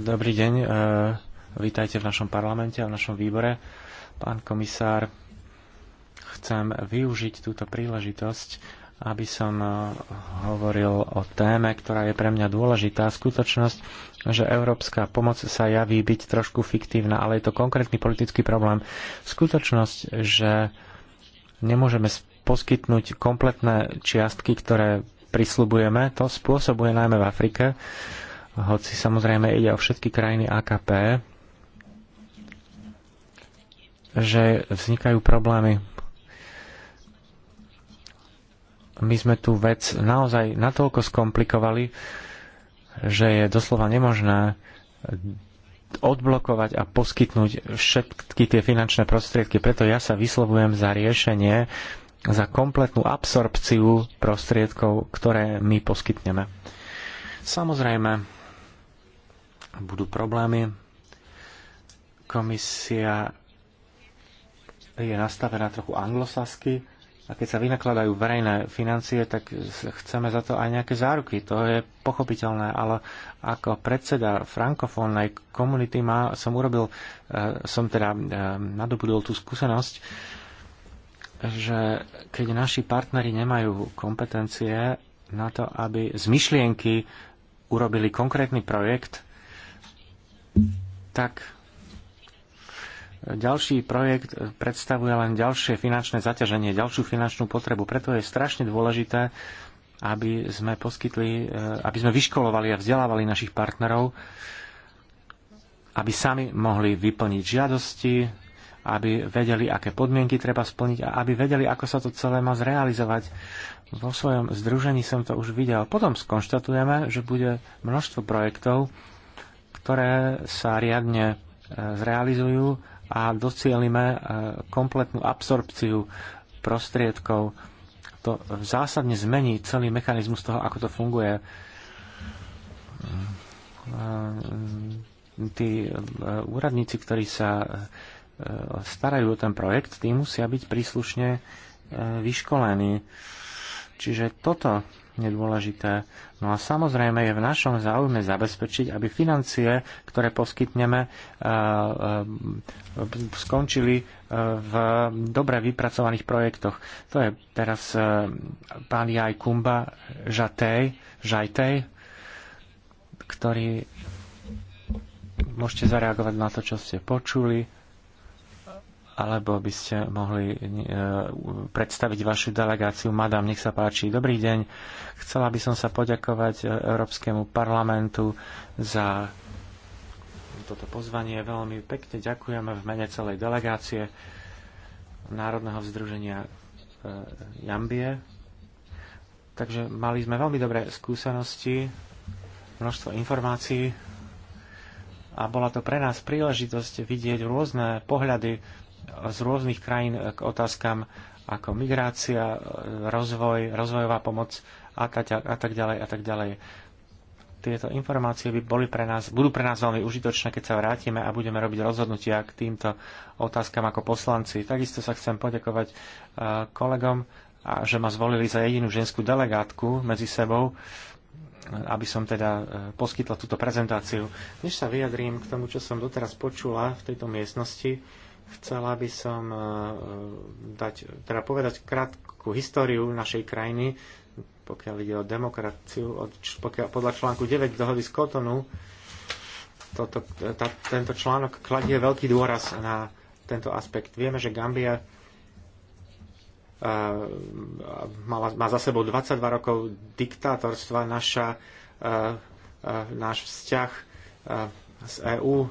Dobrý deň. E, vítajte v našom parlamente a v našom výbore. Pán komisár, chcem využiť túto príležitosť, aby som e, hovoril o téme, ktorá je pre mňa dôležitá. Skutočnosť, že európska pomoc sa javí byť trošku fiktívna, ale je to konkrétny politický problém. Skutočnosť, že nemôžeme poskytnúť kompletné čiastky, ktoré prislubujeme. To spôsobuje najmä v Afrike, hoci samozrejme ide o všetky krajiny AKP, že vznikajú problémy. My sme tú vec naozaj natoľko skomplikovali, že je doslova nemožné odblokovať a poskytnúť všetky tie finančné prostriedky. Preto ja sa vyslovujem za riešenie za kompletnú absorpciu prostriedkov, ktoré my poskytneme. Samozrejme, budú problémy. Komisia je nastavená trochu anglosasky a keď sa vynakladajú verejné financie, tak chceme za to aj nejaké záruky. To je pochopiteľné, ale ako predseda frankofónnej komunity som urobil, eh, som teda eh, nadobudol tú skúsenosť, že keď naši partneri nemajú kompetencie na to, aby z myšlienky urobili konkrétny projekt, tak ďalší projekt predstavuje len ďalšie finančné zaťaženie, ďalšiu finančnú potrebu. Preto je strašne dôležité, aby sme poskytli, eh, aby sme vyškolovali a vzdelávali našich partnerov, aby sami mohli vyplniť žiadosti, aby vedeli, aké podmienky treba splniť a aby vedeli, ako sa to celé má zrealizovať. Vo svojom združení som to už videl. Potom skonštatujeme, že bude množstvo projektov, ktoré sa riadne e, zrealizujú a docielime e, kompletnú absorpciu prostriedkov. To zásadne zmení celý mechanizmus toho, ako to funguje e, tí úradníci, ktorí sa E, starajú o ten projekt, tí musia byť príslušne e, vyškolení. Čiže toto je dôležité. No a samozrejme je v našom záujme zabezpečiť, aby financie, ktoré poskytneme, e, skončili v dobre vypracovaných projektoch. To je teraz pán Jaj Kumba Žatej, Žajtej, ktorý môžete zareagovať na to, čo ste počuli alebo by ste mohli e, predstaviť vašu delegáciu. Madam, nech sa páči. Dobrý deň. Chcela by som sa poďakovať e, Európskemu parlamentu za toto pozvanie. Veľmi pekne ďakujeme v mene celej delegácie Národného vzdruženia e, Jambie. Takže mali sme veľmi dobré skúsenosti, množstvo informácií a bola to pre nás príležitosť vidieť rôzne pohľady z rôznych krajín k otázkam ako migrácia, e, rozvoj, rozvojová pomoc a tak, a tak ďalej a tak ďalej. Tieto informácie by boli pre nás, budú pre nás veľmi užitočné, keď sa vrátime a budeme robiť rozhodnutia k týmto otázkam ako poslanci. Takisto sa chcem poďakovať e, kolegom, že ma zvolili za jedinú ženskú delegátku medzi sebou, aby som teda e, poskytla túto prezentáciu. Než sa vyjadrím k tomu, čo som doteraz počula v tejto miestnosti, Chcela by som e, dať, teda povedať krátku históriu našej krajiny, pokiaľ ide o demokraciu, od, pokiaľ, podľa článku 9 dohody z Kotonu, toto, e, tá, tento článok kladie veľký dôraz na tento aspekt. Vieme, že Gambia uh, má za sebou 22 rokov diktátorstva. Naša, uh, uh, náš vzťah uh, z EÚ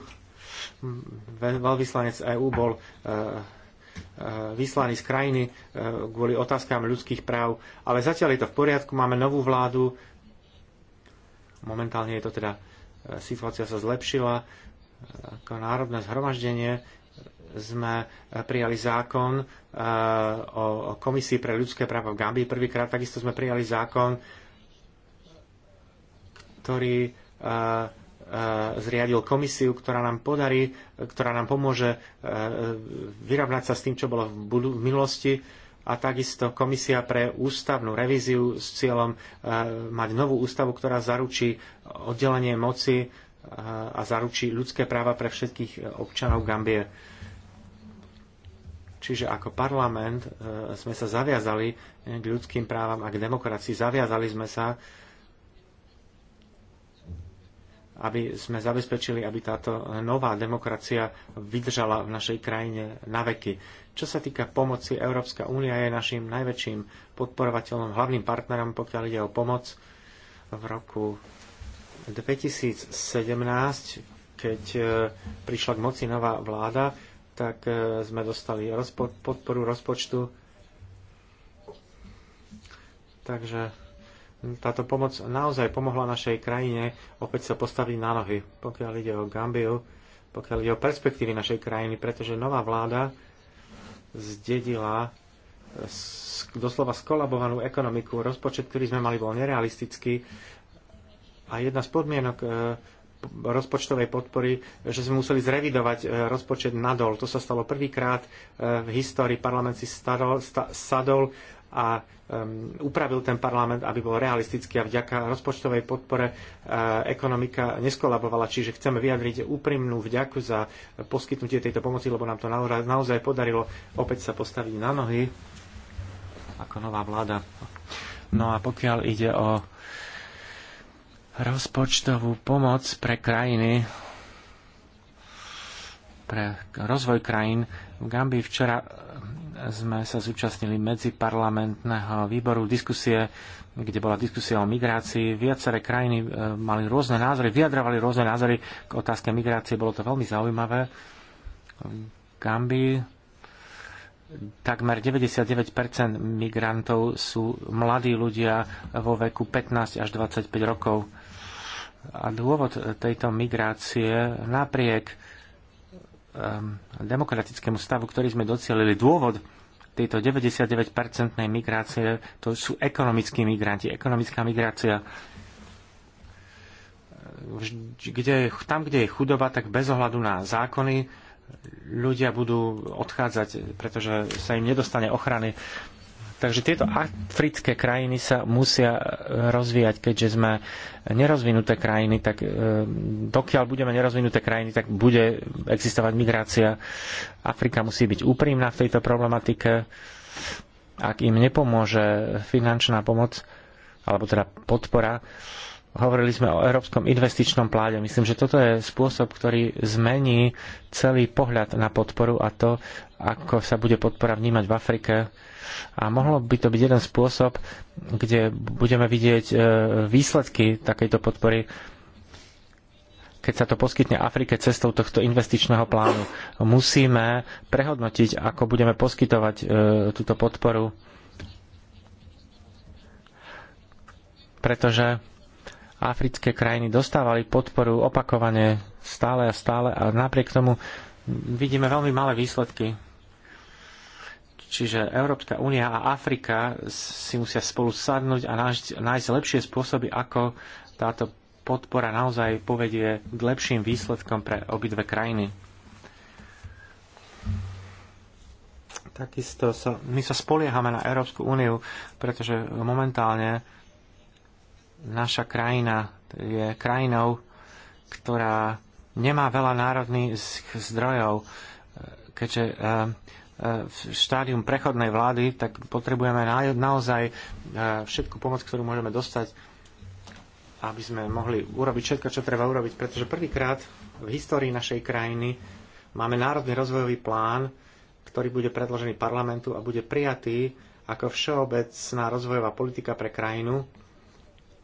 veľvyslanec EÚ bol e, e, vyslaný z krajiny e, kvôli otázkam ľudských práv. Ale zatiaľ je to v poriadku, máme novú vládu. Momentálne je to teda, situácia sa zlepšila. Ako národné zhromaždenie sme prijali zákon o Komisii pre ľudské práva v Gambii. Prvýkrát takisto sme prijali zákon, ktorý E, zriadil komisiu, ktorá nám podarí, e, ktorá nám pomôže e, vyrovnať sa s tým, čo bolo v minulosti a takisto komisia pre ústavnú revíziu s cieľom mať novú ústavu, ktorá zaručí oddelenie moci a zaručí ľudské práva pre všetkých občanov Gambie. Čiže ako parlament sme sa zaviazali k ľudským právam a k demokracii. Zaviazali sme sa aby sme zabezpečili, aby táto nová demokracia vydržala v našej krajine na veky. Čo sa týka pomoci, Európska únia je našim najväčším podporovateľom, hlavným partnerom, pokiaľ ide o pomoc. V roku 2017, keď e, prišla k moci nová vláda, tak e, sme dostali rozpo- podporu rozpočtu. Takže táto pomoc naozaj pomohla našej krajine opäť sa postaviť na nohy, pokiaľ ide o Gambiu, pokiaľ ide o perspektívy našej krajiny, pretože nová vláda zdedila doslova skolabovanú ekonomiku. Rozpočet, ktorý sme mali, bol nerealistický a jedna z podmienok e, rozpočtovej podpory, že sme museli zrevidovať e, rozpočet nadol. To sa stalo prvýkrát e, v histórii. Parlament si stadol, sta, sadol a um, upravil ten parlament, aby bol realistický a vďaka rozpočtovej podpore uh, ekonomika neskolabovala. Čiže chceme vyjadriť úprimnú vďaku za poskytnutie tejto pomoci, lebo nám to naozaj podarilo opäť sa postaviť na nohy ako nová vláda. No a pokiaľ ide o rozpočtovú pomoc pre krajiny, pre rozvoj krajín, v Gambii včera sme sa zúčastnili medziparlamentného výboru diskusie, kde bola diskusia o migrácii. Viaceré krajiny e, mali rôzne názory, vyjadravali rôzne názory k otázke migrácie. Bolo to veľmi zaujímavé. V Gambii takmer 99% migrantov sú mladí ľudia vo veku 15 až 25 rokov. A dôvod tejto migrácie napriek Um, demokratickému stavu, ktorý sme docielili. Dôvod tejto 99-percentnej migrácie, to sú ekonomickí migranti, ekonomická migrácia. Uh, kde, tam, kde je chudoba, tak bez ohľadu na zákony ľudia budú odchádzať, pretože sa im nedostane ochrany. Takže tieto africké krajiny sa musia e, rozvíjať, keďže sme nerozvinuté krajiny, tak e, dokiaľ budeme nerozvinuté krajiny, tak bude existovať migrácia. Afrika musí byť úprimná v tejto problematike. Ak im nepomôže finančná pomoc, alebo teda podpora, hovorili sme o Európskom investičnom pláde. Myslím, že toto je spôsob, ktorý zmení celý pohľad na podporu a to, ako sa bude podpora vnímať v Afrike a mohlo by to byť jeden spôsob, kde budeme vidieť e, výsledky takejto podpory, keď sa to poskytne Afrike cestou tohto investičného plánu. Musíme prehodnotiť, ako budeme poskytovať e, túto podporu, pretože africké krajiny dostávali podporu opakovane stále a stále a napriek tomu vidíme veľmi malé výsledky. Čiže Európska únia a Afrika si musia spolu sadnúť a nájsť, nájsť lepšie spôsoby, ako táto podpora naozaj povedie k lepším výsledkom pre obidve krajiny. Takisto sa, my sa spoliehame na Európsku úniu, pretože momentálne naša krajina je krajinou, ktorá nemá veľa národných zdrojov, keďže eh, v štádium prechodnej vlády, tak potrebujeme naozaj e, všetku pomoc, ktorú môžeme dostať, aby sme mohli urobiť všetko, čo treba urobiť, pretože prvýkrát v histórii našej krajiny máme národný rozvojový plán, ktorý bude predložený parlamentu a bude prijatý ako všeobecná rozvojová politika pre krajinu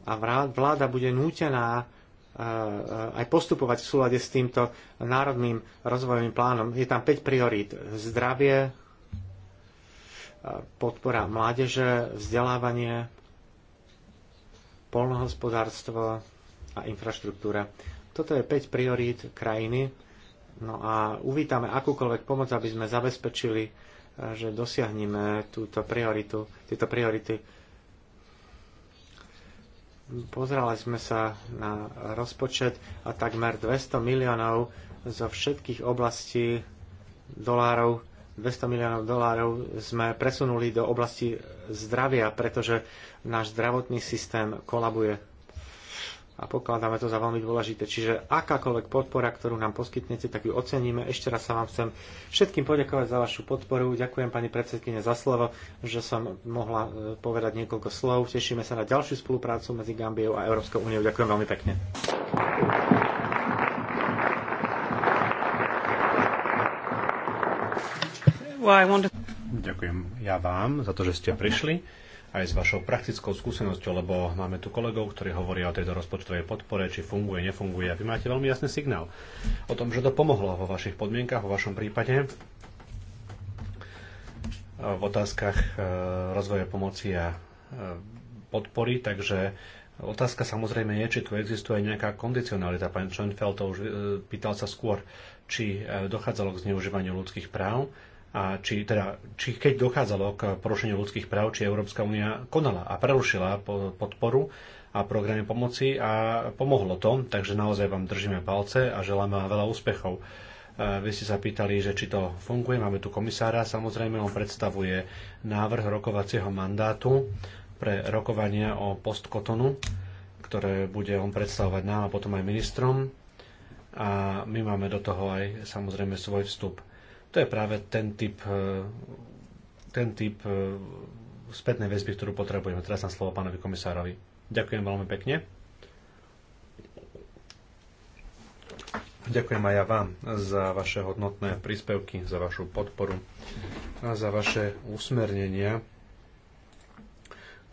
a vláda bude nútená aj postupovať v súlade s týmto národným rozvojovým plánom. Je tam 5 priorít. Zdravie, podpora mládeže, vzdelávanie, polnohospodárstvo a infraštruktúra. Toto je 5 priorít krajiny. No a uvítame akúkoľvek pomoc, aby sme zabezpečili, že dosiahneme túto prioritu, tieto priority Pozerali sme sa na rozpočet a takmer 200 miliónov zo všetkých oblastí dolárov, 200 miliónov dolárov sme presunuli do oblasti zdravia, pretože náš zdravotný systém kolabuje a pokladáme to za veľmi dôležité. Čiže akákoľvek podpora, ktorú nám poskytnete, tak ju oceníme. Ešte raz sa vám chcem všetkým poďakovať za vašu podporu. Ďakujem pani predsedkyne za slovo, že som mohla e, povedať niekoľko slov. Tešíme sa na ďalšiu spoluprácu medzi Gambiou a Európskou úniou. Ďakujem veľmi pekne. Ďakujem ja vám za to, že ste prišli aj s vašou praktickou skúsenosťou, lebo máme tu kolegov, ktorí hovoria o tejto rozpočtovej podpore, či funguje, nefunguje. A vy máte veľmi jasný signál o tom, že to pomohlo vo vašich podmienkach, vo vašom prípade v otázkach e, rozvoja pomoci a e, podpory, takže otázka samozrejme je, či tu existuje nejaká kondicionalita. Pán Schoenfeld to už e, pýtal sa skôr, či dochádzalo k zneužívaniu ľudských práv a či, teda, či keď dochádzalo k porušeniu ľudských práv, či Európska únia konala a prerušila podporu a programy pomoci a pomohlo to, takže naozaj vám držíme palce a želáme vám veľa úspechov. E, vy ste sa pýtali, že či to funguje. Máme tu komisára, samozrejme, on predstavuje návrh rokovacieho mandátu pre rokovanie o postkotonu, ktoré bude on predstavovať nám a potom aj ministrom. A my máme do toho aj samozrejme svoj vstup. To je práve ten typ, e, ten typ e, spätnej väzby, ktorú potrebujeme. Teraz na slovo pánovi komisárovi. Ďakujem veľmi pekne. Ďakujem aj ja vám za vaše hodnotné príspevky, za vašu podporu a za vaše usmernenia,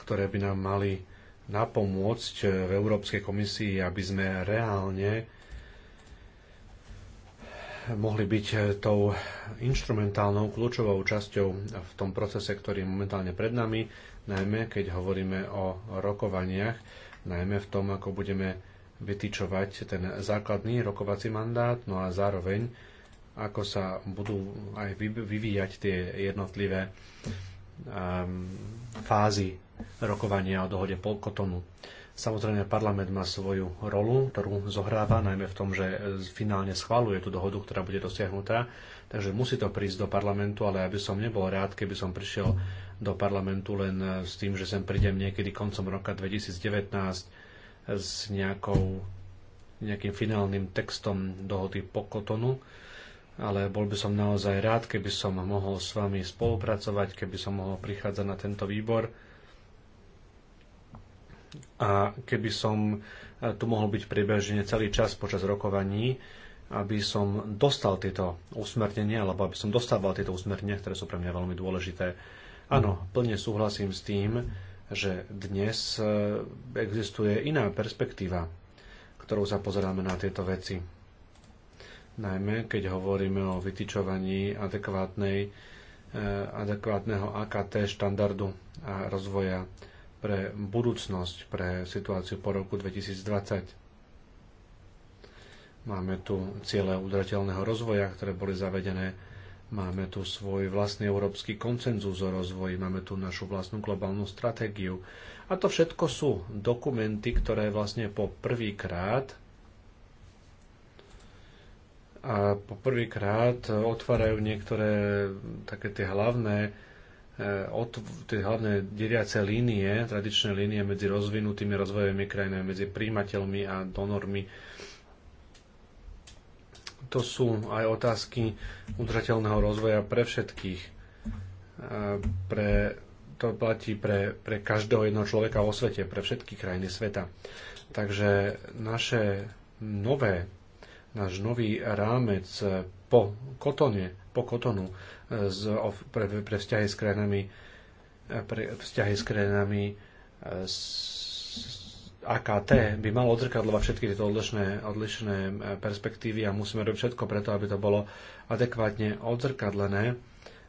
ktoré by nám mali napomôcť v Európskej komisii, aby sme reálne mohli byť eh, tou instrumentálnou kľúčovou časťou v tom procese, ktorý je momentálne pred nami, najmä keď hovoríme o rokovaniach, najmä v tom, ako budeme vytýčovať ten základný rokovací mandát, no a zároveň ako sa budú aj vyvíjať tie jednotlivé um, fázy rokovania o dohode Polkotonu. Samozrejme, parlament má svoju rolu, ktorú zohráva, najmä v tom, že finálne schváluje tú dohodu, ktorá bude dosiahnutá. Takže musí to prísť do parlamentu, ale aby som nebol rád, keby som prišiel do parlamentu len s tým, že sem prídem niekedy koncom roka 2019 s nejakou, nejakým finálnym textom dohody po Kotonu ale bol by som naozaj rád, keby som mohol s vami spolupracovať, keby som mohol prichádzať na tento výbor a keby som e, tu mohol byť priebežne celý čas počas rokovaní, aby som dostal tieto usmernenia, alebo aby som dostával tieto usmernenia, ktoré sú pre mňa veľmi dôležité. Áno, plne súhlasím s tým, že dnes e, existuje iná perspektíva, ktorou sa pozeráme na tieto veci. Najmä keď hovoríme o vytičovaní adekvátnej, e, adekvátneho AKT štandardu a rozvoja pre budúcnosť, pre situáciu po roku 2020. Máme tu ciele udrateľného rozvoja, ktoré boli zavedené. Máme tu svoj vlastný európsky koncenzus o rozvoji, máme tu našu vlastnú globálnu stratégiu. A to všetko sú dokumenty, ktoré vlastne po prvýkrát a po prvýkrát otvárajú niektoré také tie hlavné E, tie hlavné deriace línie, tradičné línie medzi rozvinutými rozvojovými krajinami, medzi príjimateľmi a donormi. To sú aj otázky udržateľného rozvoja pre všetkých. E, pre, to platí pre, pre každého jedného človeka vo svete, pre všetky krajiny sveta. Takže naše nové, náš nový rámec po kotone, po kotonu z, pre, pre vzťahy s krajinami, eh, pre vzťahy s krajinami eh, s, AKT by malo odzrkadlovať všetky tieto odlišné, odlišné eh, perspektívy a musíme robiť všetko preto, aby to bolo adekvátne odzrkadlené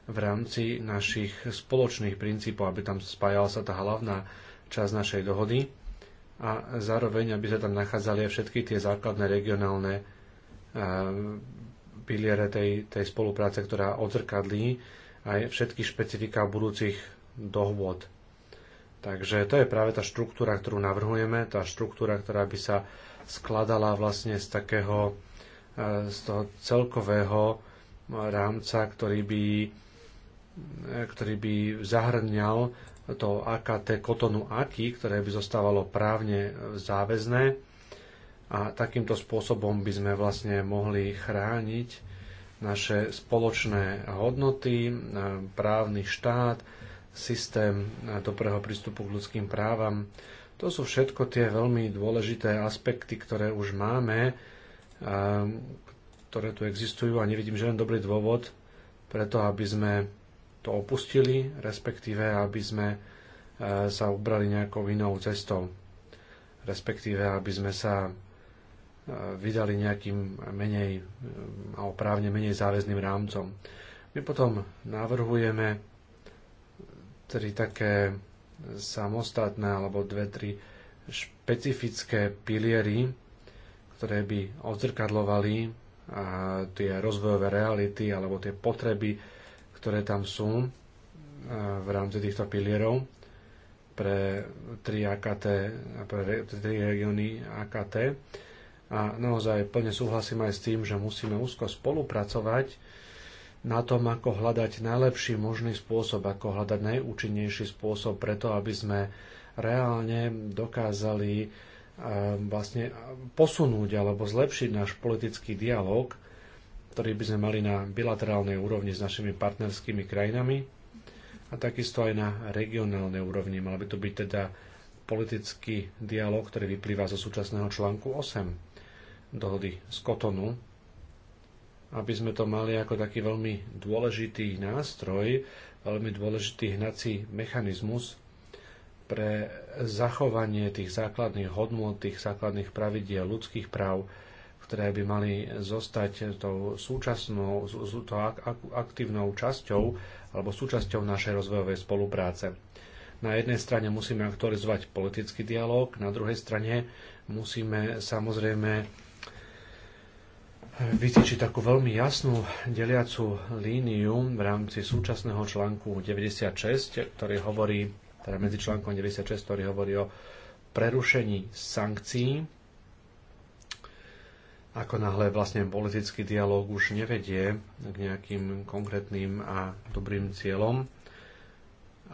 v rámci našich spoločných princípov, aby tam spájala sa tá hlavná časť našej dohody a zároveň, aby sa tam nachádzali aj všetky tie základné regionálne piliere tej, tej spolupráce, ktorá odzrkadlí aj všetky špecifika budúcich dohôd. Takže to je práve tá štruktúra, ktorú navrhujeme, tá štruktúra, ktorá by sa skladala vlastne z takého e, z toho celkového rámca, ktorý by, e, ktorý by zahrňal to AKT kotonu AKI, ktoré by zostávalo právne záväzné a takýmto spôsobom by sme vlastne mohli chrániť naše spoločné hodnoty, e, právny štát, systém e, dobrého prístupu k ľudským právam. To sú všetko tie veľmi dôležité aspekty, ktoré už máme, e, ktoré tu existujú a nevidím žiaden dobrý dôvod preto, aby sme to opustili, respektíve aby sme sa ubrali nejakou inou cestou, respektíve aby sme sa vydali nejakým menej, alebo právne menej záväzným rámcom. My potom navrhujeme tri také samostatné alebo dve, tri špecifické piliery, ktoré by odzrkadlovali tie rozvojové reality alebo tie potreby, ktoré tam sú v rámci týchto pilierov pre tri AKT, pre tri regióny AKT a naozaj plne súhlasím aj s tým, že musíme úzko spolupracovať na tom, ako hľadať najlepší možný spôsob, ako hľadať najúčinnejší spôsob preto, aby sme reálne dokázali e, vlastne posunúť alebo zlepšiť náš politický dialog, ktorý by sme mali na bilaterálnej úrovni s našimi partnerskými krajinami a takisto aj na regionálnej úrovni. Mal by to byť teda politický dialog, ktorý vyplýva zo súčasného článku 8 dohody z Kotonu, aby sme to mali ako taký veľmi dôležitý nástroj, veľmi dôležitý hnací mechanizmus pre zachovanie tých základných hodnôt, tých základných pravidiel ľudských práv, ktoré by mali zostať tou súčasnou, tou aktívnou časťou alebo súčasťou našej rozvojovej spolupráce. Na jednej strane musíme aktualizovať politický dialog, na druhej strane musíme samozrejme vytýči takú veľmi jasnú deliacu líniu v rámci súčasného článku 96, ktorý hovorí, teda medzi článkom 96, ktorý hovorí o prerušení sankcií, ako náhle vlastne politický dialog už nevedie k nejakým konkrétnym a dobrým cieľom.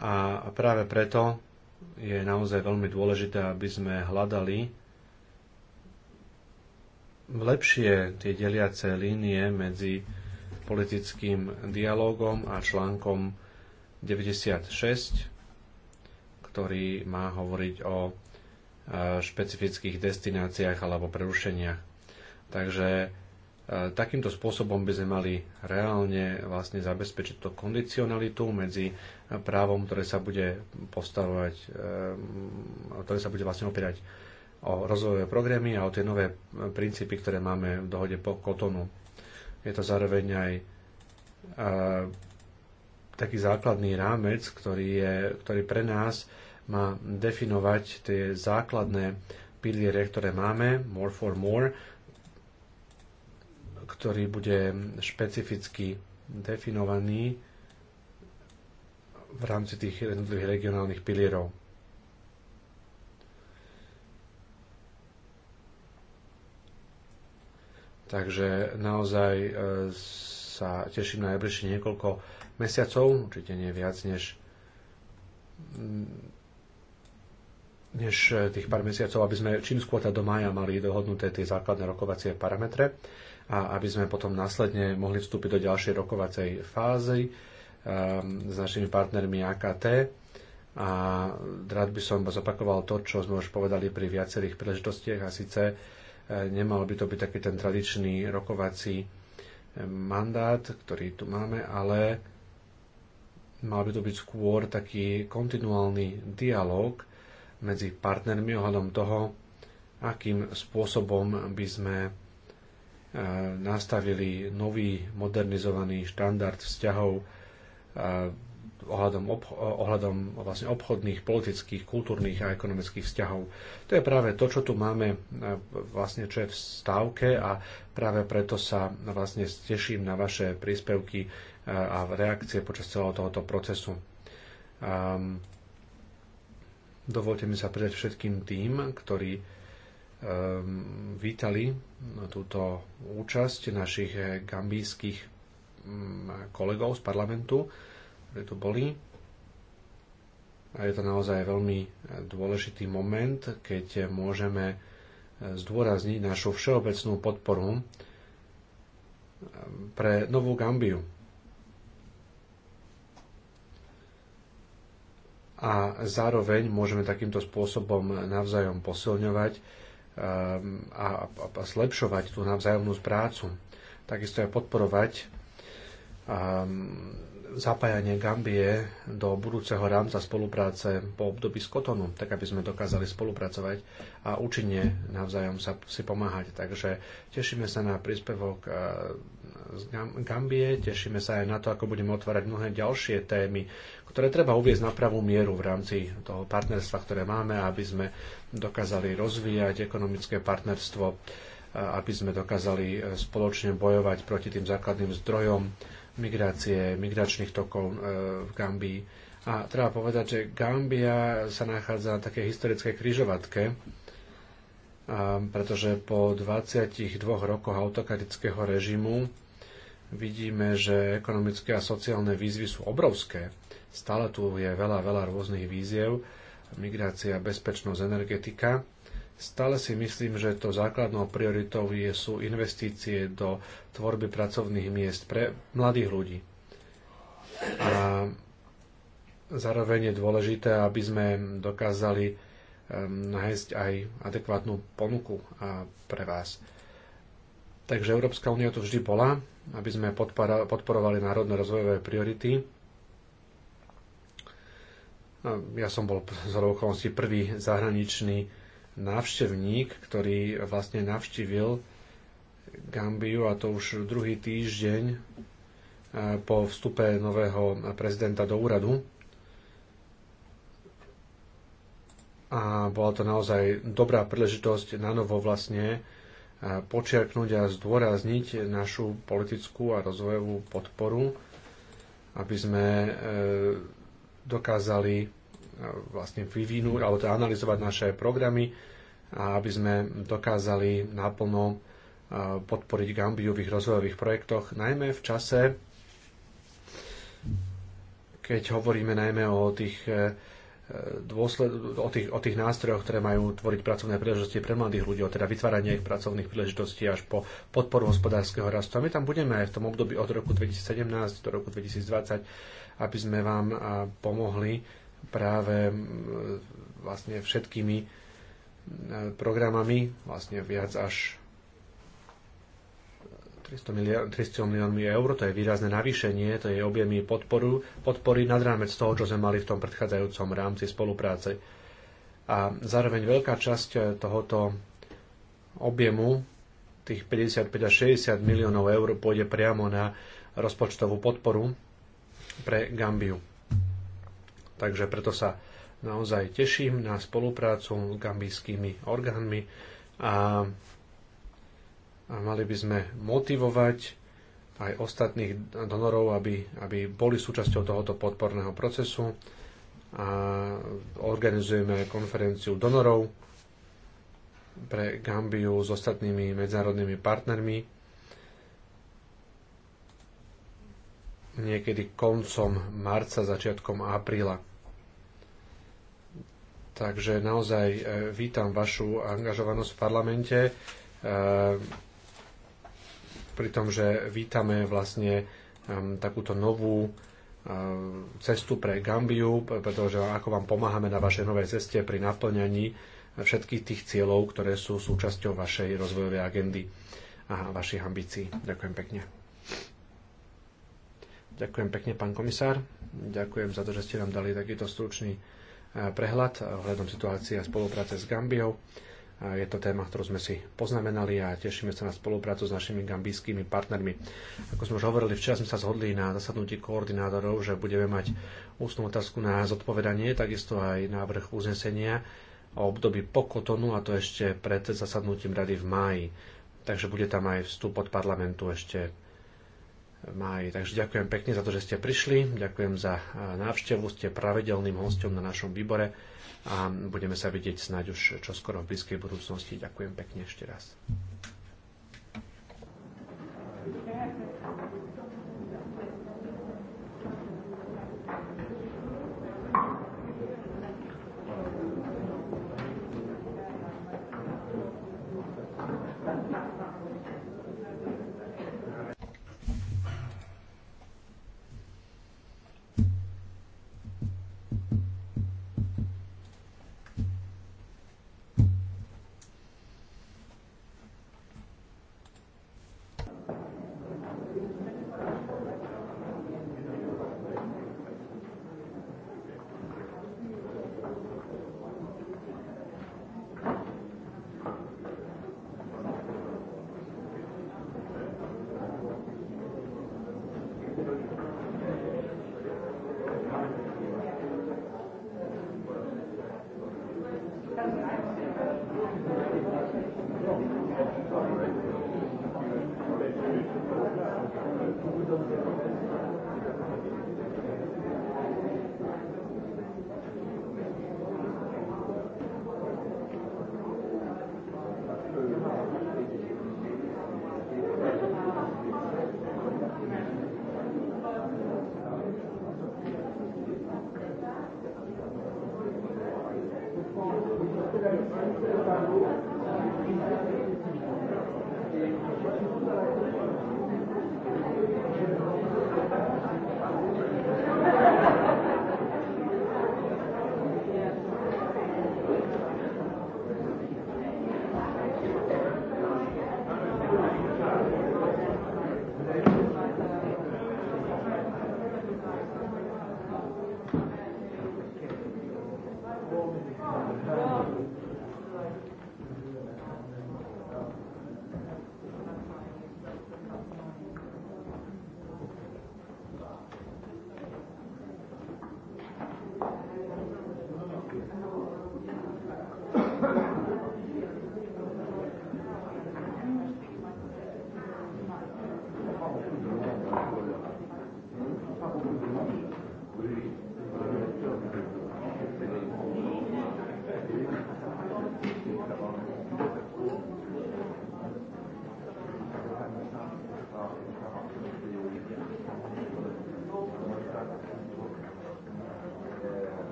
A práve preto je naozaj veľmi dôležité, aby sme hľadali lepšie tie deliace línie medzi politickým dialogom a článkom 96, ktorý má hovoriť o e, špecifických destináciách alebo prerušeniach. Takže e, takýmto spôsobom by sme mali reálne vlastne zabezpečiť tú kondicionalitu medzi právom, ktoré sa bude postavovať, e, ktoré sa bude vlastne opierať o rozvojové programy a o tie nové e, princípy, ktoré máme v dohode po Kotonu. Je to zároveň aj a, e, taký základný rámec, ktorý, je, ktorý pre nás má definovať tie základné piliere, ktoré máme, More for More, ktorý bude špecificky definovaný v rámci tých jednotlivých regionálnych pilierov Takže naozaj e, sa teším na najbližšie niekoľko mesiacov, určite nie viac než mm, než e, tých pár mesiacov, aby sme čím skôr teda do maja mali dohodnuté tie základné rokovacie parametre a aby sme potom následne mohli vstúpiť do ďalšej rokovacej fázy um, s našimi partnermi AKT. A rád by som zopakoval to, čo sme už povedali pri viacerých príležitostiach a síce Nemal by to byť taký ten tradičný rokovací eh, mandát, ktorý tu máme, ale mal by to byť skôr taký kontinuálny dialog medzi partnermi ohľadom toho, akým spôsobom by sme eh, nastavili nový modernizovaný štandard vzťahov eh, ohľadom, ob, eh, ohľadom vlastne obchodných, politických, kultúrnych a ekonomických vzťahov. To je práve to, čo tu máme, eh, vlastne, čo je v stávke a práve preto sa vlastne teším na vaše príspevky eh, a reakcie počas celého tohoto procesu. Um, dovolte mi sa pridať všetkým tým, ktorí um, vítali túto účasť našich gambijských um, kolegov z parlamentu ktoré tu boli. A je to naozaj veľmi eh, dôležitý moment, keď eh, môžeme eh, zdôrazniť našu všeobecnú podporu pre Novú Gambiu. A zároveň môžeme takýmto spôsobom navzájom posilňovať a, zlepšovať tú navzájomnú prácu. Takisto aj podporovať zapájanie Gambie do budúceho rámca spolupráce po období s Kotonu, tak aby sme dokázali spolupracovať a účinne navzájom sa si pomáhať. Takže tešíme sa na príspevok e, z Gambie, tešíme sa aj na to, ako budeme otvárať mnohé ďalšie témy, ktoré treba uviezť na pravú mieru v rámci toho partnerstva, ktoré máme, aby sme dokázali rozvíjať ekonomické partnerstvo, aby sme dokázali e, spoločne bojovať proti tým základným zdrojom migrácie, migračných tokov e, v Gambii. A treba povedať, že Gambia sa nachádza na také historické kryžovatke, pretože po 22 rokoch autokratického režimu vidíme, že ekonomické a sociálne výzvy sú obrovské. Stále tu je veľa, veľa rôznych víziev, migrácia, bezpečnosť, energetika Stále si myslím, že to základnou prioritou je, sú investície do tvorby pracovných miest pre mladých ľudí. A zároveň je dôležité, aby sme dokázali ehm, nájsť aj adekvátnu ponuku pre vás. Takže Európska únia tu vždy bola, aby sme podporovali národné rozvojové priority. Ja som bol z okolností prvý zahraničný návštevník, ktorý vlastne navštívil Gambiu a to už druhý týždeň e, po vstupe nového prezidenta do úradu. A bola to naozaj dobrá príležitosť na novo vlastne e, počiarknúť a zdôrazniť našu politickú a rozvojovú podporu, aby sme e, dokázali vlastne vyvinúť alebo to teda analyzovať naše programy a aby sme dokázali naplno podporiť Gambiu v ich rozvojových projektoch, najmä v čase, keď hovoríme najmä o tých e, dôsled, o, tých, o tých nástrojoch, ktoré majú tvoriť pracovné príležitosti pre mladých ľudí, teda vytváranie ich pracovných príležitostí až po podporu hospodárskeho rastu. A my tam budeme aj v tom období od roku 2017 do roku 2020, aby sme vám pomohli práve vlastne všetkými e, programami, vlastne viac až 300, milión, 300 miliónmi eur, to je výrazné navýšenie, to je objemy podporu, podpory nad rámec toho, čo sme mali v tom predchádzajúcom rámci spolupráce. A zároveň veľká časť e, tohoto objemu, tých 55 až 60 miliónov eur, pôjde priamo na rozpočtovú podporu pre Gambiu. Takže preto sa naozaj teším na spoluprácu s gambijskými orgánmi a, a mali by sme motivovať aj ostatných donorov, aby, aby boli súčasťou tohoto podporného procesu. A organizujeme konferenciu donorov pre Gambiu s ostatnými medzinárodnými partnermi niekedy koncom marca, začiatkom apríla. Takže naozaj e, vítam vašu angažovanosť v parlamente, e, pri tom, že vítame vlastne e, takúto novú cestu pre Gambiu, pretože ako vám pomáhame na vašej novej ceste pri naplňaní všetkých tých cieľov, ktoré sú súčasťou vašej rozvojovej agendy a vašich ambícií. Ďakujem pekne. Ďakujem pekne, pán komisár. Ďakujem za to, že ste nám dali takýto stručný E, prehľad ohľadom situácie a spolupráce s Gambiou. Je to téma, ktorú sme si poznamenali a tešíme sa na spoluprácu s našimi gambijskými partnermi. Ako sme už hovorili, včera sme sa zhodli na zasadnutí koordinátorov, že budeme mať ústnu otázku na zodpovedanie, takisto aj návrh uznesenia o období po Kotonu a to ešte pred zasadnutím rady v máji. Takže bude tam aj vstup od parlamentu ešte máji. Takže ďakujem pekne za to, že ste prišli, ďakujem za eh, návštevu, ste pravidelným hostom na našom výbore a budeme sa vidieť snáď už čoskoro v blízkej budúcnosti. Ďakujem pekne ešte raz.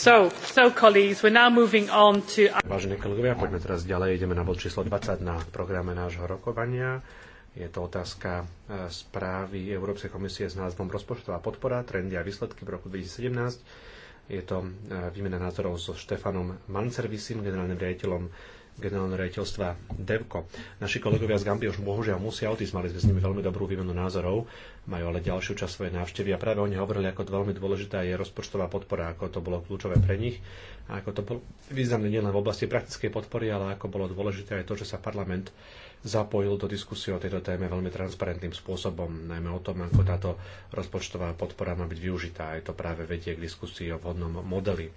So, so colleagues, we're now moving on to... Vážení kolegovia, poďme teraz ďalej. Ideme na bod číslo 20 na programe nášho rokovania. Je to otázka e, správy Európskej komisie s názvom Rozpočtová podpora, trendy a výsledky v roku 2017. Je to e, výmena názorov so Štefanom Manservisim, generálnym riaditeľom generálne rejteľstva DEVKO. Naši kolegovia z Gambie už bohužiaľ musia odísť, mali sme s nimi veľmi dobrú výmenu názorov, majú ale ďalšiu časť svojej návštevy a práve oni hovorili, ako to veľmi dôležitá je rozpočtová podpora, ako to bolo kľúčové pre nich a ako to bolo významné nielen v oblasti praktickej podpory, ale ako bolo dôležité aj to, že sa parlament zapojil do diskusie o tejto téme veľmi transparentným spôsobom, najmä o tom, ako táto rozpočtová podpora má byť využitá. Aj to práve vedie k diskusii o vhodnom modeli.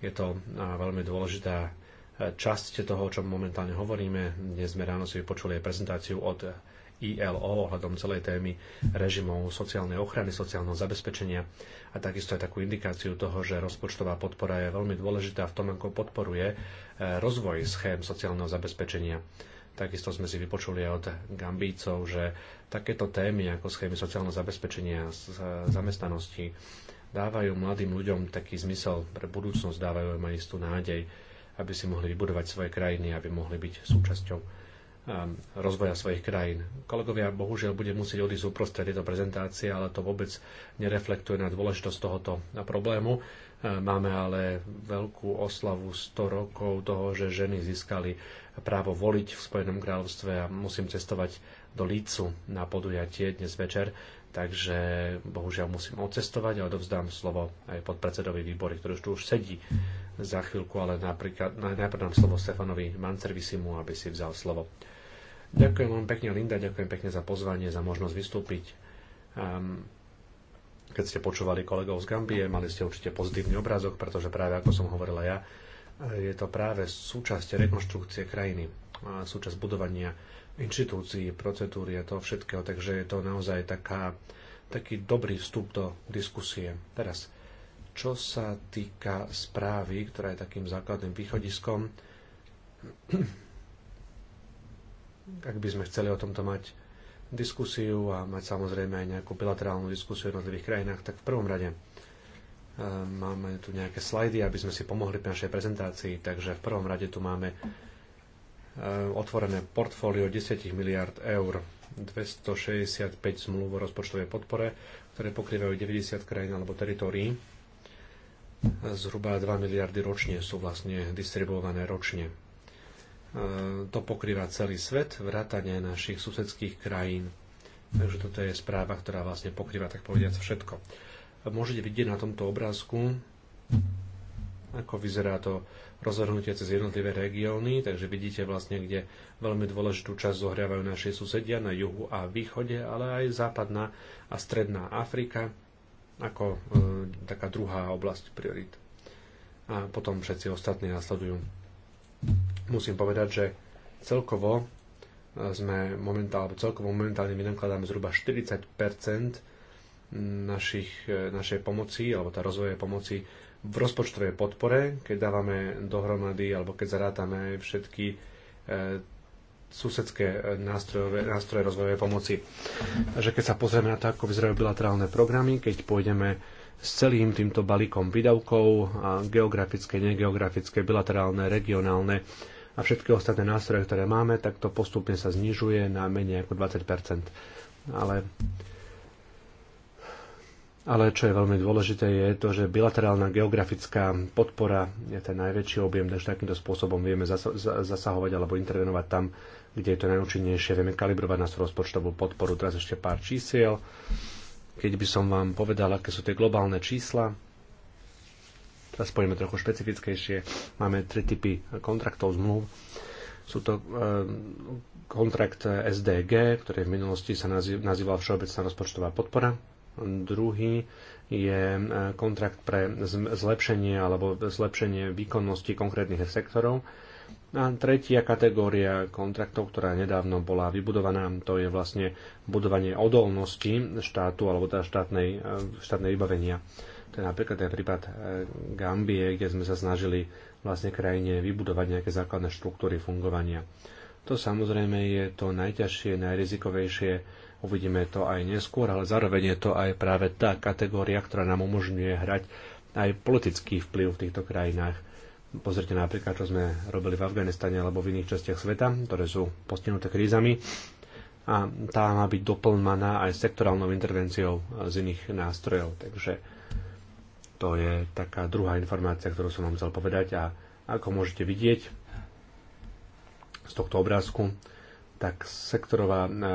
Je to veľmi dôležitá časť toho, o čom momentálne hovoríme. Dnes sme ráno si vypočuli aj prezentáciu od ILO ohľadom celej témy režimov sociálnej ochrany, sociálneho zabezpečenia a takisto aj takú indikáciu toho, že rozpočtová podpora je veľmi dôležitá v tom, ako podporuje e, rozvoj schém sociálneho zabezpečenia. Takisto sme si vypočuli aj od Gambícov, že takéto témy ako schémy sociálneho zabezpečenia, e, zamestnanosti dávajú mladým ľuďom taký zmysel pre budúcnosť, dávajú im aj istú nádej aby si mohli vybudovať svoje krajiny, aby mohli byť súčasťou ehm, rozvoja svojich krajín. Kolegovia, bohužiaľ budem musieť odísť uprostred tejto prezentácie, ale to vôbec nereflektuje na dôležitosť tohoto problému. Ehm, máme ale veľkú oslavu 100 rokov toho, že ženy získali právo voliť v Spojenom kráľovstve a musím cestovať do Lícu na podujatie dnes večer, takže bohužiaľ musím odcestovať a odovzdám slovo aj podpredsedovi výbory, ktorý už tu už sedí za chvíľku, ale napríklad, najprv dám slovo Stefanovi Mancervisimu, aby si vzal slovo. Ďakujem vám pekne, Linda, ďakujem pekne za pozvanie, za možnosť vystúpiť. Um, keď ste počúvali kolegov z Gambie, mali ste určite pozitívny obrázok, pretože práve ako som hovorila ja, eh, je to práve súčasť rekonštrukcie krajiny, súčasť budovania inštitúcií, procedúry a toho všetkého, takže je to naozaj taká, taký dobrý vstup do diskusie. Teraz čo sa týka správy, ktorá je takým základným východiskom, *clears throat* ak by sme chceli o tomto mať diskusiu a mať samozrejme aj nejakú bilaterálnu diskusiu v jednotlivých krajinách, tak v prvom rade eh, máme tu nejaké slajdy, aby sme si pomohli pri našej prezentácii, takže v prvom rade tu máme eh, otvorené portfólio 10 miliard eur, 265 zmluv o rozpočtovej podpore, ktoré pokrývajú 90 krajín alebo teritórií Zhruba 2 miliardy ročne sú vlastne distribuované ročne. E, to pokrýva celý svet, vrátane našich susedských krajín. Takže toto je správa, ktorá vlastne pokrýva, tak povediac, všetko. Môžete vidieť na tomto obrázku, ako vyzerá to rozhodnutie cez jednotlivé regióny, takže vidíte vlastne, kde veľmi dôležitú časť zohrávajú naši susedia na juhu a východe, ale aj západná a stredná Afrika, ako e, taká druhá oblasť priorit. A potom všetci ostatní nasledujú. Musím povedať, že celkovo e, sme momentálne, celkovo momentálne vynakladáme zhruba 40 našich, e, našej pomoci, alebo tá rozvoje pomoci v rozpočtovej podpore, keď dávame dohromady, alebo keď zarátame všetky susedské e, nástroje, nástroje rozvojovej pomoci. Takže keď sa pozrieme na to, ako vyzerajú bilaterálne programy, keď pôjdeme s celým týmto balíkom výdavkov, geografické, negeografické, bilaterálne, regionálne a všetky ostatné nástroje, ktoré máme, tak to postupne sa znižuje na menej ako 20 Ale ale čo je veľmi dôležité je to, že bilaterálna geografická podpora je ten najväčší objem, takže takýmto spôsobom vieme zasahovať alebo intervenovať tam, kde je to najúčinnejšie. Vieme kalibrovať našu rozpočtovú podporu. Teraz ešte pár čísiel. Keď by som vám povedal, aké sú tie globálne čísla, teraz poďme trochu špecifickejšie. Máme tri typy kontraktov zmluv. Sú to eh, kontrakt eh, SDG, ktorý v minulosti sa nazýval Všeobecná rozpočtová podpora Druhý je e, kontrakt pre zlepšenie alebo zlepšenie výkonnosti konkrétnych sektorov. A tretia kategória kontraktov, ktorá nedávno bola vybudovaná, to je vlastne budovanie odolnosti štátu alebo teda štátnej, e, štátnej vybavenia. To je napríklad aj prípad e, Gambie, kde sme sa snažili vlastne krajine vybudovať nejaké základné štruktúry fungovania. To samozrejme je to najťažšie, najrizikovejšie Uvidíme to aj neskôr, ale zároveň je to aj práve tá kategória, ktorá nám umožňuje hrať aj politický vplyv v týchto krajinách. Pozrite napríklad, čo sme robili v Afganistane alebo v iných častiach sveta, ktoré sú postihnuté krízami a tá má byť doplnená aj sektorálnou intervenciou z iných nástrojov. Takže to je taká druhá informácia, ktorú som vám chcel povedať a ako môžete vidieť z tohto obrázku, tak sektorová e, e,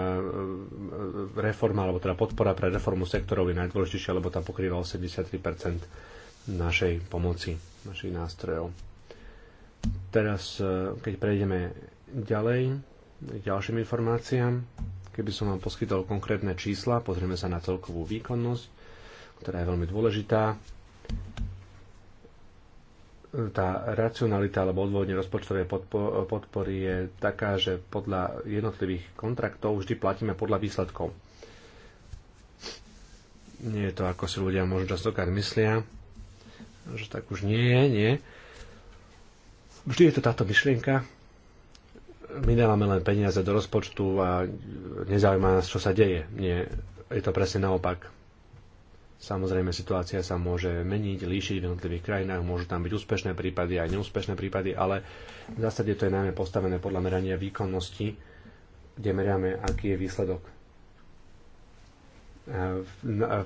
reforma, alebo teda podpora pre reformu sektorov je najdôležitejšia, lebo tam pokrýva 83% našej pomoci, našich nástrojov. Teraz, e, keď prejdeme ďalej k ďalším informáciám, keby som vám poskytol konkrétne čísla, pozrieme sa na celkovú výkonnosť, ktorá je veľmi dôležitá tá racionalita alebo odvodne rozpočtovej podpory je taká, že podľa jednotlivých kontraktov vždy platíme podľa výsledkov. Nie je to, ako si ľudia možno častokrát myslia, že tak už nie je, nie. Vždy je to táto myšlienka. My dávame len peniaze do rozpočtu a nezaujíma nás, čo sa deje. Nie, je to presne naopak Samozrejme, situácia sa môže meniť, líšiť v jednotlivých krajinách, môžu tam byť úspešné prípady aj neúspešné prípady, ale v zásade to je najmä postavené podľa merania výkonnosti, kde meriame, aký je výsledok.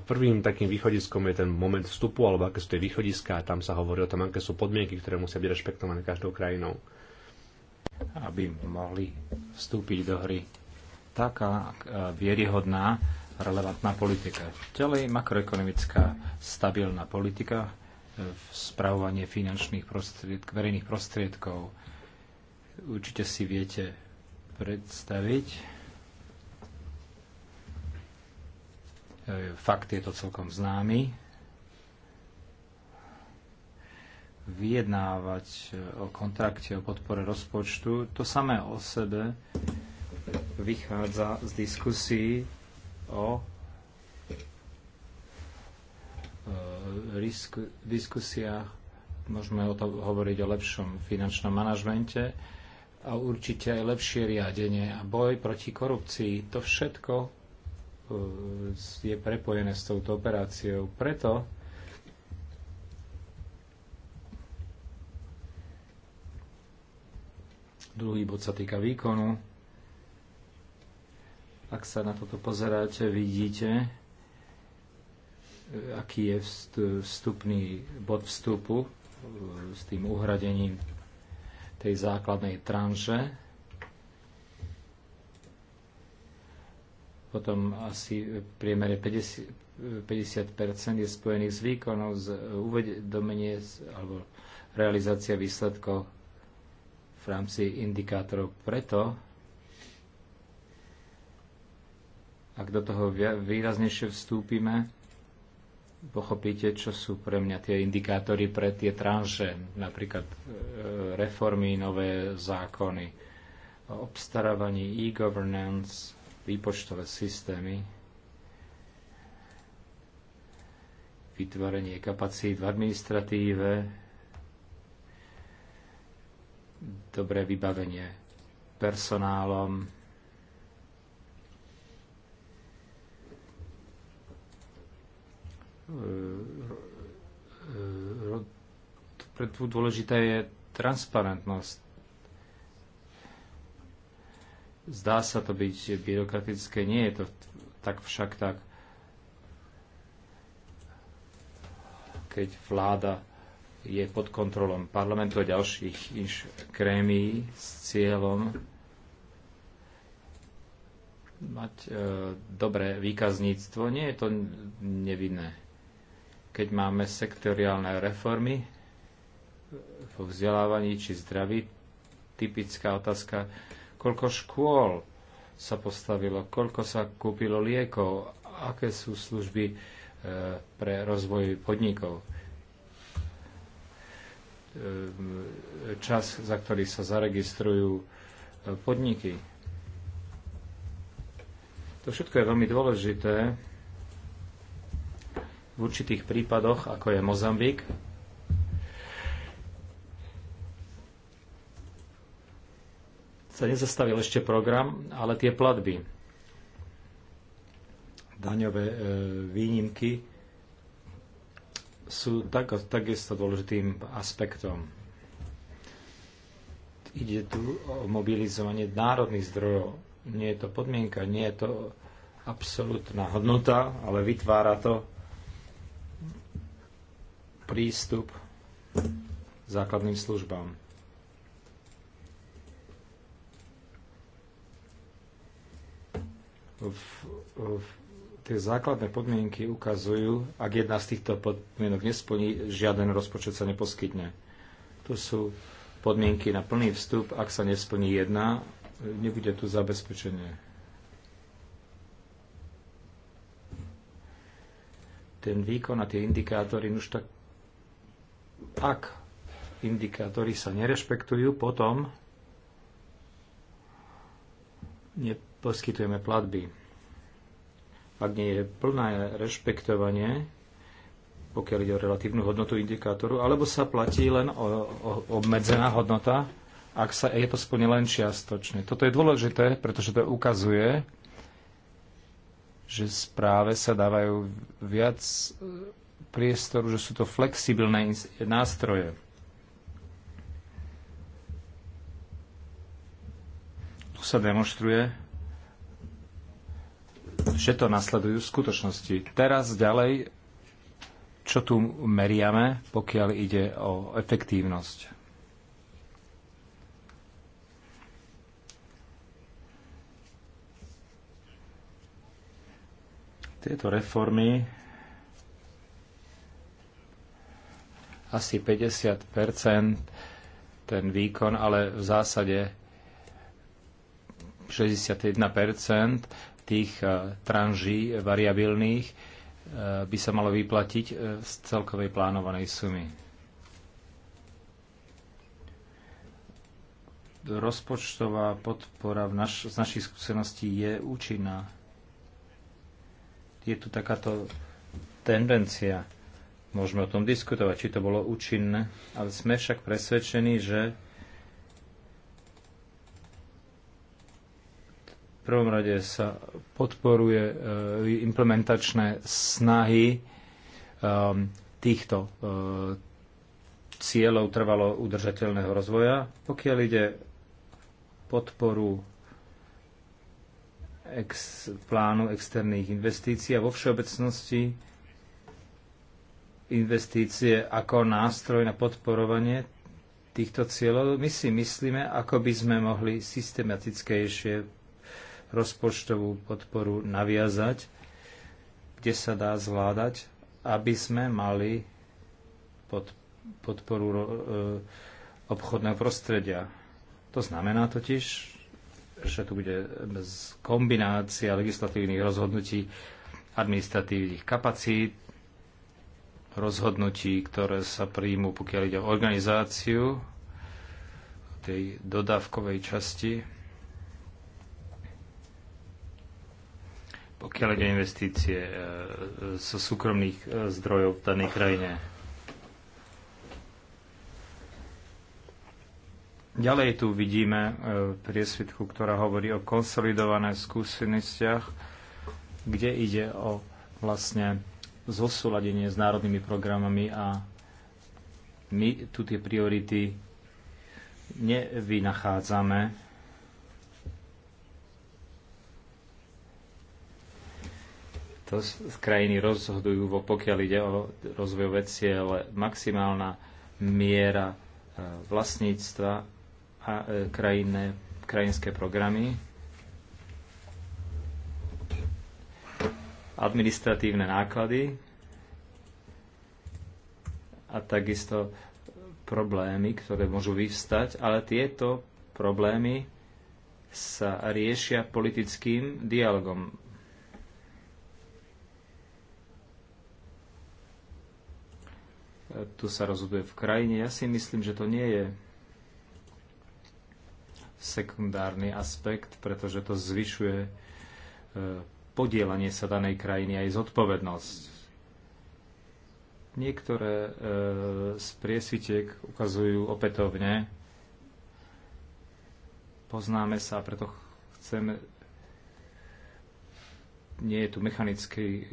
Prvým takým východiskom je ten moment vstupu, alebo aké sú tie východiska, a tam sa hovorí o tom, aké sú podmienky, ktoré musia byť rešpektované každou krajinou. Aby mohli vstúpiť do hry taká e, vieryhodná relevantná politika. Ďalej makroekonomická stabilná politika, e, spravovanie finančných prostriedk, verejných prostriedkov. Určite si viete predstaviť. E, fakt je to celkom známy. Vyjednávať e, o kontrakte, o podpore rozpočtu, to samé o sebe vychádza z diskusí o e, diskusiách, môžeme o to hovoriť o lepšom finančnom manažmente a určite aj lepšie riadenie a boj proti korupcii. To všetko e, je prepojené s touto operáciou. Preto druhý bod sa týka výkonu ak sa na toto pozeráte, vidíte, e, aký je vstupný bod vstupu e, s tým uhradením tej základnej tranže. Potom asi v priemere 50, 50% je spojených s výkonom, z e, uvedomenie alebo realizácia výsledkov v rámci indikátorov. Preto Ak do toho výraznejšie vstúpime, pochopíte, čo sú pre mňa tie indikátory pre tie tranže, napríklad e, reformy, nové zákony, obstarávanie e-governance, výpočtové systémy, vytvorenie kapacít v administratíve, dobré vybavenie personálom, preto dôležitá je transparentnosť. Zdá sa to byť byrokratické, nie je to tak však tak. Keď vláda je pod kontrolom parlamentu a ďalších inš krémií s cieľom mať e, dobré výkazníctvo, nie je to nevinné keď máme sektoriálne reformy vo vzdelávaní či zdraví, typická otázka, koľko škôl sa postavilo, koľko sa kúpilo liekov, aké sú služby e, pre rozvoj podnikov. E, čas, za ktorý sa zaregistrujú e, podniky. To všetko je veľmi dôležité, v určitých prípadoch, ako je Mozambik, sa nezastavil ešte program, ale tie platby, daňové e, výnimky sú tak, takisto dôležitým aspektom. Ide tu o mobilizovanie národných zdrojov. Nie je to podmienka, nie je to absolútna hodnota, ale vytvára to prístup k základným službám. V, v, tie základné podmienky ukazujú, ak jedna z týchto podmienok nesplní, žiaden rozpočet sa neposkytne. Tu sú podmienky na plný vstup, ak sa nesplní jedna, nebude tu zabezpečenie. Ten výkon a tie indikátory no už tak ak indikátory sa nerešpektujú, potom neposkytujeme platby. Ak nie je plné rešpektovanie, pokiaľ ide o relatívnu hodnotu indikátoru, alebo sa platí len o, o obmedzená hodnota, ak sa je to splne len čiastočne. Toto je dôležité, pretože to ukazuje, že správe sa dávajú viac priestoru, že sú to flexibilné nástroje. Tu sa demonstruje, že to nasledujú v skutočnosti. Teraz ďalej, čo tu meriame, pokiaľ ide o efektívnosť. Tieto reformy asi 50 ten výkon, ale v zásade 61 tých e, tranží variabilných e, by sa malo vyplatiť e, z celkovej plánovanej sumy. Rozpočtová podpora v naš, z našich skúseností je účinná. Je tu takáto tendencia Môžeme o tom diskutovať, či to bolo účinné, ale sme však presvedčení, že v prvom rade sa podporuje e, implementačné snahy e, týchto e, cieľov trvalo udržateľného rozvoja. Pokiaľ ide podporu ex, plánu externých investícií a vo všeobecnosti investície ako nástroj na podporovanie týchto cieľov. My si myslíme, ako by sme mohli systematickejšie rozpočtovú podporu naviazať, kde sa dá zvládať, aby sme mali pod, podporu e, obchodného prostredia. To znamená totiž, že tu bude kombinácia legislatívnych rozhodnutí administratívnych kapacít, rozhodnutí, ktoré sa príjmu, pokiaľ ide o organizáciu tej dodávkovej časti, pokiaľ ide o investície e, zo so súkromných e, zdrojov v danej krajine. Ďalej tu vidíme e, priesvitku, ktorá hovorí o konsolidované skúsenostiach, kde ide o vlastne zosúladenie s národnými programami a my tu tie priority nevynachádzame. To z krajiny rozhodujú, pokiaľ ide o rozvojové ciele, maximálna miera e, vlastníctva a e, krajinné, krajinské programy. administratívne náklady a takisto problémy, ktoré môžu vyvstať, ale tieto problémy sa riešia politickým dialogom. Tu sa rozhoduje v krajine. Ja si myslím, že to nie je sekundárny aspekt, pretože to zvyšuje e, podielanie sa danej krajiny aj zodpovednosť. Niektoré e, z priesvitek ukazujú opätovne. Poznáme sa a preto chceme... Nie je tu mechanický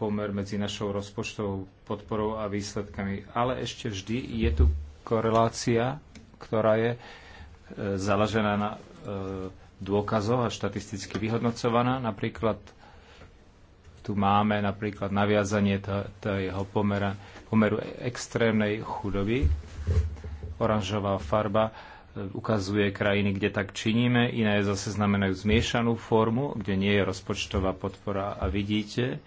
pomer medzi našou rozpočtovou podporou a výsledkami, ale ešte vždy je tu korelácia, ktorá je e, založená na e, dôkazoch a štatisticky vyhodnocovaná. Napríklad tu máme napríklad naviazanie jeho pomera, pomeru extrémnej chudoby. Oranžová farba e, ukazuje krajiny, kde tak činíme, iné zase znamenajú zmiešanú formu, kde nie je rozpočtová podpora. A vidíte,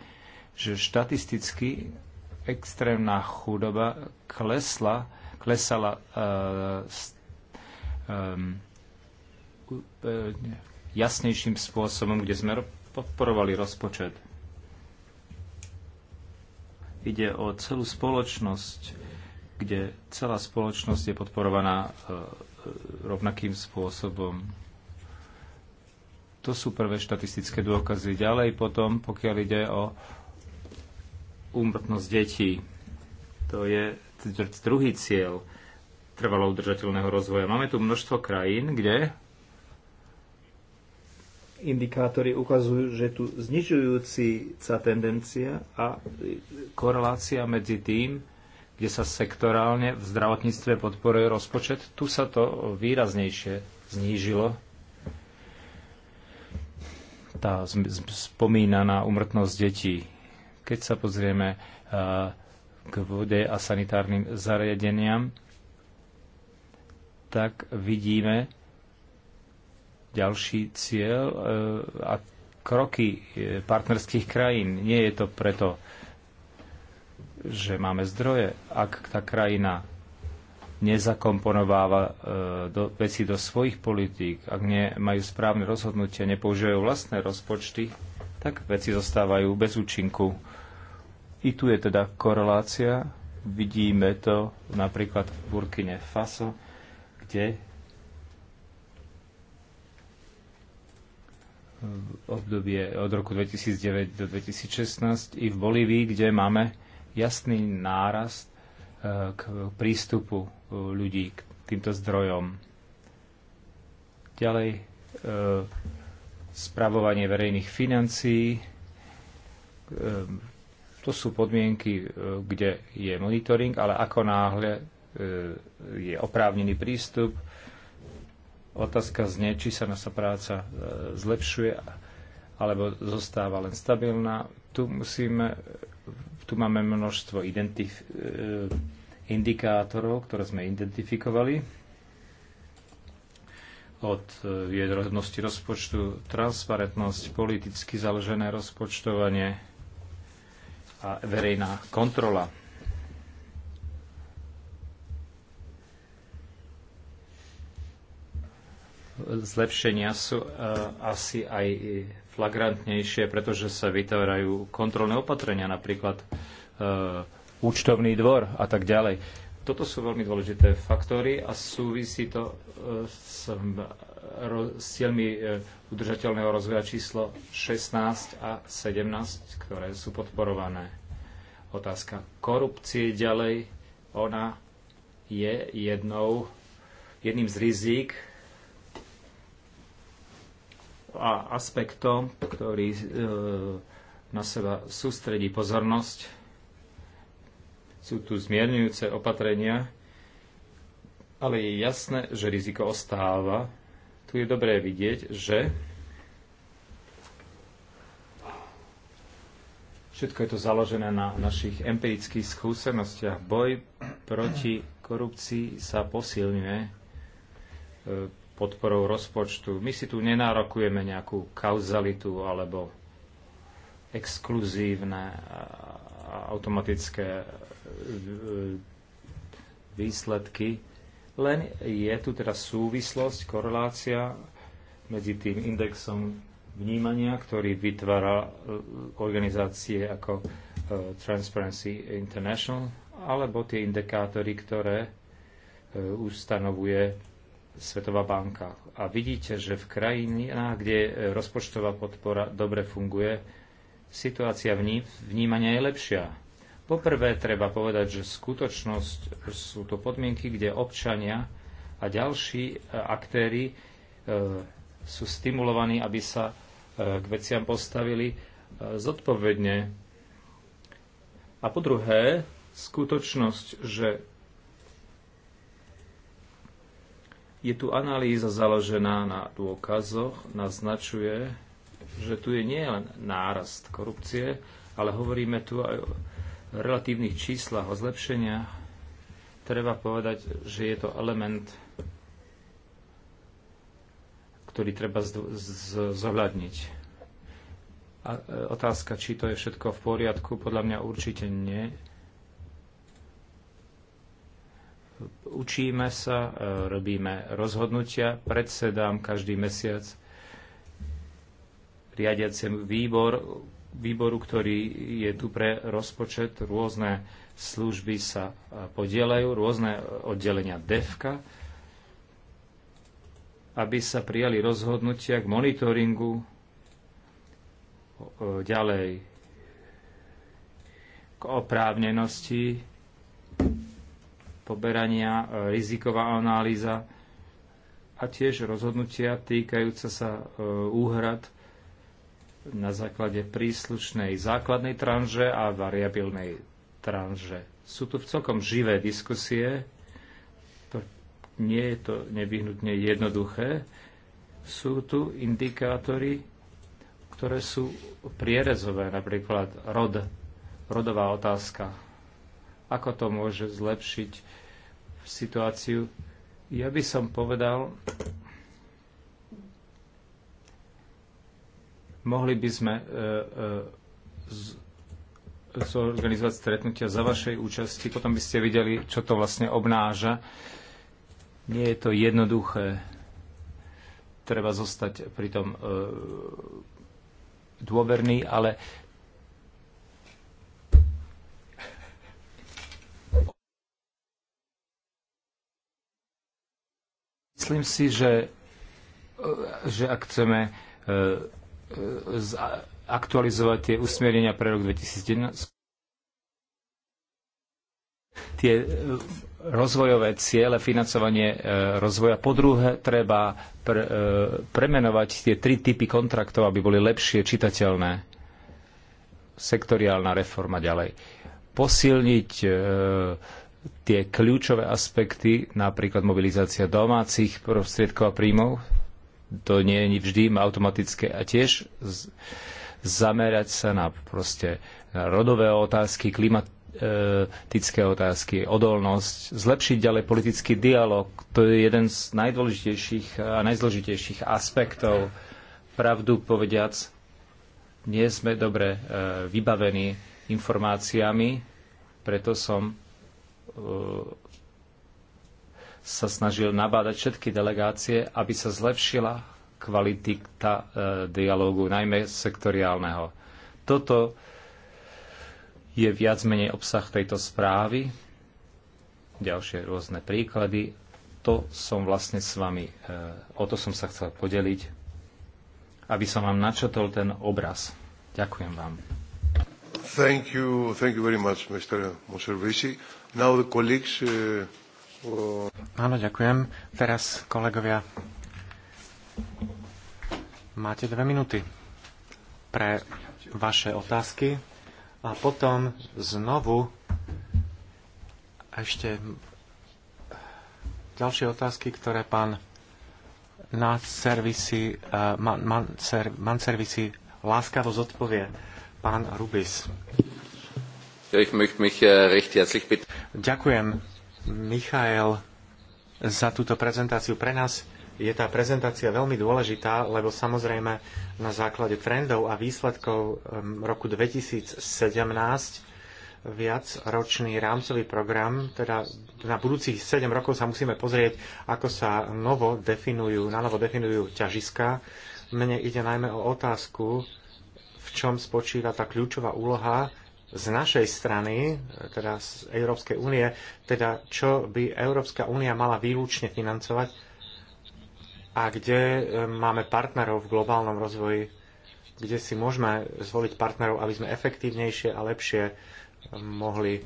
že štatisticky extrémna chudoba klesla, klesala uh, um, jasnejším spôsobom, kde sme podporovali rozpočet. Ide o celú spoločnosť, kde celá spoločnosť je podporovaná e, e, rovnakým spôsobom. To sú prvé štatistické dôkazy. Ďalej potom, pokiaľ ide o úmrtnosť detí, to je druhý cieľ trvalo udržateľného rozvoja. Máme tu množstvo krajín, kde indikátory ukazujú, že tu sa tendencia a korelácia medzi tým, kde sa sektorálne v zdravotníctve podporuje rozpočet, tu sa to výraznejšie znížilo. Tá spomínaná umrtnosť detí. Keď sa pozrieme k vode a sanitárnym zariadeniam, tak vidíme, ďalší cieľ e, a kroky e, partnerských krajín. Nie je to preto, že máme zdroje. Ak tá krajina nezakomponováva e, do, veci do svojich politík, ak nemajú správne rozhodnutia, nepoužívajú vlastné rozpočty, tak veci zostávajú bez účinku. I tu je teda korelácia. Vidíme to napríklad v Burkine Faso, kde V obdobie od roku 2009 do 2016 i v Bolívii, kde máme jasný nárast e, k prístupu e, ľudí k týmto zdrojom. Ďalej e, spravovanie verejných financií. To sú podmienky, kde je monitoring, ale ako náhle je oprávnený prístup, Otázka znie, či sa naša práca e, zlepšuje alebo zostáva len stabilná. Tu musíme, tu máme množstvo identif- e, indikátorov, ktoré sme identifikovali od e, jednosti rozpočtu, transparentnosť, politicky založené rozpočtovanie a verejná kontrola. zlepšenia sú e, asi aj flagrantnejšie, pretože sa vytvárajú kontrolné opatrenia, napríklad e, účtovný dvor a tak ďalej. Toto sú veľmi dôležité faktory a súvisí to e, s, s cieľmi udržateľného rozvoja číslo 16 a 17, ktoré sú podporované. Otázka korupcie ďalej, ona je jednou, jedným z rizik a aspektom, ktorý e, na seba sústredí pozornosť. Sú tu zmierňujúce opatrenia, ale je jasné, že riziko ostáva. Tu je dobré vidieť, že všetko je to založené na našich empirických skúsenostiach. Boj proti korupcii sa posilňuje e, podporou rozpočtu. My si tu nenárokujeme nejakú kauzalitu alebo exkluzívne automatické e, e, výsledky. Len je tu teda súvislosť, korelácia medzi tým indexom vnímania, ktorý vytvára e, organizácie ako Transparency International, alebo tie indikátory, ktoré ustanovuje Svetová banka. A vidíte, že v krajinách, kde rozpočtová podpora dobre funguje, situácia vní, vnímania je lepšia. Poprvé treba povedať, že skutočnosť sú to podmienky, kde občania a ďalší e, aktéry e, sú stimulovaní, aby sa e, k veciam postavili e, zodpovedne. A po druhé, skutočnosť, že je tu analýza založená na dôkazoch, naznačuje, že tu je nie len nárast korupcie, ale hovoríme tu aj o relatívnych číslach, o zlepšeniach. Treba povedať, že je to element, ktorý treba zohľadniť. A e, otázka, či to je všetko v poriadku, podľa mňa určite nie Učíme sa, e, robíme rozhodnutia, predsedám každý mesiac riadiacemu výbor, výboru, ktorý je tu pre rozpočet. Rôzne služby sa e, podielajú, rôzne oddelenia DEFKA, aby sa prijali rozhodnutia k monitoringu e, ďalej k oprávnenosti poberania, e, riziková analýza a tiež rozhodnutia týkajúce sa e, úhrad na základe príslušnej základnej tranže a variabilnej tranže. Sú tu v celkom živé diskusie, to nie je to nevyhnutne jednoduché. Sú tu indikátory, ktoré sú prierezové, napríklad rod, rodová otázka ako to môže zlepšiť situáciu. Ja by som povedal, mohli by sme e, e, zorganizovať stretnutia za vašej účasti, potom by ste videli, čo to vlastne obnáža. Nie je to jednoduché. Treba zostať pritom e, dôverný, ale Myslím si, že, e, že ak chceme e, e, aktualizovať tie usmierenia pre rok 2019, tie rozvojové ciele, financovanie rozvoja. Po druhé, treba pre, premenovať tie tri typy kontraktov, aby boli lepšie čitateľné. Sektoriálna reforma ďalej. Posilniť tie kľúčové aspekty, napríklad mobilizácia domácich prostriedkov a príjmov, to nie je vždy automatické a tiež z, zamerať sa na proste na rodové otázky, klimatické otázky, odolnosť, zlepšiť ďalej politický dialog. To je jeden z najdôležitejších a najzložitejších aspektov. Pravdu povediac, nie sme dobre e, vybavení informáciami, preto som E, sa snažil nabádať všetky delegácie, aby sa zlepšila e, dialógu, najmä sektoriálneho. Toto je viac menej obsah tejto správy. Ďalšie rôzne príklady. To som vlastne s vami, e, o to som sa chcel podeliť, aby som vám načotol ten obraz. Ďakujem vám. Thank you, thank you very much, Mr. Muservisi. Uh, uh, Áno, ďakujem. Teraz, kolegovia, máte dve minúty pre vaše otázky a potom znovu ešte ďalšie otázky, ktoré pán na servisi, eh, man, man, ser, man servisi láskavo zodpovie pán Rubis. Äh, Ďakujem, Michael, za túto prezentáciu. Pre nás je tá prezentácia veľmi dôležitá, lebo samozrejme na základe trendov a výsledkov ehm, roku 2017 viacročný rámcový program, teda na budúcich 7 rokov sa musíme pozrieť, ako sa novo definujú, na novo definujú ťažiska. Mne ide najmä o otázku, v čom spočíva tá kľúčová úloha z našej strany, teda z Európskej únie, teda čo by Európska únia mala výlučne financovať a kde e, máme partnerov v globálnom rozvoji, kde si môžeme zvoliť partnerov, aby sme efektívnejšie a lepšie e, mohli e,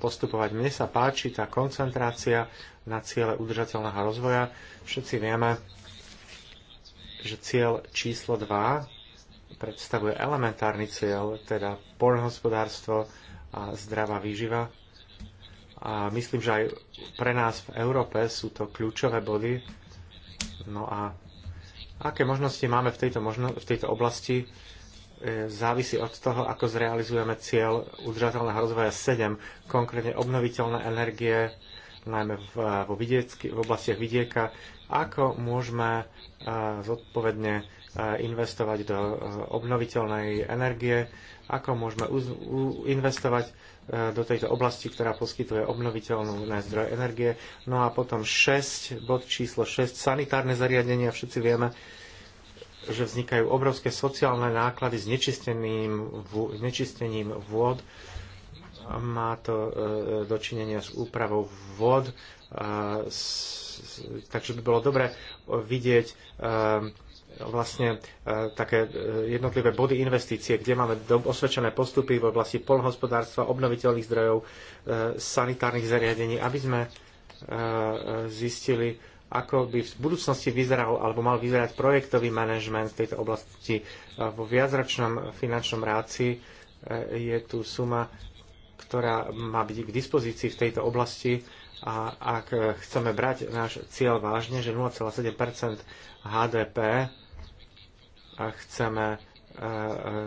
postupovať. Mne sa páči tá koncentrácia na ciele udržateľného rozvoja. Všetci vieme, že cieľ číslo 2 predstavuje elementárny cieľ, teda poľnohospodárstvo a zdravá výživa. A myslím, že aj pre nás v Európe sú to kľúčové body. No a aké možnosti máme v tejto, možno, v tejto oblasti, e, závisí od toho, ako zrealizujeme cieľ udržateľného rozvoja 7, konkrétne obnoviteľné energie, najmä v, e, v, vidiecky, v oblastiach vidieka, ako môžeme e, zodpovedne investovať do e, obnoviteľnej energie, ako môžeme investovať e, do tejto oblasti, ktorá poskytuje obnoviteľnú zdroje energie. No a potom 6, bod číslo 6, sanitárne zariadenia. Všetci vieme, že vznikajú obrovské sociálne náklady s nečistením, nečistením vôd. Má to e, dočinenia s úpravou vôd, takže by bolo dobre vidieť vlastne e, také e, jednotlivé body investície, kde máme osvedčené postupy v oblasti polnohospodárstva, obnoviteľných zdrojov, e, sanitárnych zariadení, aby sme zistili, ako by v budúcnosti vyzeral alebo mal vyzerať projektový manažment v tejto oblasti. Vo viacročnom finančnom ráci je tu suma, ktorá má byť k dispozícii v tejto oblasti a ak chceme brať náš cieľ vážne, že 0,7 HDP a chceme e, e,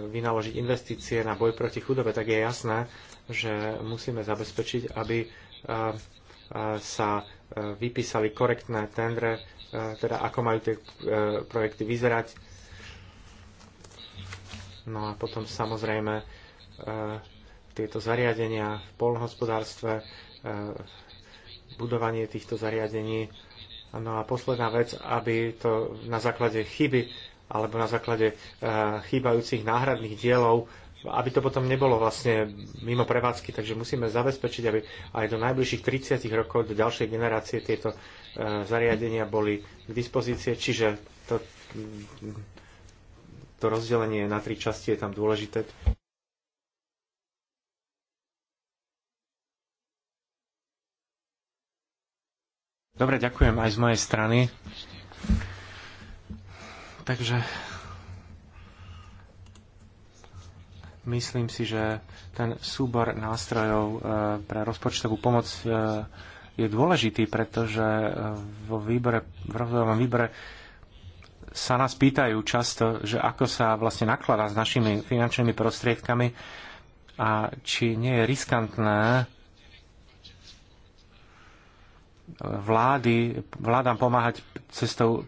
vynaložiť investície na boj proti chudobe, tak je jasné, že musíme zabezpečiť, aby e, sa vypísali korektné tendre, teda ako majú tie projekty vyzerať. No a potom samozrejme tieto zariadenia v polnohospodárstve, budovanie týchto zariadení. No a posledná vec, aby to na základe chyby alebo na základe eh, chýbajúcich náhradných dielov, aby to potom nebolo vlastne mimo prevádzky, takže musíme zabezpečiť, aby aj do najbližších 30 rokov, do ďalšej generácie tieto eh, zariadenia boli k dispozície, čiže to, mm, to rozdelenie na tri časti je tam dôležité. Dobre, ďakujem aj z mojej strany. Takže myslím si, že ten súbor nástrojov eh, pre rozpočtovú pomoc eh, je dôležitý, pretože eh, vo výbore, v rozhodovom výbore sa nás pýtajú často, že ako sa vlastne nakladá s našimi finančnými prostriedkami a či nie je riskantné vlády, vládam pomáhať cestou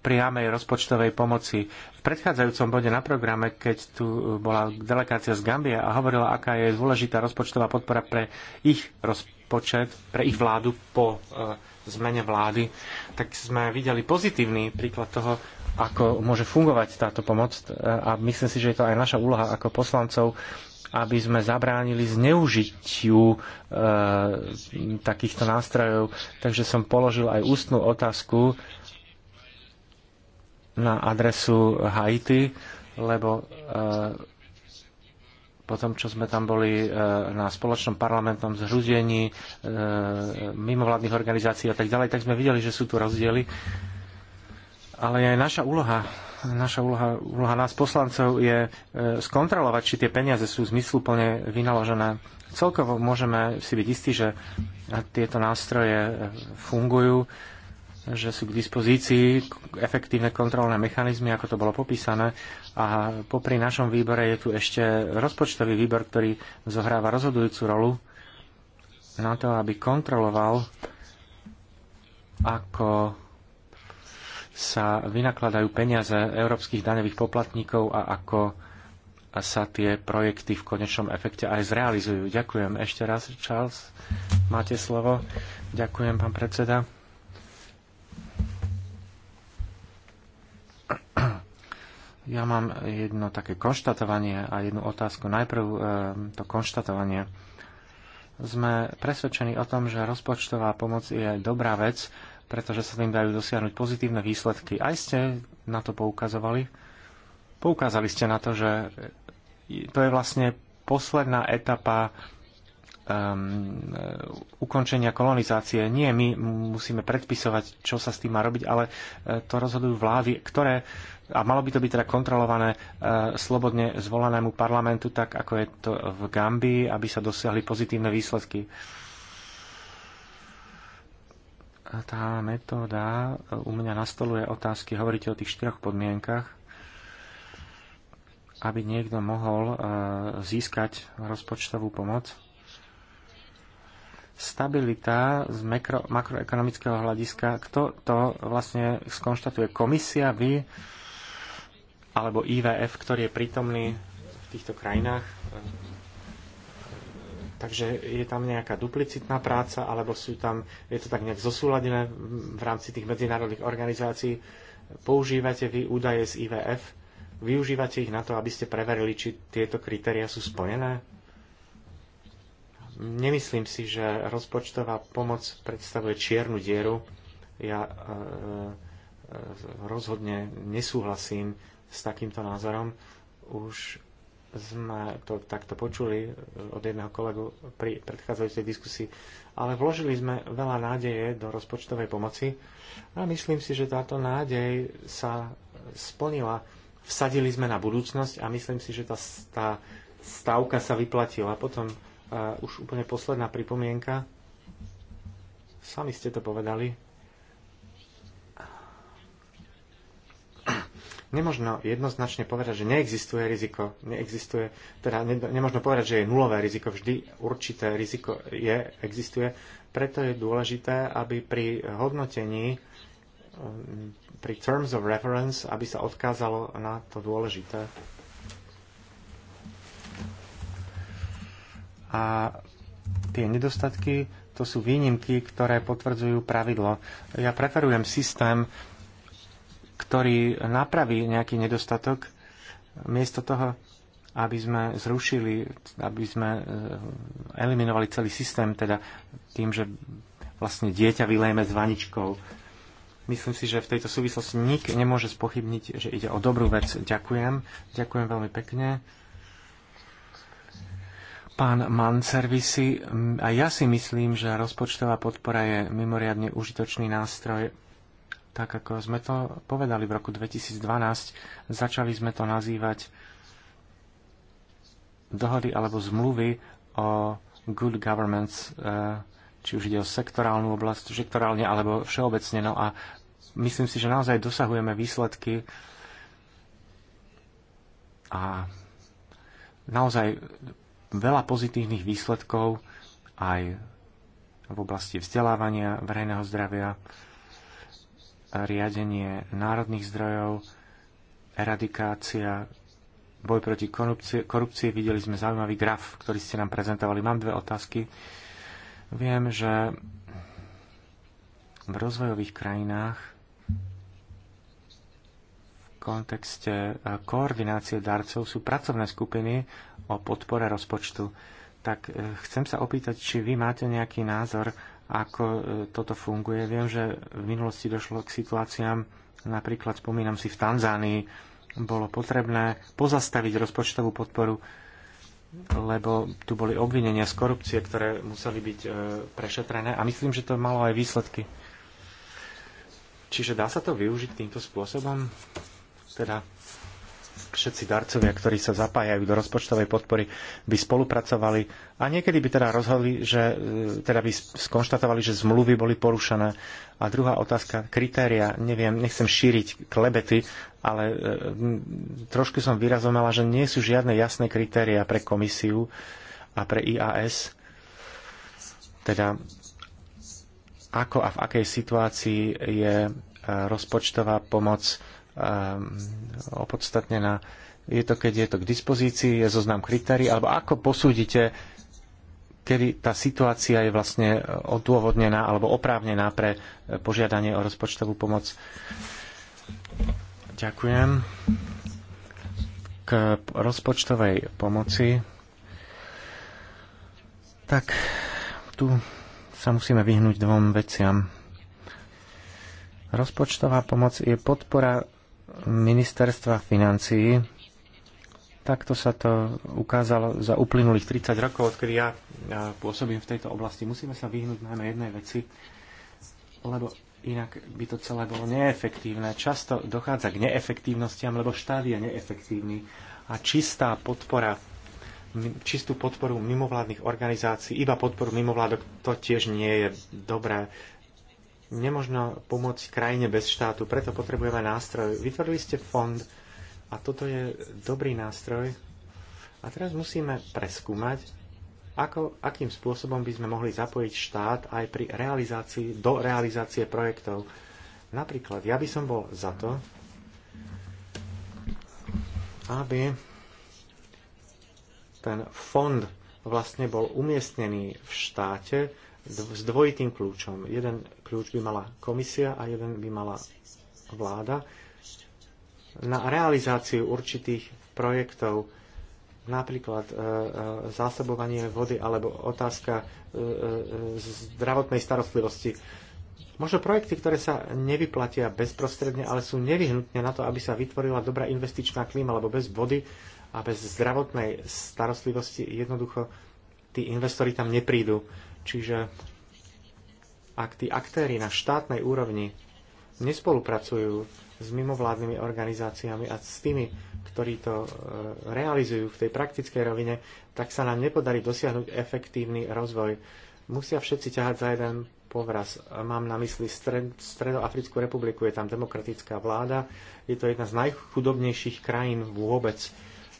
priamej rozpočtovej pomoci. V predchádzajúcom bode na programe, keď tu bola delegácia z Gambie a hovorila, aká je dôležitá rozpočtová podpora pre ich rozpočet, pre ich vládu po e, zmene vlády, tak sme videli pozitívny príklad toho, ako môže fungovať táto pomoc e, a myslím si, že je to aj naša úloha ako poslancov, aby sme zabránili zneužitiu e, takýchto nástrojov. Takže som položil aj ústnu otázku na adresu Haiti, lebo eh, po potom, čo sme tam boli eh, na spoločnom parlamentnom zhružení eh, mimovládnych organizácií a tak ďalej, tak sme videli, že sú tu rozdiely. Ale aj naša úloha, naša úloha, úloha nás poslancov je skontrolovať, či tie peniaze sú zmysluplne vynaložené. Celkovo môžeme si byť istí, že tieto nástroje fungujú že sú k dispozícii efektívne kontrolné mechanizmy, ako to bolo popísané. A popri našom výbore je tu ešte rozpočtový výbor, ktorý zohráva rozhodujúcu rolu na to, aby kontroloval, ako sa vynakladajú peniaze európskych daňových poplatníkov a ako sa tie projekty v konečnom efekte aj zrealizujú. Ďakujem ešte raz, Charles. Máte slovo. Ďakujem, pán predseda. Ja mám jedno také konštatovanie a jednu otázku. Najprv eh, to konštatovanie. Sme presvedčení o tom, že rozpočtová pomoc je dobrá vec, pretože sa tým dajú dosiahnuť pozitívne výsledky. Aj ste na to poukazovali. Poukázali ste na to, že to je vlastne posledná etapa um, ukončenia kolonizácie. Nie my musíme predpisovať, čo sa s tým má robiť, ale e, to rozhodujú vlády, ktoré a malo by to byť teda kontrolované e, slobodne zvolenému parlamentu, tak ako je to v Gambii, aby sa dosiahli pozitívne výsledky. A tá metóda e, u mňa nastoluje otázky, hovoríte o tých štyroch podmienkach, aby niekto mohol e, získať rozpočtovú pomoc stabilita z makro, makroekonomického hľadiska, kto to vlastne skonštatuje? Komisia, vy, alebo IVF, ktorý je prítomný v týchto krajinách? Takže je tam nejaká duplicitná práca, alebo sú tam, je to tak nejak zosúladené v rámci tých medzinárodných organizácií? Používate vy údaje z IVF? Využívate ich na to, aby ste preverili, či tieto kritéria sú splnené? Nemyslím si, že rozpočtová pomoc predstavuje čiernu dieru. Ja e, e, rozhodne nesúhlasím s takýmto názorom. Už sme to takto počuli od jedného kolegu pri predchádzajúcej diskusii, ale vložili sme veľa nádeje do rozpočtovej pomoci a myslím si, že táto nádej sa splnila. Vsadili sme na budúcnosť a myslím si, že tá, tá stavka sa vyplatila. Potom a už úplne posledná pripomienka. Sami ste to povedali. Nemožno jednoznačne povedať, že neexistuje riziko. Neexistuje, teda ne, nemožno povedať, že je nulové riziko. Vždy určité riziko je, existuje. Preto je dôležité, aby pri hodnotení, pri terms of reference, aby sa odkázalo na to dôležité. a tie nedostatky to sú výnimky, ktoré potvrdzujú pravidlo. Ja preferujem systém, ktorý napraví nejaký nedostatok, miesto toho, aby sme zrušili, aby sme e, eliminovali celý systém, teda tým, že vlastne dieťa vylejeme s vaničkou. Myslím si, že v tejto súvislosti nik nemôže spochybniť, že ide o dobrú vec. Ďakujem. Ďakujem veľmi pekne pán Manservisi. A ja si myslím, že rozpočtová podpora je mimoriadne užitočný nástroj. Tak ako sme to povedali v roku 2012, začali sme to nazývať dohody alebo zmluvy o good governments, e, či už ide o sektorálnu oblasť, sektorálne alebo všeobecne. No a myslím si, že naozaj dosahujeme výsledky a naozaj veľa pozitívnych výsledkov aj v oblasti vzdelávania, verejného zdravia, riadenie národných zdrojov, eradikácia, boj proti korupcie, korupcii. Videli sme zaujímavý graf, ktorý ste nám prezentovali. Mám dve otázky. Viem, že v rozvojových krajinách kontexte e, koordinácie darcov sú pracovné skupiny o podpore rozpočtu. Tak e, chcem sa opýtať, či vy máte nejaký názor, ako e, toto funguje. Viem, že v minulosti došlo k situáciám, napríklad spomínam si v Tanzánii, bolo potrebné pozastaviť rozpočtovú podporu, lebo tu boli obvinenia z korupcie, ktoré museli byť prešetrené a myslím, že to malo aj výsledky. Čiže dá sa to využiť týmto spôsobom? teda všetci darcovia, ktorí sa zapájajú do rozpočtovej podpory, by spolupracovali a niekedy by teda rozhodli, že e, teda by skonštatovali, že zmluvy boli porušené. A druhá otázka, kritéria, neviem, nechcem šíriť klebety, ale e, trošku som vyrazomala, že nie sú žiadne jasné kritéria pre komisiu a pre IAS. Teda ako a v akej situácii je e, rozpočtová pomoc Ehm, opodstatnená. Je to, keď je to k dispozícii, je zoznam kritérií, alebo ako posúdite, kedy tá situácia je vlastne odôvodnená alebo oprávnená pre e, požiadanie o rozpočtovú pomoc. Ďakujem. K rozpočtovej pomoci. Tak tu sa musíme vyhnúť dvom veciam. Rozpočtová pomoc je podpora ministerstva financií. Takto sa to ukázalo za uplynulých 30 rokov, odkedy ja, ja pôsobím v tejto oblasti. Musíme sa vyhnúť najmä jednej veci, lebo inak by to celé bolo neefektívne. Často dochádza k neefektívnostiam, lebo štát je neefektívny a čistá podpora čistú podporu mimovládnych organizácií, iba podporu mimovládok, to tiež nie je dobré nemožno pomôcť krajine bez štátu, preto potrebujeme nástroj. Vytvorili ste fond a toto je dobrý nástroj. A teraz musíme preskúmať, ako, akým spôsobom by sme mohli zapojiť štát aj pri realizácii, do realizácie projektov. Napríklad, ja by som bol za to, aby ten fond vlastne bol umiestnený v štáte, s dvojitým kľúčom. Jeden kľúč by mala komisia a jeden by mala vláda na realizáciu určitých projektov, napríklad e, e, zásobovanie vody alebo otázka e, zdravotnej starostlivosti. Možno projekty, ktoré sa nevyplatia bezprostredne, ale sú nevyhnutné na to, aby sa vytvorila dobrá investičná klíma, lebo bez vody a bez zdravotnej starostlivosti jednoducho tí investori tam neprídu. Čiže ak tí aktéry na štátnej úrovni nespolupracujú s mimovládnymi organizáciami a s tými, ktorí to e, realizujú v tej praktickej rovine, tak sa nám nepodarí dosiahnuť efektívny rozvoj. Musia všetci ťahať za jeden povraz. Mám na mysli Stred, Stredoafrickú republiku, je tam demokratická vláda, je to jedna z najchudobnejších krajín vôbec.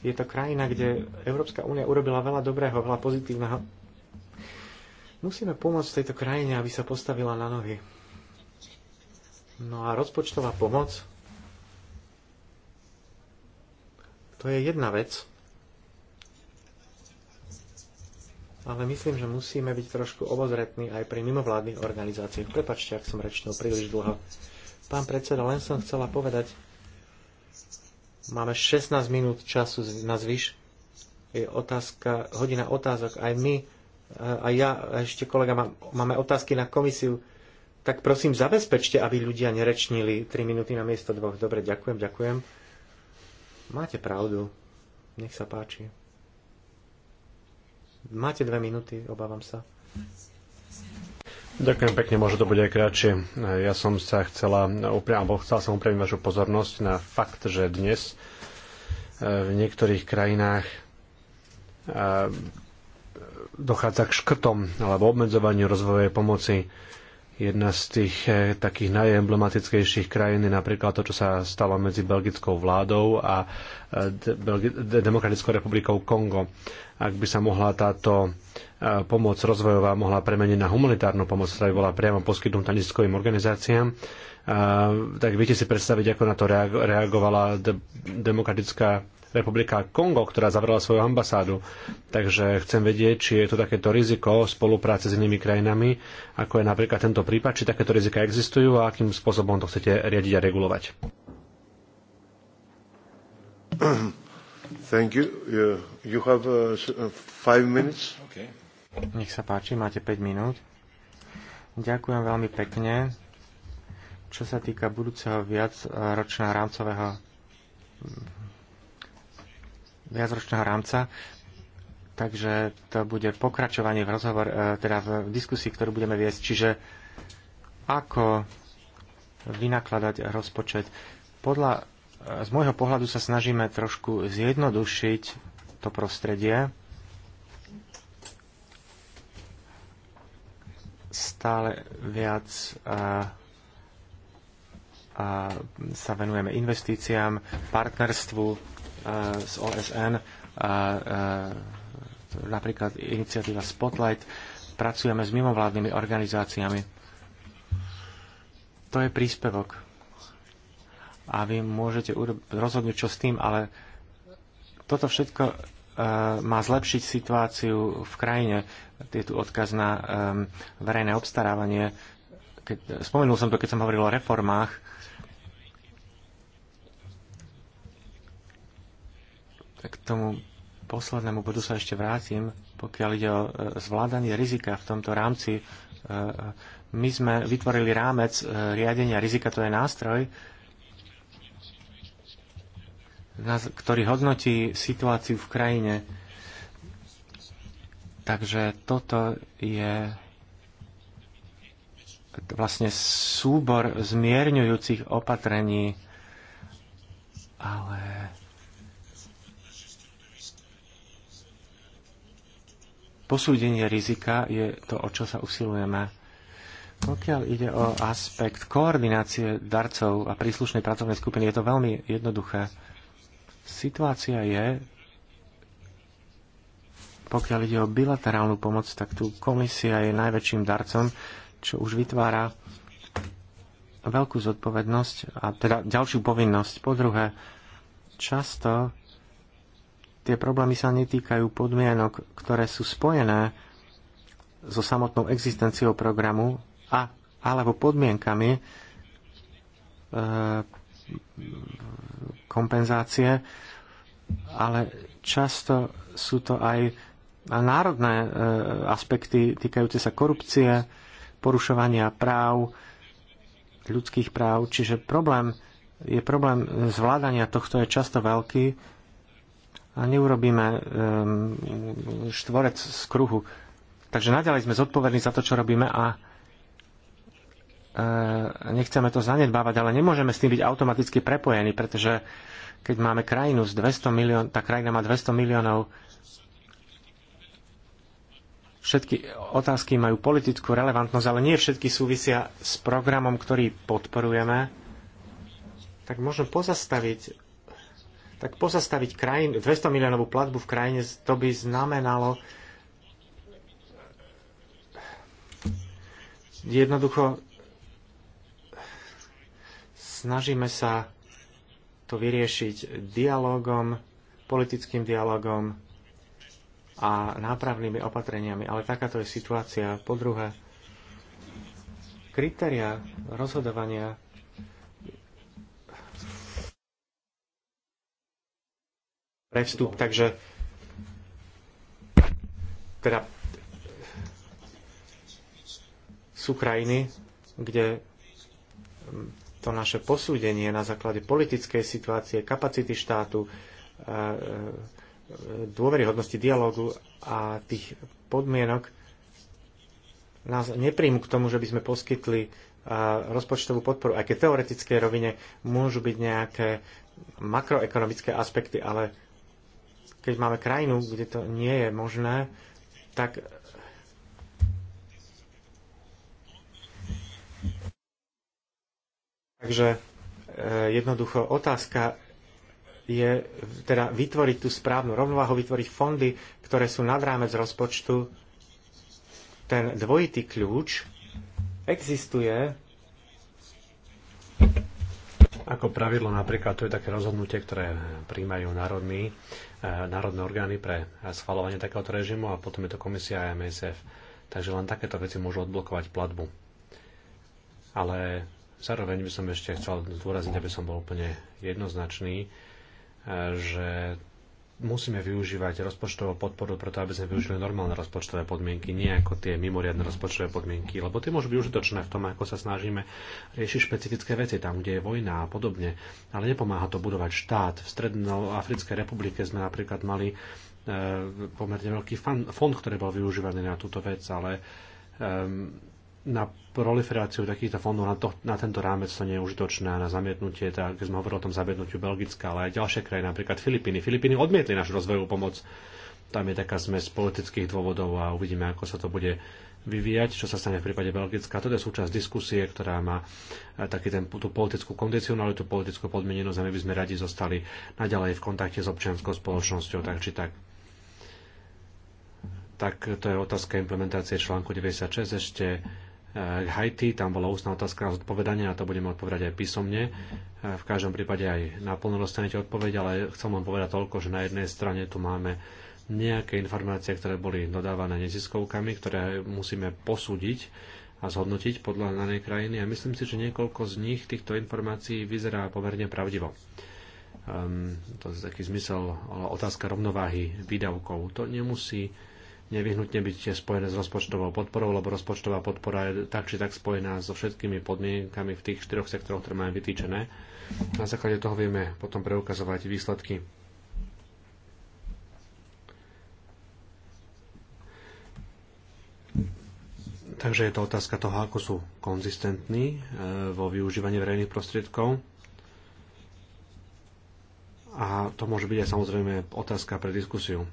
Je to krajina, kde Európska únia urobila veľa dobrého, veľa pozitívneho Musíme pomôcť tejto krajine, aby sa postavila na nohy. No a rozpočtová pomoc, to je jedna vec, ale myslím, že musíme byť trošku obozretní aj pri mimovládnych organizáciách. Prepačte, ak som rečnil príliš dlho. Pán predseda, len som chcela povedať, máme 16 minút času na zvyš. Je otázka, hodina otázok. Aj my a ja a ešte kolega, má, máme otázky na komisiu, tak prosím zabezpečte, aby ľudia nerečnili 3 minúty na miesto dvoch. Dobre, ďakujem, ďakujem. Máte pravdu. Nech sa páči. Máte dve minúty, obávam sa. Ďakujem pekne, možno to bude aj kratšie. Ja som sa chcela, alebo chcel som upriamiť vašu pozornosť na fakt, že dnes eh, v niektorých krajinách eh, dochádza k škrtom alebo obmedzovaniu rozvojovej pomoci. Jedna z tých e, takých najemblematickejších krajín je napríklad to, čo sa stalo medzi belgickou vládou a e, de, de, Demokratickou republikou Kongo ak by sa mohla táto e, pomoc rozvojová mohla premeniť na humanitárnu pomoc, ktorá by bola priamo poskytnutá neziskovým organizáciám, e, tak viete si predstaviť, ako na to reagovala de- Demokratická republika Kongo, ktorá zavrela svoju ambasádu. Takže chcem vedieť, či je to takéto riziko spolupráce s inými krajinami, ako je napríklad tento prípad, či takéto rizika existujú a akým spôsobom to chcete riadiť a regulovať. *coughs* Thank you. You, you have uh, uh, five minutes. Okay. Nech sa páči, máte 5 minút. Ďakujem veľmi pekne. Čo sa týka budúceho viacročného uh, rámcového mm, viacročného rámca, takže to bude pokračovanie v rozhovor, teda v diskusii, ktorú budeme viesť, čiže ako vynakladať rozpočet. Podľa z môjho pohľadu sa snažíme trošku zjednodušiť to prostredie. Stále viac a, a sa venujeme investíciám, partnerstvu a, s OSN, a, a, napríklad iniciatíva Spotlight. Pracujeme s mimovládnymi organizáciami. To je príspevok a vy môžete rozhodnúť, čo s tým, ale toto všetko e, má zlepšiť situáciu v krajine. Je tu odkaz na e, verejné obstarávanie. Keď, spomenul som to, keď som hovoril o reformách. K tomu poslednému bodu sa ešte vrátim, pokiaľ ide o e, zvládanie rizika v tomto rámci. My sme vytvorili rámec riadenia rizika, to je nástroj, ktorý hodnotí situáciu v krajine. Takže toto je vlastne súbor zmierňujúcich opatrení, ale posúdenie rizika je to, o čo sa usilujeme. Pokiaľ ide o aspekt koordinácie darcov a príslušnej pracovnej skupiny, je to veľmi jednoduché. Situácia je, pokiaľ ide o bilaterálnu pomoc, tak tu komisia je najväčším darcom, čo už vytvára veľkú zodpovednosť a teda ďalšiu povinnosť. Po druhé, často tie problémy sa netýkajú podmienok, ktoré sú spojené so samotnou existenciou programu a alebo podmienkami, e, kompenzácie, ale často sú to aj národné e, aspekty týkajúce sa korupcie, porušovania práv, ľudských práv, čiže problém je problém zvládania tohto je často veľký a neurobíme e, štvorec z kruhu. Takže naďalej sme zodpovední za to, čo robíme a E, nechceme to zanedbávať, ale nemôžeme s tým byť automaticky prepojení, pretože keď máme krajinu s 200 milión, tá krajina má 200 miliónov, všetky otázky majú politickú relevantnosť, ale nie všetky súvisia s programom, ktorý podporujeme, tak môžem pozastaviť tak pozastaviť krajín, 200 miliónovú platbu v krajine, to by znamenalo jednoducho Snažíme sa to vyriešiť dialogom, politickým dialogom a nápravnými opatreniami. Ale takáto je situácia. Po druhé, kritéria rozhodovania pre vstup, takže teda sú krajiny, kde to naše posúdenie na základe politickej situácie, kapacity štátu, e, e, dôveryhodnosti dialogu a tých podmienok nás nepríjmu k tomu, že by sme poskytli e, rozpočtovú podporu. Aj keď teoretické teoretickej rovine môžu byť nejaké makroekonomické aspekty, ale keď máme krajinu, kde to nie je možné, tak Takže e, jednoducho otázka je teda vytvoriť tú správnu rovnováhu, vytvoriť fondy, ktoré sú nad rámec rozpočtu. Ten dvojitý kľúč existuje ako pravidlo napríklad, to je také rozhodnutie, ktoré príjmajú národní, e, národné orgány pre schvalovanie takéhoto režimu a potom je to komisia a MSF. Takže len takéto veci môžu odblokovať platbu. Ale Zároveň by som ešte chcel zdôrazniť, aby som bol úplne jednoznačný, e, že musíme využívať rozpočtovú podporu preto, aby sme využili normálne rozpočtové podmienky, nie ako tie mimoriadne rozpočtové podmienky, lebo tie môžu byť užitočné v tom, ako sa snažíme riešiť špecifické veci tam, kde je vojna a podobne, ale nepomáha to budovať štát. V Strednoafrickej republike sme napríklad mali e, pomerne veľký fan, fond, ktorý bol využívaný na túto vec, ale e, na proliferáciu takýchto fondov na, to, na tento rámec to nie je užitočné, na zamietnutie, tak sme hovorili o tom zamietnutiu Belgická, ale aj ďalšie krajiny, napríklad Filipíny. Filipíny odmietli našu rozvojovú pomoc. Tam je taká zmes politických dôvodov a uvidíme, ako sa to bude vyvíjať, čo sa stane v prípade Belgická. Toto je súčasť diskusie, ktorá má eh, taký ten, tú politickú kondicionalitu, politickú podmienenosť a my by sme radi zostali naďalej v kontakte s občianskou spoločnosťou, tak či tak tak to je otázka implementácie článku 96 ešte k Haiti, tam bola ústna otázka na zodpovedanie a to budeme odpovedať aj písomne. E, v každom prípade aj naplno dostanete odpoveď, ale chcem vám povedať toľko, že na jednej strane tu máme nejaké informácie, ktoré boli dodávané neziskovkami, ktoré musíme posúdiť a zhodnotiť podľa danej krajiny a myslím si, že niekoľko z nich týchto informácií vyzerá pomerne pravdivo. Um, to je taký zmysel otázka rovnováhy výdavkov. To nemusí nevyhnutne byť spojené s rozpočtovou podporou, lebo rozpočtová podpora je tak či tak spojená so všetkými podmienkami v tých štyroch sektoroch, ktoré máme vytýčené. Na základe toho vieme potom preukazovať výsledky Takže je to otázka toho, ako sú konzistentní e, vo využívaní verejných prostriedkov. A to môže byť aj samozrejme otázka pre diskusiu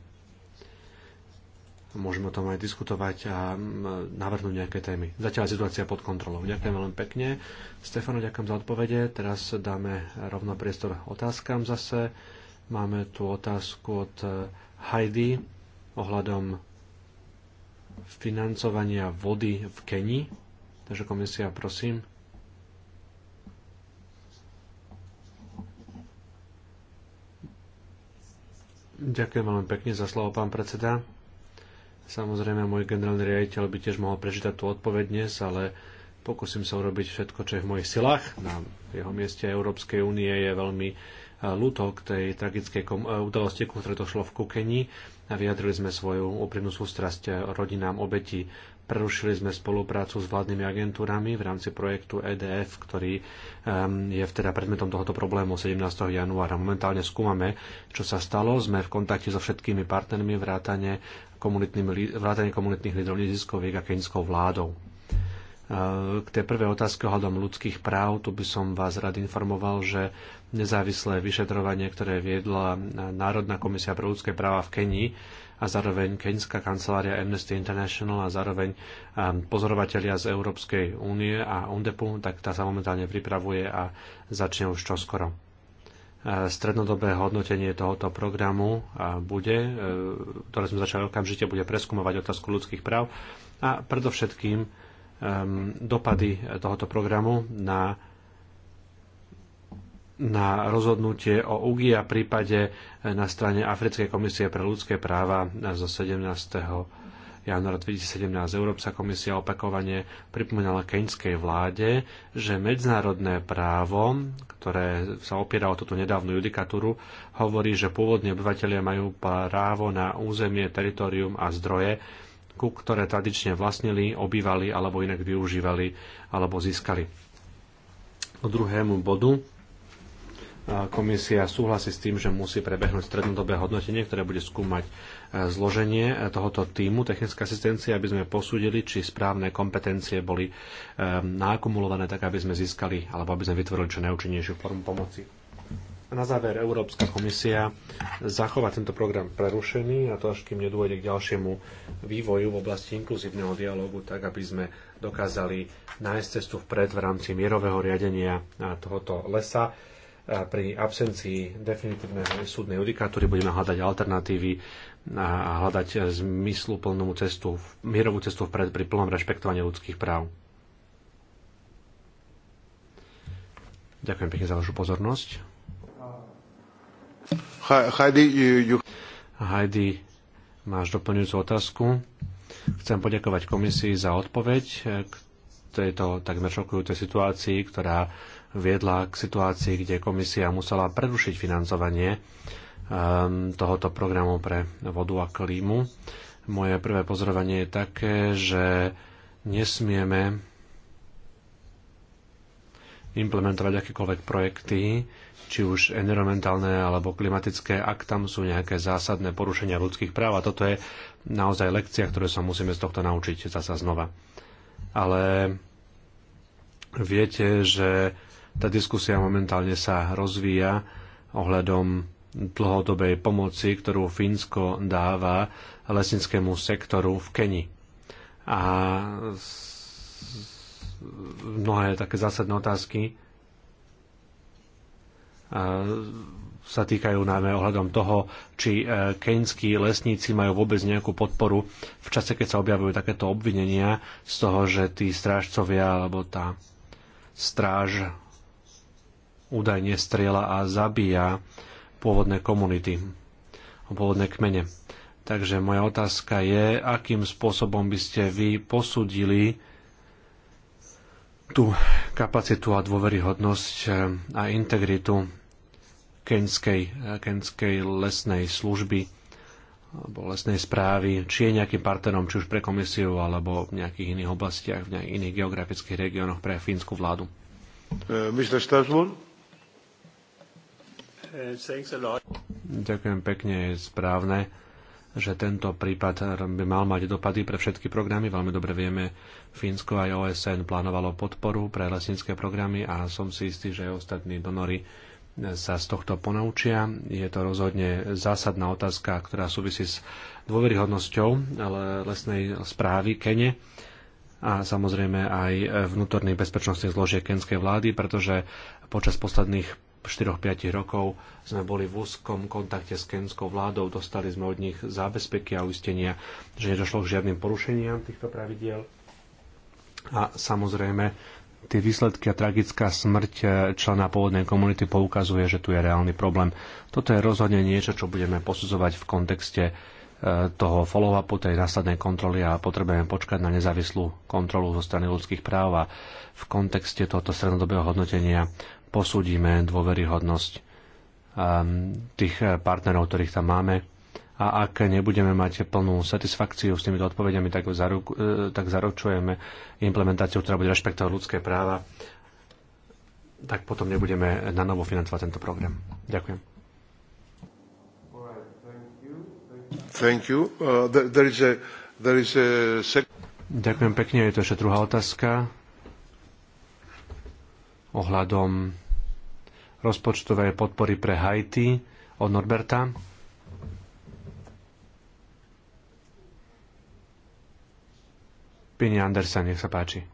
môžeme o tom aj diskutovať a navrhnúť nejaké témy. Zatiaľ je situácia pod kontrolou. Ďakujem veľmi pekne. Stefano, ďakujem za odpovede. Teraz dáme rovno priestor otázkam zase. Máme tu otázku od e, Heidi ohľadom financovania vody v Keni. Takže komisia, prosím. Ďakujem veľmi pekne za slovo, pán predseda. Samozrejme, môj generálny riaditeľ by tiež mohol prečítať tú odpoveď dnes, ale pokúsim sa urobiť všetko, čo je v mojich silách. Na jeho mieste Európskej únie je veľmi eh, ľúto k tej tragickej eh, udalosti, ku ktorej došlo v Kukeni. Vyjadrili sme svoju úprimnú sústrasť eh, rodinám obetí. Prerušili sme spoluprácu s vládnymi agentúrami v rámci projektu EDF, ktorý ehm, je teda predmetom tohoto problému 17. januára. Momentálne skúmame, čo sa stalo. Sme v kontakte so všetkými partnermi vrátane komunitným, vrátane komunitných lídrov neziskoviek a keňskou vládou. K tej prvej otázke ohľadom ľudských práv, tu by som vás rád informoval, že nezávislé vyšetrovanie, ktoré viedla Národná komisia pre ľudské práva v Kenii a zároveň Keňská kancelária Amnesty International a zároveň pozorovatelia z Európskej únie a UNDEPu, tak tá sa momentálne pripravuje a začne už čoskoro. Strednodobé hodnotenie tohoto programu bude, e, ktoré sme začali okamžite, bude preskúmovať otázku ľudských práv a predovšetkým dopady tohoto programu na na rozhodnutie o UGI a prípade e, na strane Africkej komisie pre ľudské práva e, zo 17 januára 2017 Európska komisia opakovane pripomínala keňskej vláde, že medzinárodné právo, ktoré sa opiera o túto nedávnu judikatúru, hovorí, že pôvodní obyvateľia majú právo na územie, teritorium a zdroje, ku ktoré tradične vlastnili, obývali alebo inak využívali alebo získali. K druhému bodu komisia súhlasí s tým, že musí prebehnúť strednodobé hodnotenie, ktoré bude skúmať zloženie tohoto týmu technické asistencie, aby sme posúdili, či správne kompetencie boli eh, naakumulované tak, aby sme získali alebo aby sme vytvorili čo najúčinnejšiu formu pomoci. Na záver Európska komisia zachová tento program prerušený a to až kým nedôjde k ďalšiemu vývoju v oblasti inkluzívneho dialogu, tak aby sme dokázali nájsť cestu vpred v rámci mierového riadenia eh, tohoto lesa. Eh, pri absencii definitívnej súdnej judikatúry budeme hľadať alternatívy a hľadať zmyslu plnú cestu, mierovú cestu vpred pri plnom rešpektovaní ľudských práv. Ďakujem pekne za vašu pozornosť. Heidi, you, you... Heidi, máš doplňujúcu otázku. Chcem poďakovať komisii za odpoveď k tejto takmer šokujúcej situácii, ktorá viedla k situácii, kde komisia musela prerušiť financovanie Um, tohoto programu pre vodu a klímu. Moje prvé pozorovanie je také, že nesmieme implementovať akékoľvek projekty, či už environmentálne alebo klimatické, ak tam sú nejaké zásadné porušenia ľudských práv. A toto je naozaj lekcia, ktorú sa musíme z tohto naučiť zasa znova. Ale viete, že tá diskusia momentálne sa rozvíja ohľadom dlhodobej pomoci, ktorú Fínsko dáva lesnickému sektoru v Keni. A mnohé také zásadné otázky sa týkajú najmä ohľadom toho, či e, keňskí lesníci majú vôbec nejakú podporu v čase, keď sa objavujú takéto obvinenia z toho, že tí strážcovia alebo tá stráž údajne strieľa a zabíja pôvodné komunity, o pôvodné kmene. Takže moja otázka je, akým spôsobom by ste vy posúdili tú kapacitu a dôveryhodnosť eh, a integritu kenskej, eh, kenskej lesnej služby alebo lesnej správy, či je nejakým partnerom, či už pre komisiu, alebo v nejakých iných oblastiach, v nejakých iných geografických regiónoch pre fínsku vládu. Eh, Mr. Stavsburg? Ďakujem pekne, je správne, že tento prípad by mal mať dopady pre všetky programy. Veľmi dobre vieme, Fínsko aj OSN plánovalo podporu pre lesnícke programy a som si istý, že aj ostatní donory sa z tohto ponaučia. Je to rozhodne zásadná otázka, ktorá súvisí s dôveryhodnosťou lesnej správy Kene a samozrejme aj vnútorných bezpečnostných zložiek kenskej vlády, pretože počas posledných 4-5 rokov sme boli v úzkom kontakte s kenskou vládou, dostali sme od nich zábezpeky a uistenia, že nedošlo k žiadnym porušeniam týchto pravidiel. A samozrejme, tie výsledky a tragická smrť eh, člena pôvodnej komunity poukazuje, že tu je reálny problém. Toto je rozhodne niečo, čo budeme posudzovať v kontexte eh, toho follow-upu, tej následnej kontroly a potrebujeme počkať na nezávislú kontrolu zo strany ľudských práv a v kontexte tohoto strednodobého hodnotenia posúdime dôveryhodnosť ehm, tých eh, partnerov, ktorých tam máme. A ak nebudeme mať plnú satisfakciu s týmito odpovediami, tak, zaruk, eh, tak zaručujeme implementáciu, ktorá bude rešpektovať ľudské práva, tak potom nebudeme na novo financovať tento program. Ďakujem. Thank you. Uh, there, is a, there is a... Ďakujem pekne. Je to ešte druhá otázka ohľadom rozpočtovej podpory pre Haiti od Norberta. Pini Andersen, nech sa páči.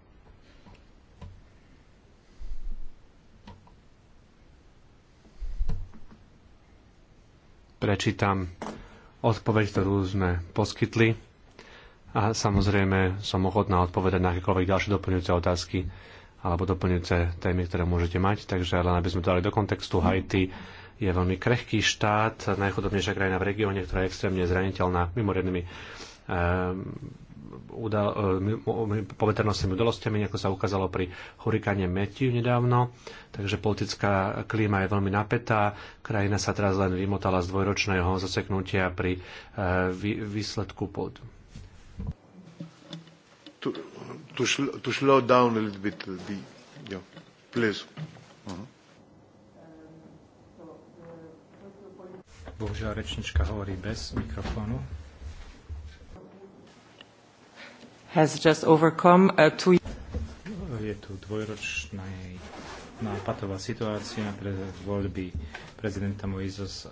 Prečítam odpoveď, ktorú sme poskytli a samozrejme som ochotná odpovedať na akékoľvek ďalšie doplňujúce otázky alebo doplňujúce témy, ktoré môžete mať. Takže len aby sme to dali do kontextu, Haiti je veľmi krehký štát, najchudobnejšia krajina v regióne, ktorá je extrémne zraniteľná mimoriadnými eh, eh, poveternostnými udalostiami, ako sa ukázalo pri hurikáne Metiu nedávno. Takže politická klíma je veľmi napätá. Krajina sa teraz len vymotala z dvojročného zaseknutia pri eh, výsledku pod to, sl to slow down a little bit the, yeah, please. Uh-huh. Bohužiaľ, rečnička hovorí bez mikrofónu. Has just overcome a uh, two... Je tu dvojročná nápatová no, situácia pre voľby prezidenta Moizos uh,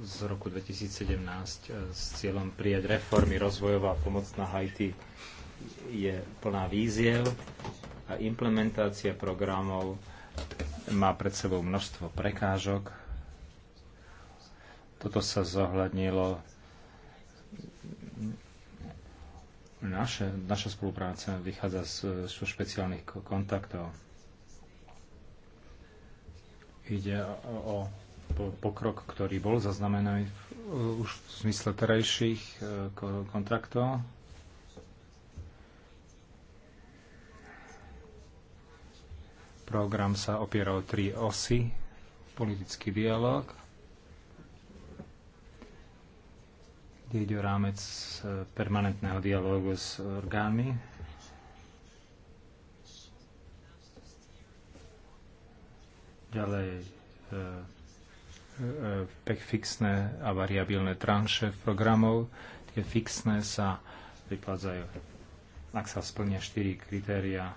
z roku 2017 uh, s cieľom prijať reformy rozvojová pomoc na Haiti je plná víziev a implementácia programov má pred sebou množstvo prekážok. Toto sa zohľadnilo naše, naša spolupráca vychádza z, z špeciálnych kontaktov. Ide o, o pokrok, ktorý bol zaznamenaný už v zmysle terajších e, kontaktov. Program sa opieral o tri osy. Politický dialog, kde ide o rámec e, permanentného dialógu s orgánmi. Ďalej e, e, e, fixné a variabilné tranše programov. Tie fixné sa vypládzajú, ak sa splnia 4 kritéria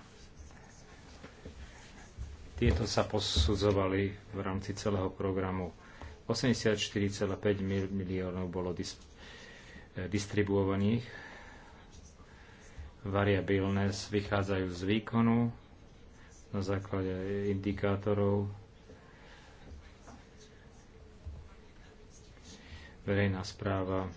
tieto sa posudzovali v rámci celého programu. 84,5 miliónov bolo dis- e, distribuovaných. Variabilné vychádzajú z výkonu na základe indikátorov verejná správa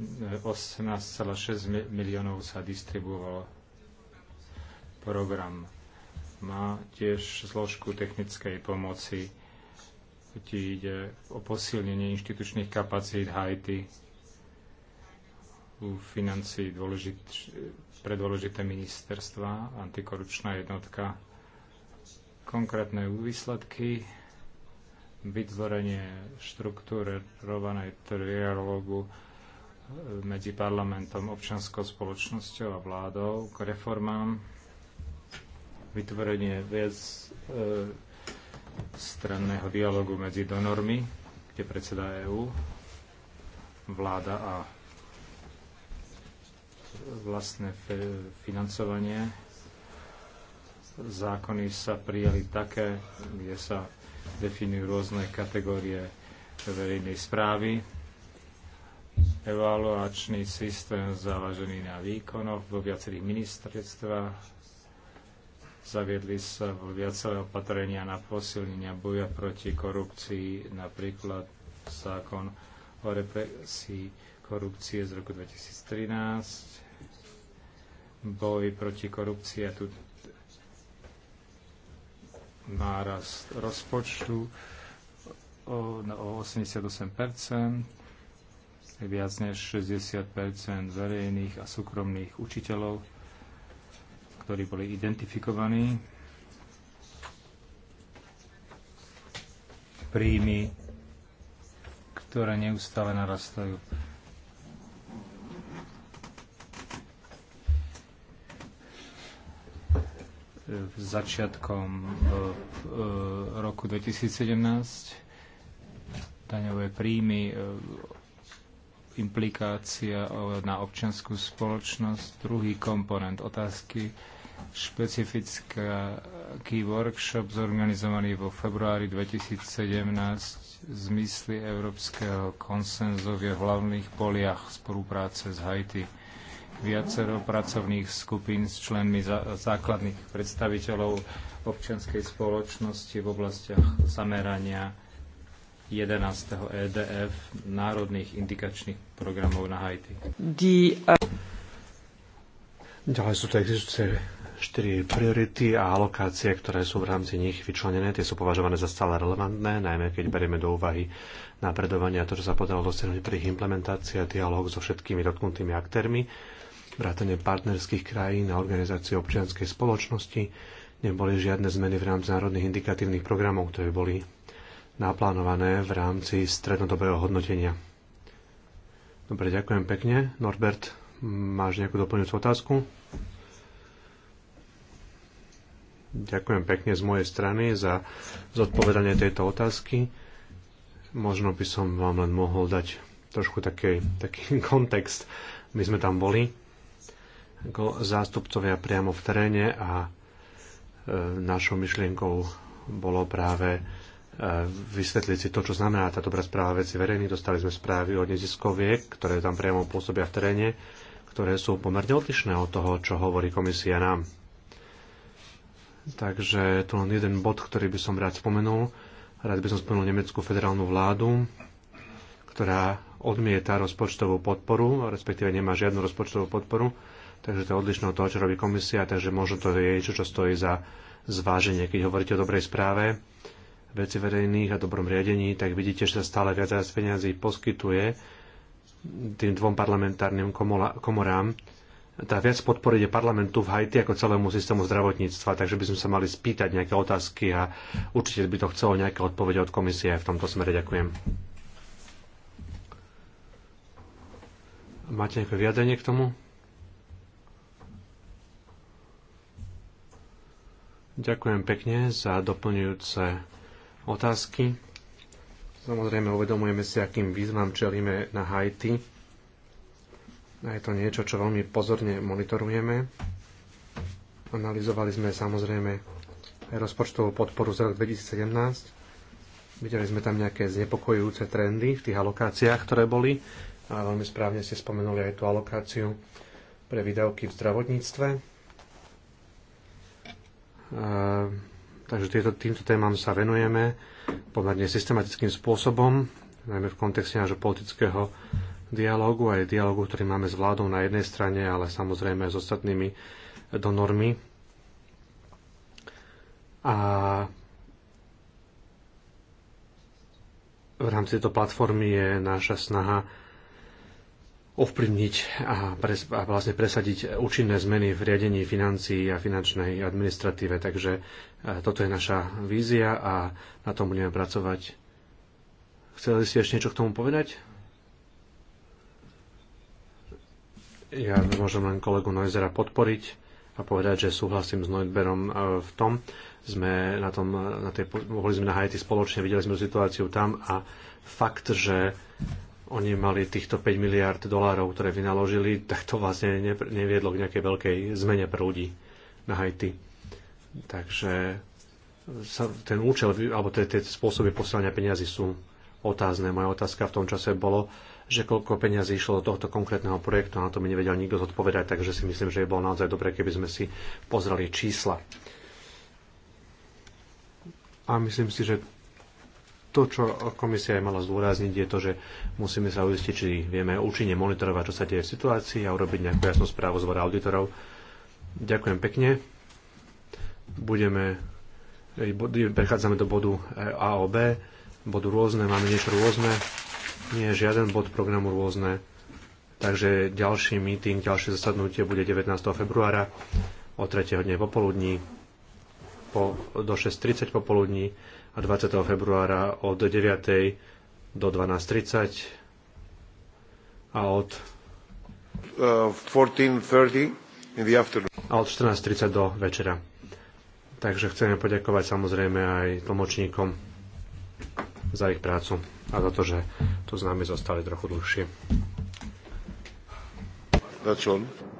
18,6 miliónov sa distribuovalo. Program má tiež zložku technickej pomoci, kde ide o posilnenie inštitučných kapacít Haiti u financí dôležit, pre dôležité ministerstva, antikorupčná jednotka, konkrétne výsledky, vytvorenie štruktúry rovanej trialógu, medzi parlamentom, občanskou spoločnosťou a vládou k reformám, vytvorenie viac e, stranného dialogu medzi donormi, kde predseda EÚ, vláda a vlastné financovanie. Zákony sa prijali také, kde sa definujú rôzne kategórie verejnej správy, evaluačný systém založený na výkonoch vo viacerých ministerstvách. Zaviedli sa vo viaceré opatrenia na posilnenia boja proti korupcii, napríklad zákon o represii korupcie z roku 2013, boj proti korupcii a tu nárast rozpočtu o, o 88 viac než 60 verejných a súkromných učiteľov, ktorí boli identifikovaní. Príjmy, ktoré neustále narastajú. v začiatkom e, e, roku 2017 daňové príjmy e, implikácia na občianskú spoločnosť, druhý komponent otázky, špecifický workshop zorganizovaný vo februári 2017 v zmysli európskeho konsenzu v hlavných poliach spolupráce s Haiti. Viacero pracovných skupín s členmi základných predstaviteľov občianskej spoločnosti v oblastiach zamerania 11. EDF národných indikačných programov na Haiti. Die, uh... Ďalej sú tu existujúce štyri priority a alokácie, ktoré sú v rámci nich vyčlenené. Tie sú považované za stále relevantné, najmä keď berieme do úvahy napredovanie a to, čo sa podalo dosiahnuť pri ich implementácii a dialog so všetkými dotknutými aktérmi, vrátane partnerských krajín a organizácie občianskej spoločnosti. Neboli žiadne zmeny v rámci národných indikatívnych programov, ktoré boli naplánované v rámci strednodobého hodnotenia. Dobre, ďakujem pekne. Norbert, máš nejakú doplňujúcu otázku? Ďakujem pekne z mojej strany za zodpovedanie tejto otázky. Možno by som vám len mohol dať trošku taký, taký *laughs* kontext. My sme tam boli ako zástupcovia priamo v teréne a e, našou myšlienkou bolo práve vysvetliť si to, čo znamená tá dobrá správa veci verejných. Dostali sme správy od neziskoviek, ktoré tam priamo pôsobia v teréne, ktoré sú pomerne odlišné od toho, čo hovorí komisia nám. Takže to len jeden bod, ktorý by som rád spomenul. Rád by som spomenul nemeckú federálnu vládu, ktorá odmieta rozpočtovú podporu, respektíve nemá žiadnu rozpočtovú podporu. Takže to je odlišné od toho, čo robí komisia, takže možno to je niečo, čo stojí za zváženie, keď hovoríte o dobrej správe veci verejných a dobrom riadení, tak vidíte, že sa stále viac a peniazy poskytuje tým dvom parlamentárnym komorám. Tá viac podpory je parlamentu v Haiti ako celému systému zdravotníctva, takže by sme sa mali spýtať nejaké otázky a určite by to chcelo nejaké odpovede od komisie v tomto smere. Ďakujem. Máte nejaké vyjadrenie k tomu? Ďakujem pekne za doplňujúce otázky. Samozrejme uvedomujeme si, akým výzvam čelíme na Haiti. A je to niečo, čo veľmi pozorne monitorujeme. Analizovali sme samozrejme aj rozpočtovú podporu z roku 2017. Videli sme tam nejaké znepokojujúce trendy v tých alokáciách, ktoré boli. A veľmi správne ste spomenuli aj tú alokáciu pre výdavky v zdravotníctve Takže tieto, týmto témam sa venujeme pomerne systematickým spôsobom, najmä v kontexte nášho politického dialógu, aj dialógu, ktorý máme s vládou na jednej strane, ale samozrejme aj s ostatnými donormi. A v rámci tejto platformy je naša snaha ovplyvniť a, pres, a vlastne presadiť účinné zmeny v riadení financií a finančnej administratíve. Takže e, toto je naša vízia a na tom budeme pracovať. Chceli ste ešte niečo k tomu povedať? Ja môžem len kolegu Noizera podporiť a povedať, že súhlasím s Noidberom e, v tom. Sme na tom, na tej, mohli sme na Haiti spoločne, videli sme situáciu tam a fakt, že oni mali týchto 5 miliard dolárov, ktoré vynaložili, tak to vlastne neviedlo k nejakej veľkej zmene pre ľudí na Haiti. Takže sa, ten účel, alebo tie, tie spôsoby posielania peniazy sú otázne. Moja otázka v tom čase bolo, že koľko peniazí išlo do tohto konkrétneho projektu, na to mi nevedel nikto zodpovedať, takže si myslím, že je bolo naozaj dobré, keby sme si pozreli čísla. A myslím si, že to, čo komisia aj mala zdôrazniť, je to, že musíme sa uistiť, či vieme účinne monitorovať, čo sa deje v situácii a urobiť nejakú jasnú správu z auditorov. Ďakujem pekne. Budeme, prechádzame do bodu eh, A B, bodu rôzne, máme niečo rôzne, nie je žiaden bod programu rôzne, takže ďalší meeting, ďalšie zasadnutie bude 19. februára o 3. dne popoludní po, do 6.30 popoludní a 20. februára od 9. do 12.30 a od 14.30 uh, a od 14.30 do večera. Takže chceme poďakovať samozrejme aj tlmočníkom za ich prácu a za to, že tu s nami zostali trochu dlhšie. That's all.